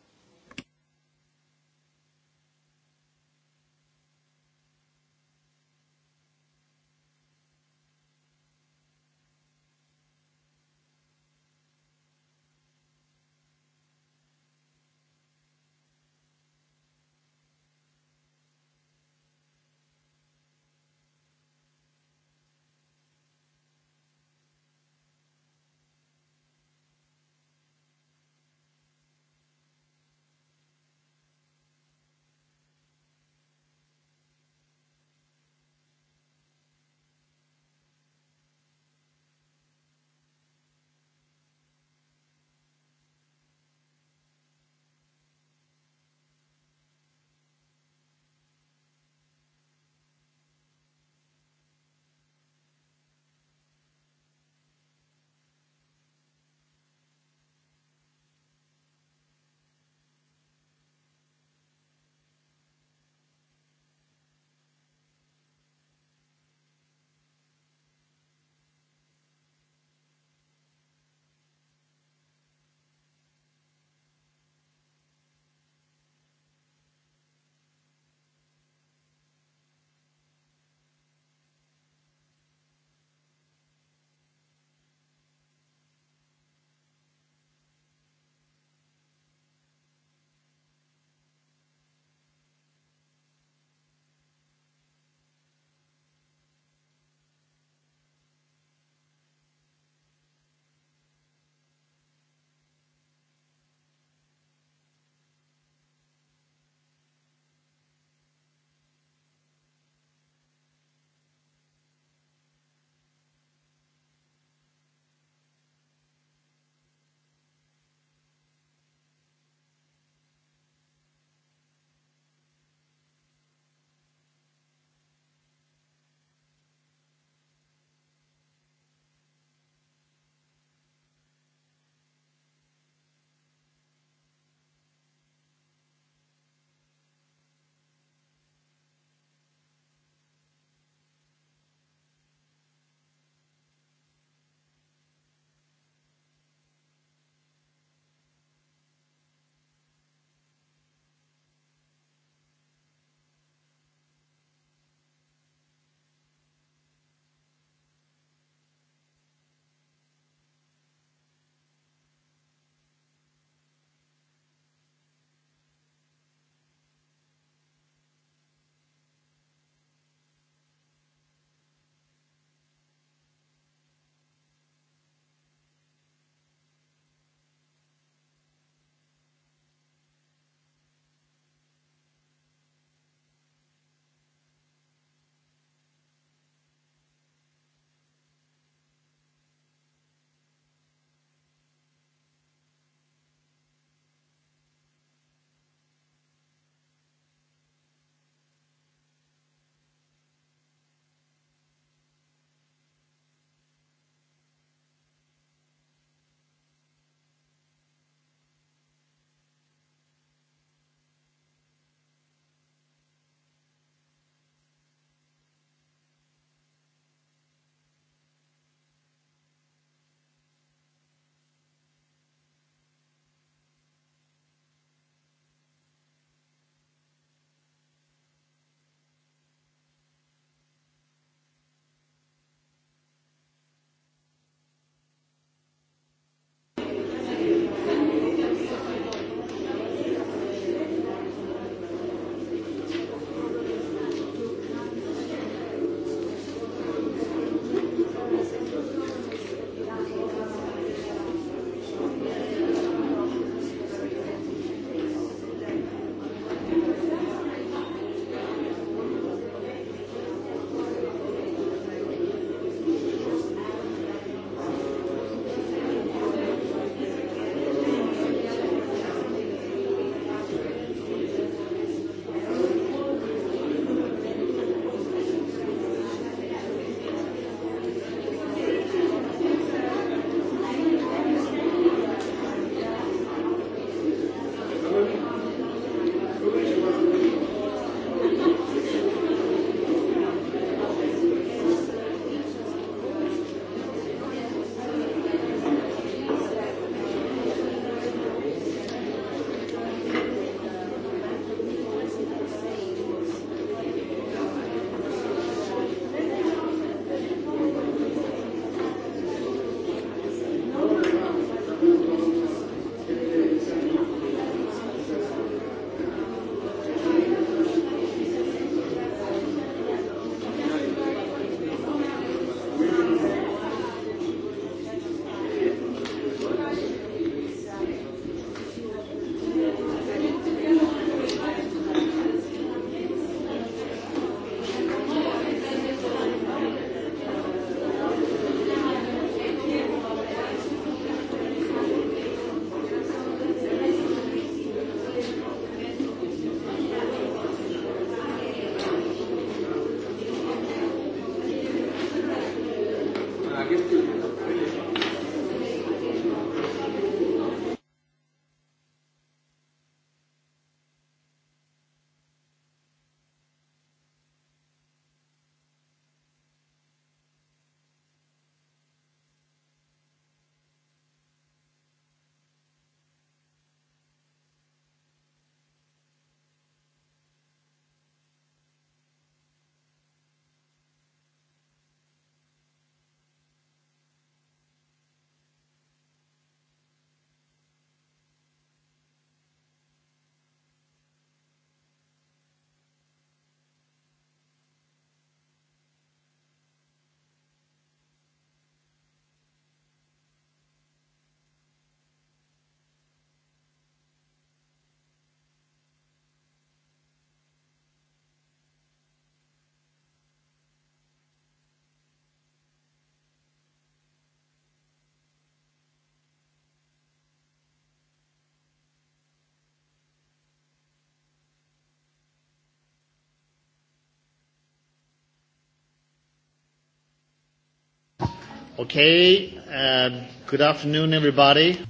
Okay, uh, good afternoon everybody.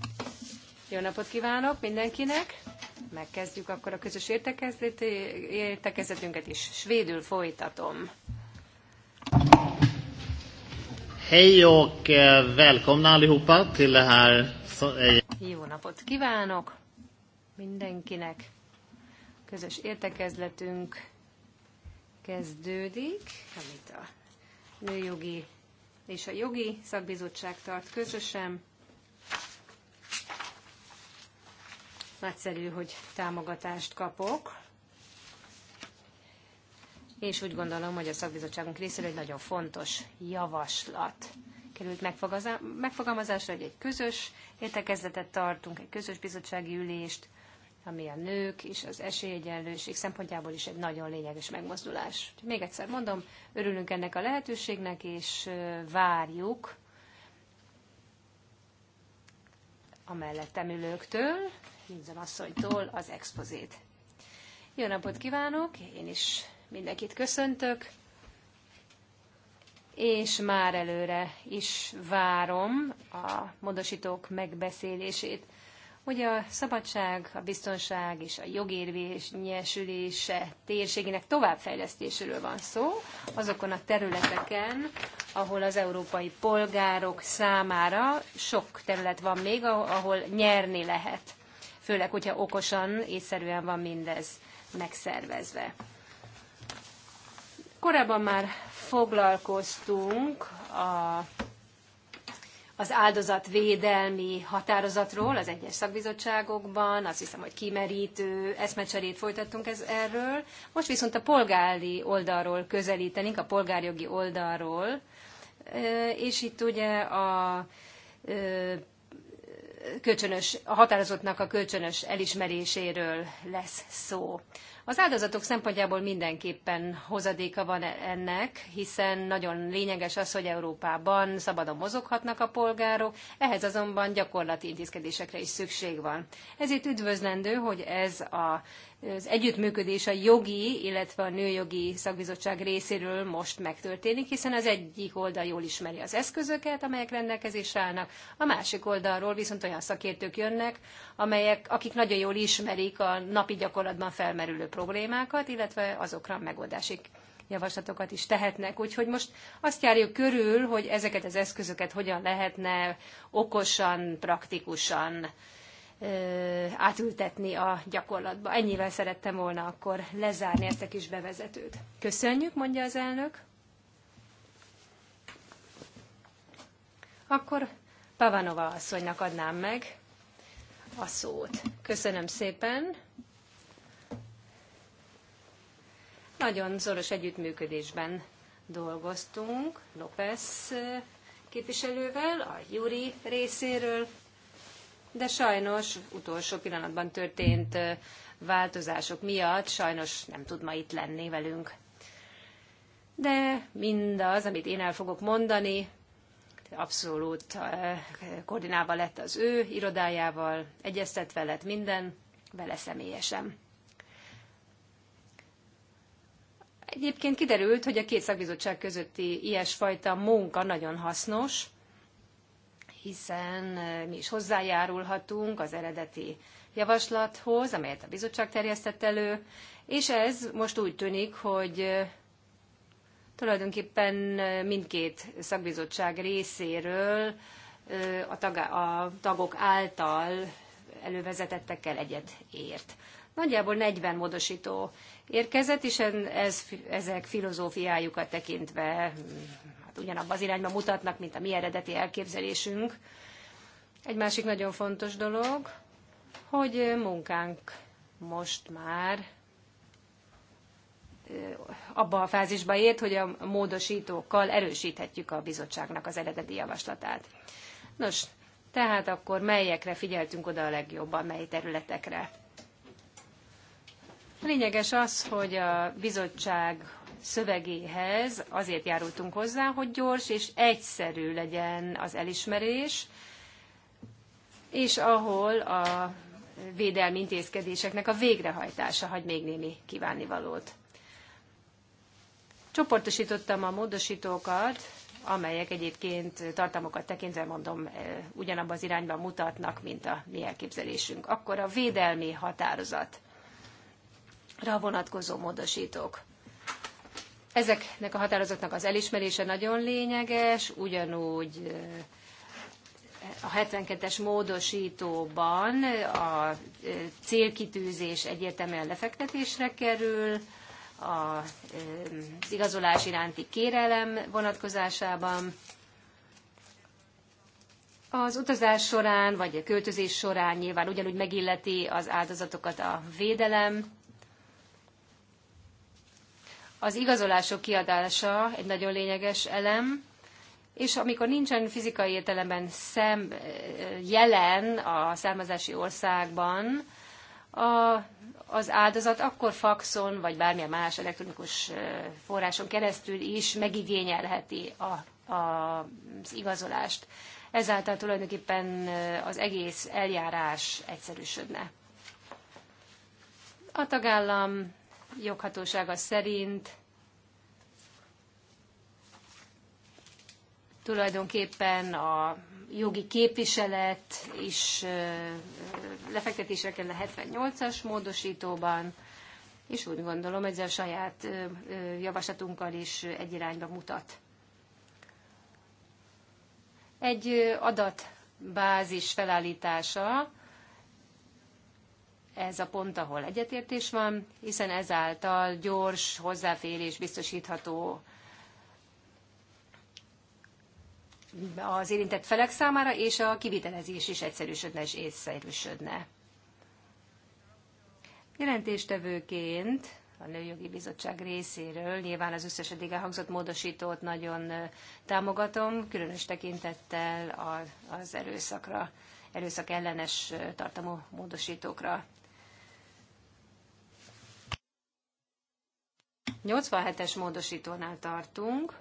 Jó napot kívánok mindenkinek! Megkezdjük akkor a közös értekezetünket is. Svédül folytatom. Hej och eh, välkomna allihopa till det här. Eh, Jó napot kívánok mindenkinek! Közös értekezletünk kezdődik, amit a nőjogi és a jogi szakbizottság tart közösen. Nagyszerű, hogy támogatást kapok, és úgy gondolom, hogy a szakbizottságunk részéről egy nagyon fontos javaslat került megfogalmazásra, hogy egy közös értekezletet tartunk, egy közös bizottsági ülést, ami a nők és az esélyegyenlőség szempontjából is egy nagyon lényeges megmozdulás. Még egyszer mondom, örülünk ennek a lehetőségnek, és várjuk a mellettem ülőktől, az asszonytól az expozét. Jó napot kívánok, én is mindenkit köszöntök, és már előre is várom a módosítók megbeszélését hogy a szabadság, a biztonság és a jogérvényesülése térségének továbbfejlesztéséről van szó, azokon a területeken, ahol az európai polgárok számára sok terület van még, ahol nyerni lehet, főleg, hogyha okosan, észszerűen van mindez megszervezve. Korábban már foglalkoztunk a az áldozatvédelmi határozatról az egyes szakbizottságokban, azt hiszem, hogy kimerítő eszmecserét folytattunk ez erről. Most viszont a polgári oldalról közelítenénk, a polgárjogi oldalról, és itt ugye a kölcsönös, a határozottnak a kölcsönös elismeréséről lesz szó. Az áldozatok szempontjából mindenképpen hozadéka van e- ennek, hiszen nagyon lényeges az, hogy Európában szabadon mozoghatnak a polgárok, ehhez azonban gyakorlati intézkedésekre is szükség van. Ezért üdvözlendő, hogy ez a az együttműködés a jogi, illetve a nőjogi szakbizottság részéről most megtörténik, hiszen az egyik oldal jól ismeri az eszközöket, amelyek rendelkezésre állnak, a másik oldalról viszont olyan szakértők jönnek, amelyek, akik nagyon jól ismerik a napi gyakorlatban felmerülő problémákat, illetve azokra megoldási javaslatokat is tehetnek. Úgyhogy most azt járjuk körül, hogy ezeket az eszközöket hogyan lehetne okosan, praktikusan ö, átültetni a gyakorlatba. Ennyivel szerettem volna akkor lezárni ezt a kis bevezetőt. Köszönjük, mondja az elnök. Akkor Pavanova asszonynak adnám meg a szót. Köszönöm szépen. Nagyon szoros együttműködésben dolgoztunk López képviselővel, a Júri részéről, de sajnos utolsó pillanatban történt változások miatt sajnos nem tud ma itt lenni velünk. De mindaz, amit én el fogok mondani, abszolút koordinálva lett az ő irodájával, egyeztetve lett minden, vele személyesen. Egyébként kiderült, hogy a két szakbizottság közötti ilyesfajta munka nagyon hasznos, hiszen eh, mi is hozzájárulhatunk az eredeti javaslathoz, amelyet a bizottság terjesztett elő, és ez most úgy tűnik, hogy eh, tulajdonképpen eh, mindkét szakbizottság részéről a, tagok által elővezetettekkel egyet ért. Nagyjából 40 módosító érkezett, és ez, ezek filozófiájukat tekintve mm, hát ugyanabban az irányba mutatnak, mint a mi eredeti elképzelésünk. Egy másik nagyon fontos dolog, hogy munkánk most már abba a fázisba ért, hogy a módosítókkal erősíthetjük a bizottságnak az eredeti javaslatát. Nos, tehát akkor melyekre figyeltünk oda a legjobban, mely területekre? Lényeges az, hogy a bizottság szövegéhez azért járultunk hozzá, hogy gyors és egyszerű legyen az elismerés, és ahol a védelmi intézkedéseknek a végrehajtása hagy még némi kívánivalót. Csoportosítottam a módosítókat, amelyek egyébként tartalmokat tekintve, mondom, eh, ugyanabban az irányban mutatnak, mint a mi elképzelésünk. Akkor a védelmi határozat ra vonatkozó módosítók. Ezeknek a határozatnak az elismerése nagyon lényeges, ugyanúgy eh, a 72-es módosítóban a eh, célkitűzés egyértelműen lefektetésre kerül, eh, az igazolás iránti kérelem vonatkozásában. Az utazás során, vagy a költözés során nyilván ugyanúgy megilleti az áldozatokat a védelem, az igazolások kiadása egy nagyon lényeges elem, és amikor nincsen fizikai értelemben szem, eh, jelen a származási országban, a, az áldozat akkor faxon, vagy bármilyen más elektronikus eh, forráson keresztül is megigényelheti a, a, az igazolást. Ezáltal tulajdonképpen eh, az egész eljárás egyszerűsödne. A tagállam joghatósága szerint tulajdonképpen a jogi képviselet is lefektetésre kell a 78-as módosítóban, és úgy gondolom, ezzel a saját javaslatunkkal is egy irányba mutat. Egy adatbázis felállítása ez a pont, ahol egyetértés van, hiszen ezáltal gyors hozzáférés biztosítható az érintett felek számára, és a kivitelezés is egyszerűsödne és észszerűsödne. Jelentéstevőként a Nőjogi Bizottság részéről nyilván az összes eddig elhangzott módosítót nagyon támogatom, különös tekintettel az erőszakra, erőszak ellenes tartalmú módosítókra. 87-es módosítónál tartunk.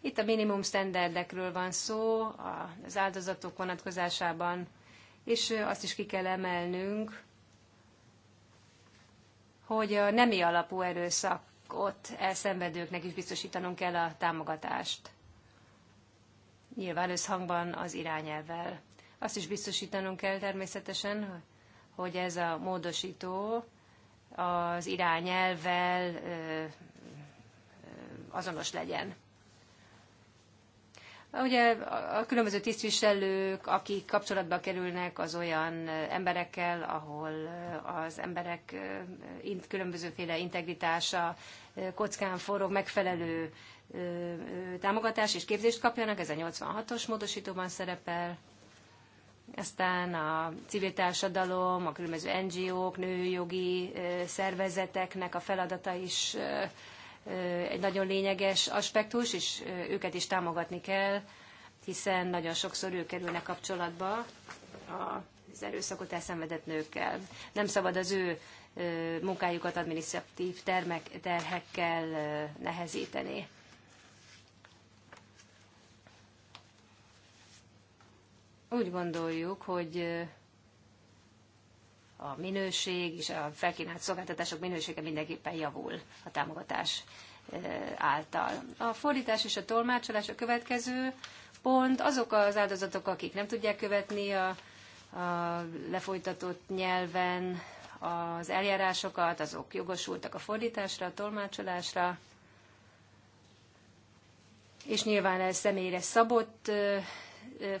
Itt a minimum standardekről van szó az áldozatok vonatkozásában, és azt is ki kell emelnünk, hogy a nemi alapú erőszakot elszenvedőknek is biztosítanunk kell a támogatást. Nyilván összhangban az irányelvvel. Azt is biztosítanunk kell természetesen, hogy ez a módosító az irányelvel azonos legyen. Ugye a különböző tisztviselők, akik kapcsolatba kerülnek az olyan emberekkel, ahol az emberek különbözőféle integritása kockán forog, megfelelő támogatás és képzést kapjanak, ez a 86-os módosítóban szerepel aztán a civil társadalom, a különböző NGO-k, nőjogi szervezeteknek a feladata is egy nagyon lényeges aspektus, és őket is támogatni kell, hiszen nagyon sokszor ők kerülnek kapcsolatba az erőszakot elszenvedett nőkkel. Nem szabad az ő munkájukat adminisztratív termek, terhekkel nehezíteni. Úgy gondoljuk, hogy a minőség és a felkínált szolgáltatások minősége mindenképpen javul a támogatás által. A fordítás és a tolmácsolás a következő pont. Azok az áldozatok, akik nem tudják követni a, a lefolytatott nyelven az eljárásokat, azok jogosultak a fordításra, a tolmácsolásra, és nyilván ez személyre szabott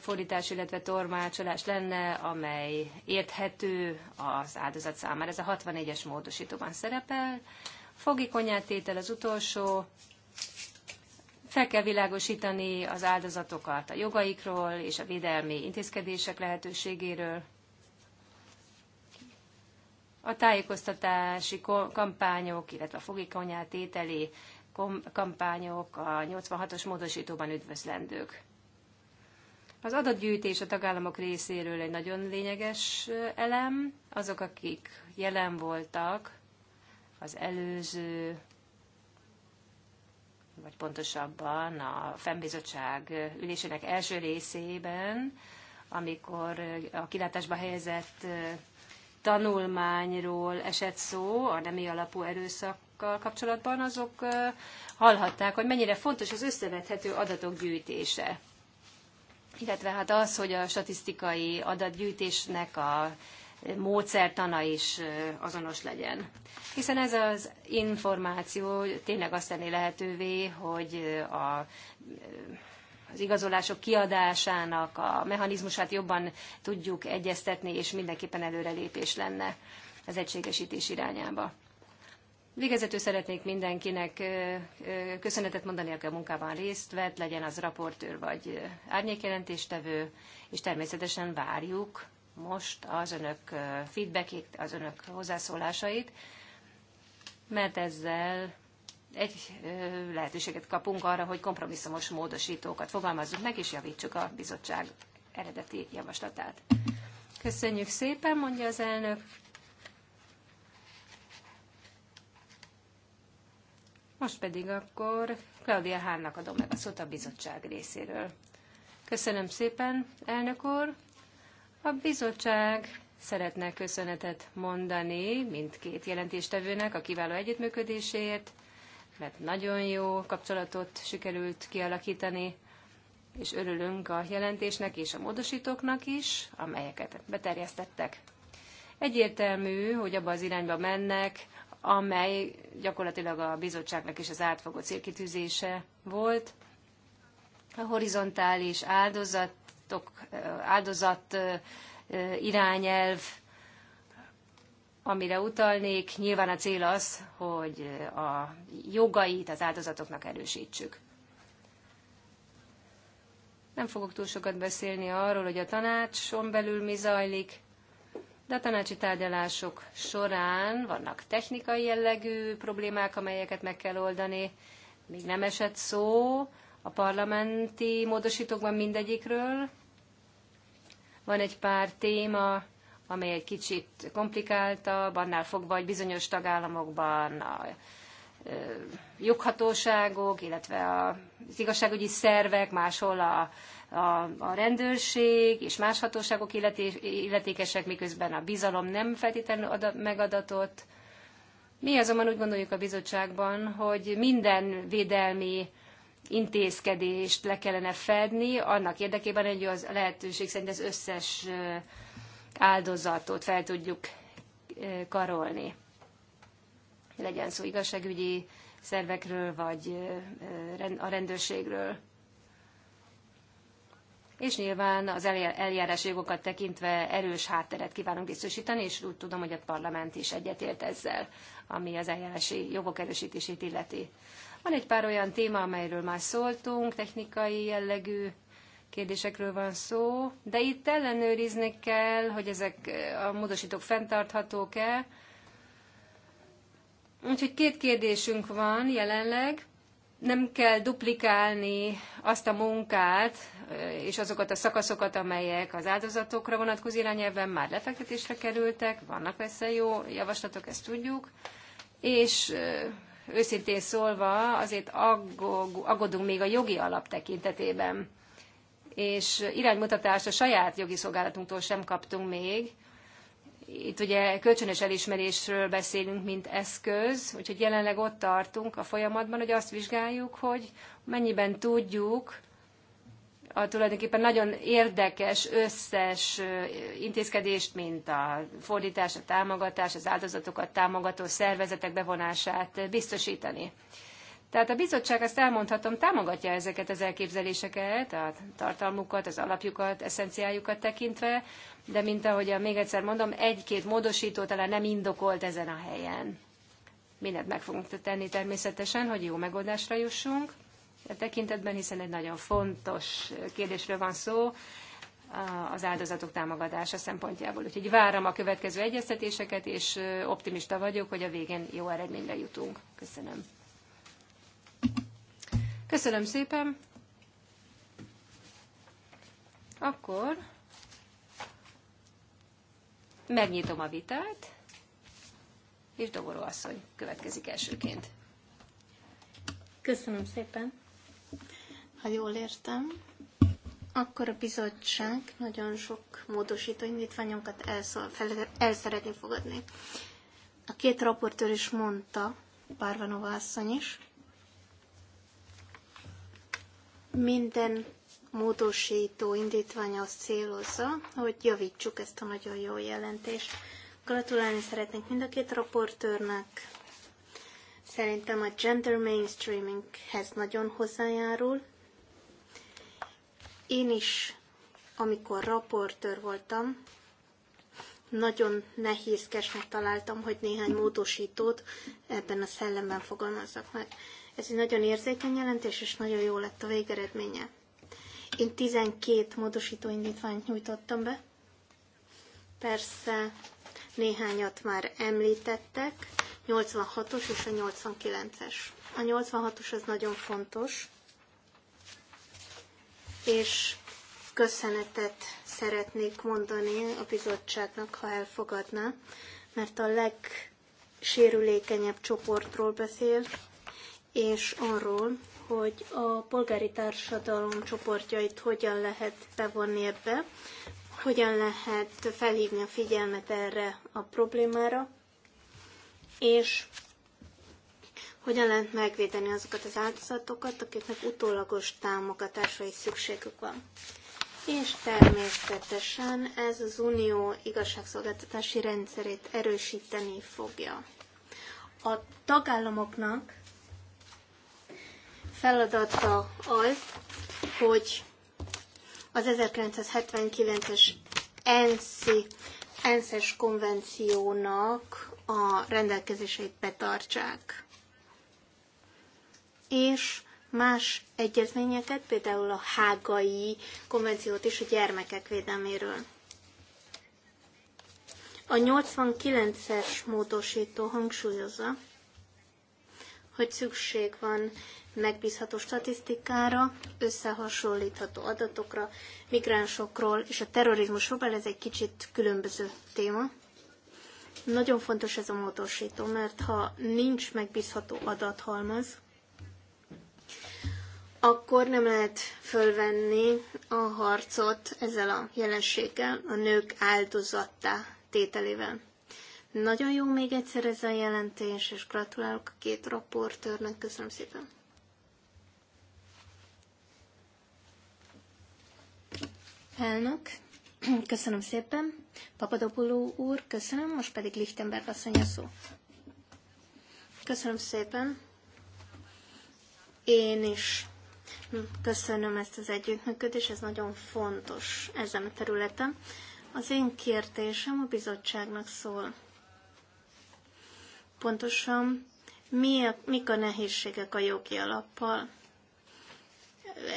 fordítás, illetve tormácsolás lenne, amely érthető az áldozat számára. Ez a 64-es módosítóban szerepel. Fogikonyátétel az utolsó. Fel kell világosítani az áldozatokat a jogaikról és a védelmi intézkedések lehetőségéről. A tájékoztatási kampányok, illetve a fogikonyátételi kampányok a 86-os módosítóban üdvözlendők. Az adatgyűjtés a tagállamok részéről egy nagyon lényeges elem. Azok, akik jelen voltak az előző, vagy pontosabban a fennbizottság ülésének első részében, amikor a kilátásba helyezett tanulmányról esett szó a nemi alapú erőszakkal kapcsolatban, azok hallhatták, hogy mennyire fontos az összevethető adatok gyűjtése illetve hát az, hogy a statisztikai adatgyűjtésnek a módszertana is azonos legyen. Hiszen ez az információ tényleg azt tenni lehetővé, hogy a, az igazolások kiadásának a mechanizmusát jobban tudjuk egyeztetni, és mindenképpen előrelépés lenne az egységesítés irányába. Végezetül szeretnék mindenkinek köszönetet mondani, aki a munkában részt vett, legyen az raportőr vagy árnyékjelentéstevő, és természetesen várjuk most az önök feedbackét, az önök hozzászólásait, mert ezzel egy lehetőséget kapunk arra, hogy kompromisszumos módosítókat fogalmazzunk meg, és javítsuk a bizottság eredeti javaslatát. Köszönjük szépen, mondja az elnök. Most pedig akkor Claudia Hánnak adom meg a szót a bizottság részéről. Köszönöm szépen, elnök úr. A bizottság szeretne köszönetet mondani mindkét jelentéstevőnek a kiváló együttműködéséért, mert nagyon jó kapcsolatot sikerült kialakítani, és örülünk a jelentésnek és a módosítóknak is, amelyeket beterjesztettek. Egyértelmű, hogy abba az irányba mennek, amely gyakorlatilag a bizottságnak is az átfogó célkitűzése volt. A horizontális áldozatok, eh, áldozat eh, irányelv, amire utalnék, nyilván a cél az, hogy a jogait az áldozatoknak erősítsük. Nem fogok túl sokat beszélni arról, hogy a tanácson belül mi zajlik, de a tanácsi tárgyalások során vannak technikai jellegű problémák, amelyeket meg kell oldani. Még nem esett szó a parlamenti módosítókban mindegyikről. Van egy pár téma, amely egy kicsit komplikáltabb, annál fogva, hogy bizonyos tagállamokban a joghatóságok, illetve az igazságügyi szervek, máshol a, a, a rendőrség és más hatóságok illeté, illetékesek, miközben a bizalom nem feltétlenül adat, megadatott. Mi azonban úgy gondoljuk a bizottságban, hogy minden védelmi intézkedést le kellene fedni, annak érdekében, egy az lehetőség szerint az összes áldozatot fel tudjuk karolni legyen szó igazságügyi szervekről, vagy a rendőrségről. És nyilván az eljárási jogokat tekintve erős hátteret kívánunk biztosítani, és úgy tudom, hogy a parlament is egyetért ezzel, ami az eljárási jogok erősítését illeti. Van egy pár olyan téma, amelyről már szóltunk, technikai jellegű kérdésekről van szó, de itt ellenőrizni kell, hogy ezek a módosítók fenntarthatók-e, Úgyhogy két kérdésünk van jelenleg. Nem kell duplikálni azt a munkát eh, és azokat a szakaszokat, amelyek az áldozatokra vonatkozó irányelven már lefektetésre kerültek. Vannak persze jó javaslatok, ezt tudjuk. És eh, őszintén szólva azért aggódunk még a jogi alap tekintetében és eh, iránymutatást a saját jogi szolgálatunktól sem kaptunk még, itt ugye kölcsönös elismerésről beszélünk, mint eszköz, úgyhogy jelenleg ott tartunk a folyamatban, hogy azt vizsgáljuk, hogy mennyiben tudjuk a tulajdonképpen nagyon érdekes összes intézkedést, mint a fordítás, a támogatás, az áldozatokat támogató szervezetek bevonását biztosítani. Tehát a bizottság, azt elmondhatom, támogatja ezeket az elképzeléseket, a tartalmukat, az alapjukat, eszenciájukat tekintve, de mint ahogy még egyszer mondom, egy-két módosító talán nem indokolt ezen a helyen. Mindent meg fogunk tenni természetesen, hogy jó megoldásra jussunk e tekintetben, hiszen egy nagyon fontos kérdésről van szó az áldozatok támogatása szempontjából. Úgyhogy várom a következő egyeztetéseket, és optimista vagyok, hogy a végén jó eredményre jutunk. Köszönöm. Köszönöm szépen. Akkor megnyitom a vitát, és Doboró asszony következik elsőként. Köszönöm szépen. Ha jól értem, akkor a bizottság nagyon sok módosító indítványunkat fel, el szeretné fogadni. A két raportőr is mondta, Párvanova asszony is, minden módosító indítványa azt célozza, hogy javítsuk ezt a nagyon jó jelentést. Gratulálni szeretnék mind a két raportőrnek. Szerintem a gender mainstreaminghez nagyon hozzájárul. Én is, amikor raportőr voltam, nagyon nehézkesnek találtam, hogy néhány módosítót ebben a szellemben fogalmazzak meg. Ez egy nagyon érzékeny jelentés, és nagyon jó lett a végeredménye. Én 12 módosító indítványt nyújtottam be. Persze néhányat már említettek, 86-os és a 89-es. A 86-os az nagyon fontos, és köszönetet szeretnék mondani a bizottságnak, ha elfogadná, mert a legsérülékenyebb csoportról beszél, és arról, hogy a polgári társadalom csoportjait hogyan lehet bevonni ebbe, hogyan lehet felhívni a figyelmet erre a problémára, és hogyan lehet megvédeni azokat az áldozatokat, akiknek utólagos támogatásra is szükségük van. És természetesen ez az unió igazságszolgáltatási rendszerét erősíteni fogja. A tagállamoknak feladata az, hogy az 1979-es ENSZ, ENSZ-es konvenciónak a rendelkezéseit betartsák. És más egyezményeket, például a hágai konvenciót is a gyermekek védelméről. A 89-es módosító hangsúlyozza, hogy szükség van megbízható statisztikára, összehasonlítható adatokra, migránsokról és a terrorizmusról, ez egy kicsit különböző téma. Nagyon fontos ez a módosító, mert ha nincs megbízható adathalmaz, akkor nem lehet fölvenni a harcot ezzel a jelenséggel, a nők áldozattá tételével. Nagyon jó még egyszer ez a jelentés, és gratulálok a két raportőrnek. Köszönöm szépen! Elnök, köszönöm szépen. Papadopoulou úr, köszönöm, most pedig Lichtenberg asszony a szó. Köszönöm szépen. Én is köszönöm ezt az együttműködést, ez nagyon fontos ezen a területen. Az én kérdésem a bizottságnak szól. Pontosan mi a, mik a nehézségek a jogi alappal?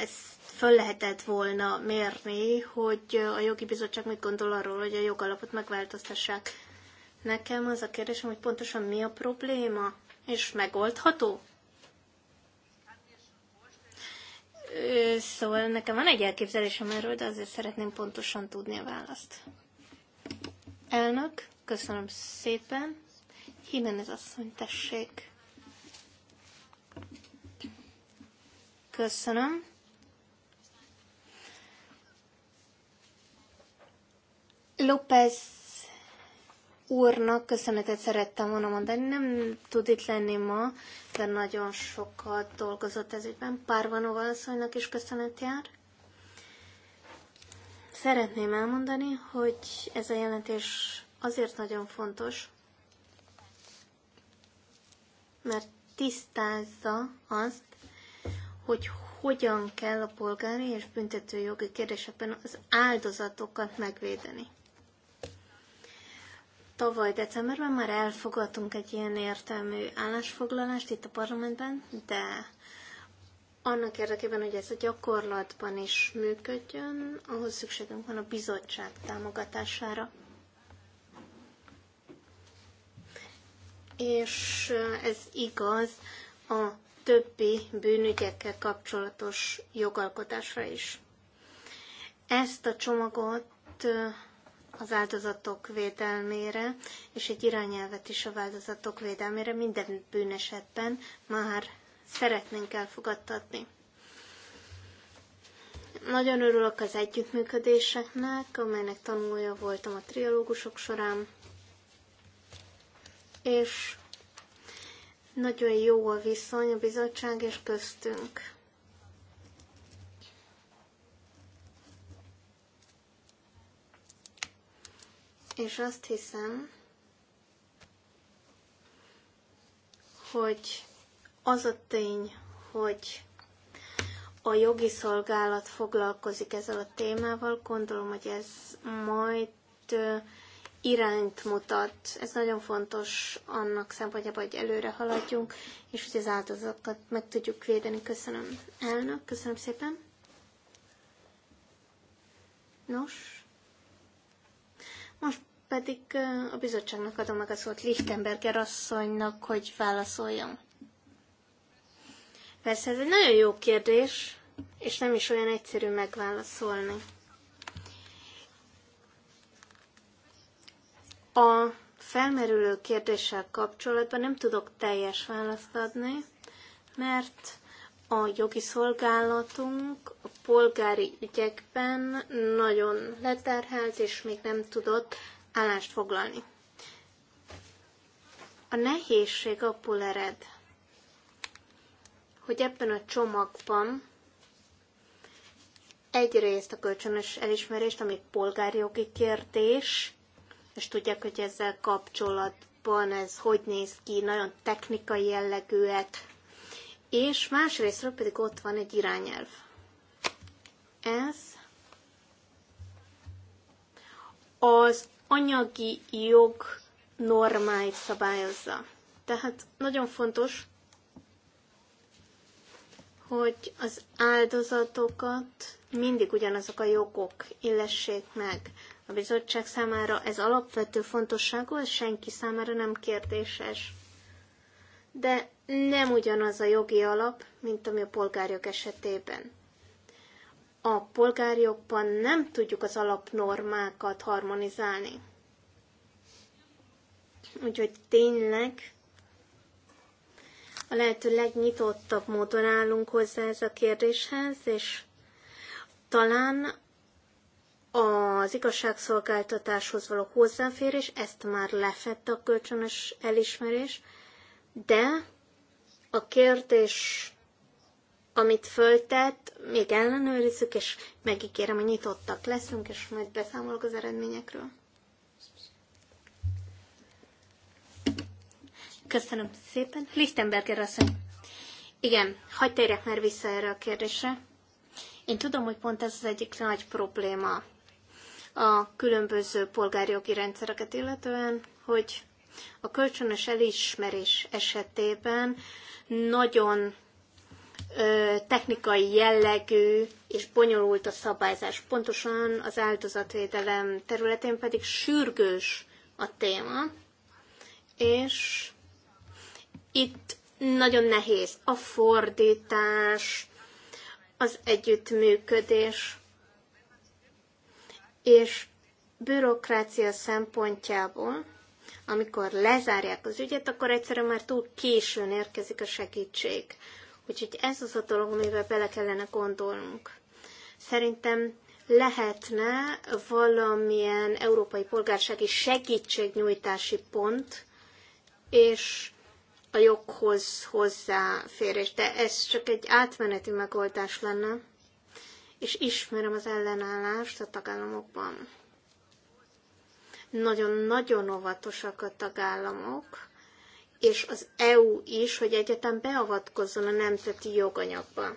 Ezt föl lehetett volna mérni, hogy a jogi bizottság mit gondol arról, hogy a jogalapot megváltoztassák. Nekem az a kérdésem, hogy pontosan mi a probléma, és megoldható? Szóval nekem van egy elképzelésem erről, de azért szeretném pontosan tudni a választ. Elnök, köszönöm szépen. Jimenez asszony, tessék. Köszönöm. López úrnak köszönetet szerettem volna mondani. Nem tud itt lenni ma, de nagyon sokat dolgozott ez ügyben. Párvanova asszonynak is köszönet jár. Szeretném elmondani, hogy ez a jelentés azért nagyon fontos, mert tisztázza azt, hogy hogyan kell a polgári és büntetőjogi kérdésekben az áldozatokat megvédeni. Tavaly decemberben már elfogadtunk egy ilyen értelmű állásfoglalást itt a parlamentben, de annak érdekében, hogy ez a gyakorlatban is működjön, ahhoz szükségünk van a bizottság támogatására. És eh, ez igaz a többi bűnügyekkel kapcsolatos jogalkotásra is. Ezt a csomagot eh, az áldozatok védelmére, és egy irányelvet is a áldozatok védelmére minden bűnesetben már szeretnénk elfogadtatni. Nagyon örülök az együttműködéseknek, amelynek tanulja voltam a triológusok során, és nagyon jó a viszony a bizottság és köztünk. és azt hiszem, hogy az a tény, hogy a jogi szolgálat foglalkozik ezzel a témával, gondolom, hogy ez majd irányt mutat. Ez nagyon fontos annak szempontjából, hogy előre haladjunk, és hogy az áldozatokat meg tudjuk védeni. Köszönöm, elnök, köszönöm szépen. Nos, most pedig a bizottságnak adom meg a szót Lichtenberger asszonynak, hogy válaszoljon. Persze ez egy nagyon jó kérdés, és nem is olyan egyszerű megválaszolni. A felmerülő kérdéssel kapcsolatban nem tudok teljes választ adni, mert a jogi szolgálatunk a polgári ügyekben nagyon leterhelt, és még nem tudott állást foglalni. A nehézség abból ered, hogy ebben a csomagban egyrészt a kölcsönös elismerést, ami polgári jogi kérdés, és tudják, hogy ezzel kapcsolatban ez hogy néz ki, nagyon technikai jellegűek, és másrésztről pedig ott van egy irányelv. Ez az anyagi jog normáit szabályozza. Tehát nagyon fontos, hogy az áldozatokat mindig ugyanazok a jogok illessék meg. A bizottság számára ez alapvető fontosságú, ez senki számára nem kérdéses. De nem ugyanaz a jogi alap, mint ami a polgárjog esetében a polgárjogban nem tudjuk az alapnormákat harmonizálni. Úgyhogy tényleg a lehető legnyitottabb módon állunk hozzá ez a kérdéshez, és talán az igazságszolgáltatáshoz való hozzáférés, ezt már lefette a kölcsönös elismerés, de a kérdés amit föltett, még ellenőrizzük, és megígérem, hogy nyitottak leszünk, és majd beszámolok az eredményekről. Köszönöm szépen. Lichtenberger asszony. Igen, hagyd térjek már vissza erre a kérdésre. Én tudom, hogy pont ez az egyik nagy probléma a különböző jogi rendszereket illetően, hogy a kölcsönös elismerés esetében nagyon technikai jellegű és bonyolult a szabályzás. Pontosan az áldozatvédelem területén pedig sürgős a téma, és itt nagyon nehéz a fordítás, az együttműködés, és bürokrácia szempontjából, amikor lezárják az ügyet, akkor egyszerűen már túl későn érkezik a segítség. Úgyhogy ez az a dolog, amivel bele kellene gondolnunk. Szerintem lehetne valamilyen európai polgársági segítségnyújtási pont, és a joghoz hozzáférés. De ez csak egy átmeneti megoldás lenne, és ismerem az ellenállást a tagállamokban. Nagyon-nagyon óvatosak a tagállamok, és az EU is, hogy egyetem beavatkozzon a nemzeti joganyagba.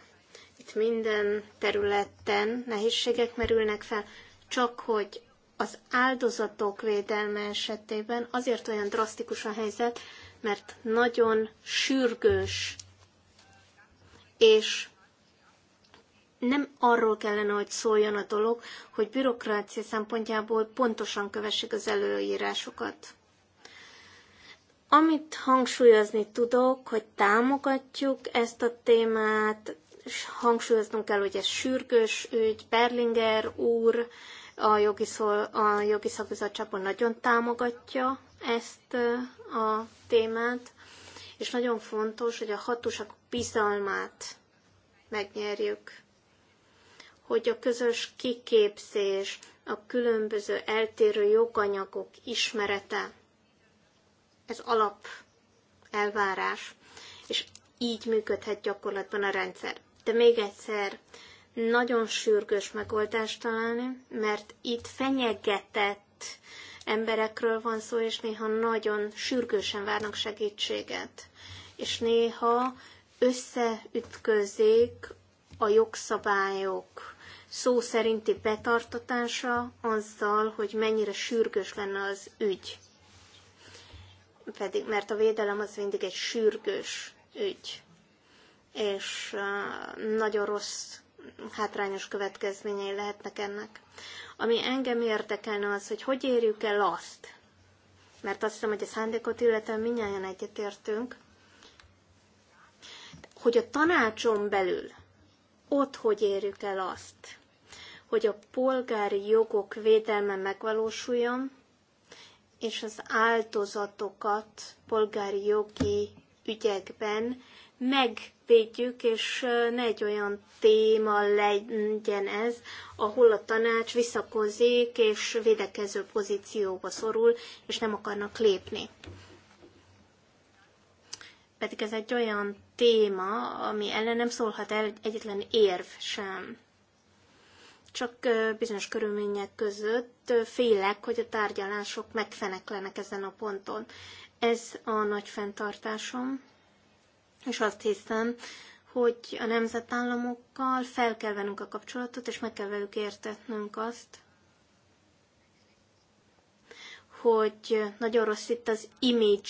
Itt minden területen nehézségek merülnek fel, csak hogy az áldozatok védelme esetében azért olyan drasztikus a helyzet, mert nagyon sürgős, és nem arról kellene, hogy szóljon a dolog, hogy bürokrácia szempontjából pontosan kövessék az előírásokat. Amit hangsúlyozni tudok, hogy támogatjuk ezt a témát, és hangsúlyoznunk kell, hogy ez sürgős ügy, Berlinger úr a jogi, szol, a jogi szakbizottságban nagyon támogatja ezt a témát, és nagyon fontos, hogy a hatóságok bizalmát megnyerjük, hogy a közös kiképzés, a különböző eltérő joganyagok ismerete ez alap elvárás, és így működhet gyakorlatban a rendszer. De még egyszer, nagyon sürgős megoldást találni, mert itt fenyegetett emberekről van szó, és néha nagyon sürgősen várnak segítséget. És néha összeütközik a jogszabályok szó szerinti betartatása azzal, hogy mennyire sürgős lenne az ügy pedig, mert a védelem az mindig egy sürgős ügy, és nagyon rossz hátrányos következményei lehetnek ennek. Ami engem érdekelne az, hogy hogy érjük el azt, mert azt hiszem, hogy a szándékot illetően minnyáján egyetértünk, hogy a tanácson belül ott hogy érjük el azt, hogy a polgári jogok védelme megvalósuljon, és az áldozatokat polgári jogi ügyekben megvédjük, és ne egy olyan téma legyen ez, ahol a tanács visszakozik, és védekező pozícióba szorul, és nem akarnak lépni. Pedig ez egy olyan téma, ami ellen nem szólhat el egyetlen érv sem csak bizonyos körülmények között félek, hogy a tárgyalások megfeneklenek ezen a ponton. Ez a nagy fenntartásom, és azt hiszem, hogy a nemzetállamokkal fel kell vennünk a kapcsolatot, és meg kell velük értetnünk azt, hogy nagyon rossz itt az image,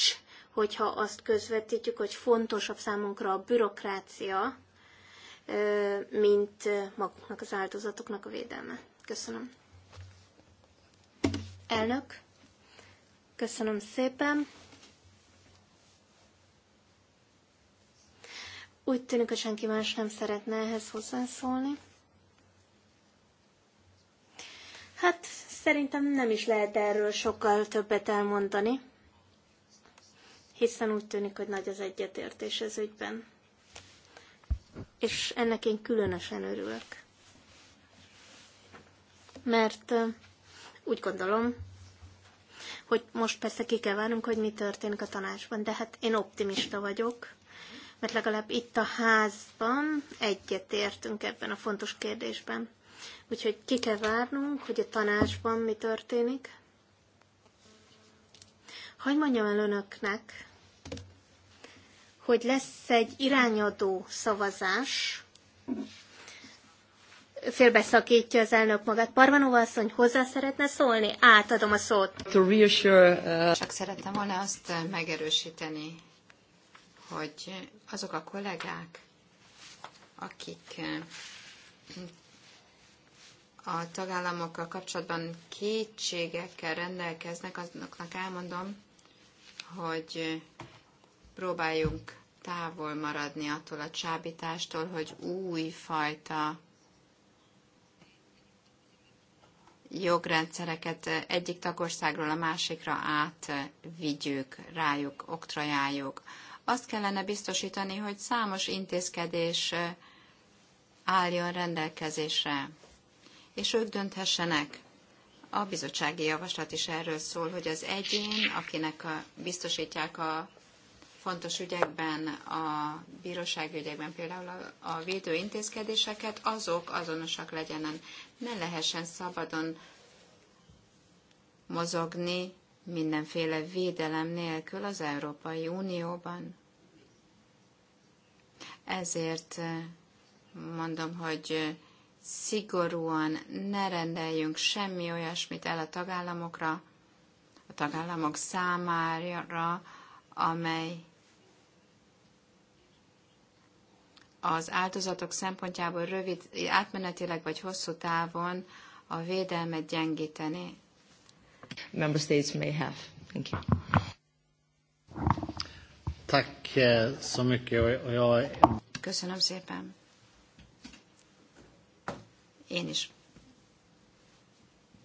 hogyha azt közvetítjük, hogy fontosabb számunkra a bürokrácia, mint maguknak az áldozatoknak a védelme. Köszönöm. Elnök, köszönöm szépen. Úgy tűnik, hogy senki más nem szeretne ehhez hozzászólni. Hát szerintem nem is lehet erről sokkal többet elmondani, hiszen úgy tűnik, hogy nagy az egyetértés ez ügyben és ennek én különösen örülök. Mert úgy gondolom, hogy most persze ki kell várnunk, hogy mi történik a tanácsban, de hát én optimista vagyok, mert legalább itt a házban egyetértünk ebben a fontos kérdésben. Úgyhogy ki kell várnunk, hogy a tanácsban mi történik. Hogy mondjam el önöknek, hogy lesz egy irányadó szavazás, félbeszakítja az elnök magát. Parvanova asszony, hozzá szeretne szólni? Átadom a szót. To reassure, uh... Csak szerettem volna azt megerősíteni, hogy azok a kollégák, akik uh, a tagállamokkal kapcsolatban kétségekkel rendelkeznek, azoknak elmondom, hogy próbáljunk távol maradni attól a csábítástól, hogy újfajta jogrendszereket egyik tagországról a másikra átvigyük, rájuk, oktrajáljuk. Azt kellene biztosítani, hogy számos intézkedés álljon rendelkezésre, és ők dönthessenek. A bizottsági javaslat is erről szól, hogy az egyén, akinek a, biztosítják a fontos ügyekben, a bírósági ügyekben például a, a intézkedéseket azok azonosak legyenek. Ne lehessen szabadon mozogni mindenféle védelem nélkül az Európai Unióban. Ezért eh, mondom, hogy eh, szigorúan ne rendeljünk semmi olyasmit el a tagállamokra, a tagállamok számára, amely az áldozatok szempontjából rövid, átmenetileg vagy hosszú távon a védelmet gyengíteni. Member states may have. Thank you. Tak, eh, so mycket. Jag... Köszönöm szépen. Én is.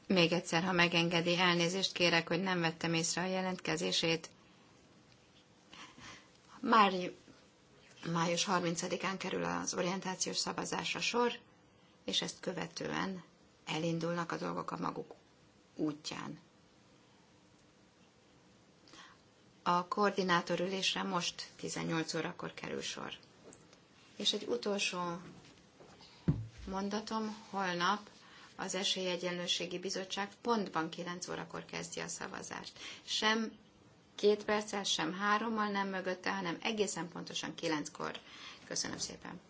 Még egyszer, ha megengedi, elnézést kérek, hogy nem vettem észre a jelentkezését. Már Május 30-án kerül az orientációs szavazásra sor, és ezt követően elindulnak a dolgok a maguk útján. A koordinátorülésre most 18 órakor kerül sor. És egy utolsó mondatom, holnap az Esélyegyenlőségi Bizottság pontban 9 órakor kezdi a szavazást. Sem két perccel, sem hárommal nem mögötte, hanem egészen pontosan kilenckor. Köszönöm szépen!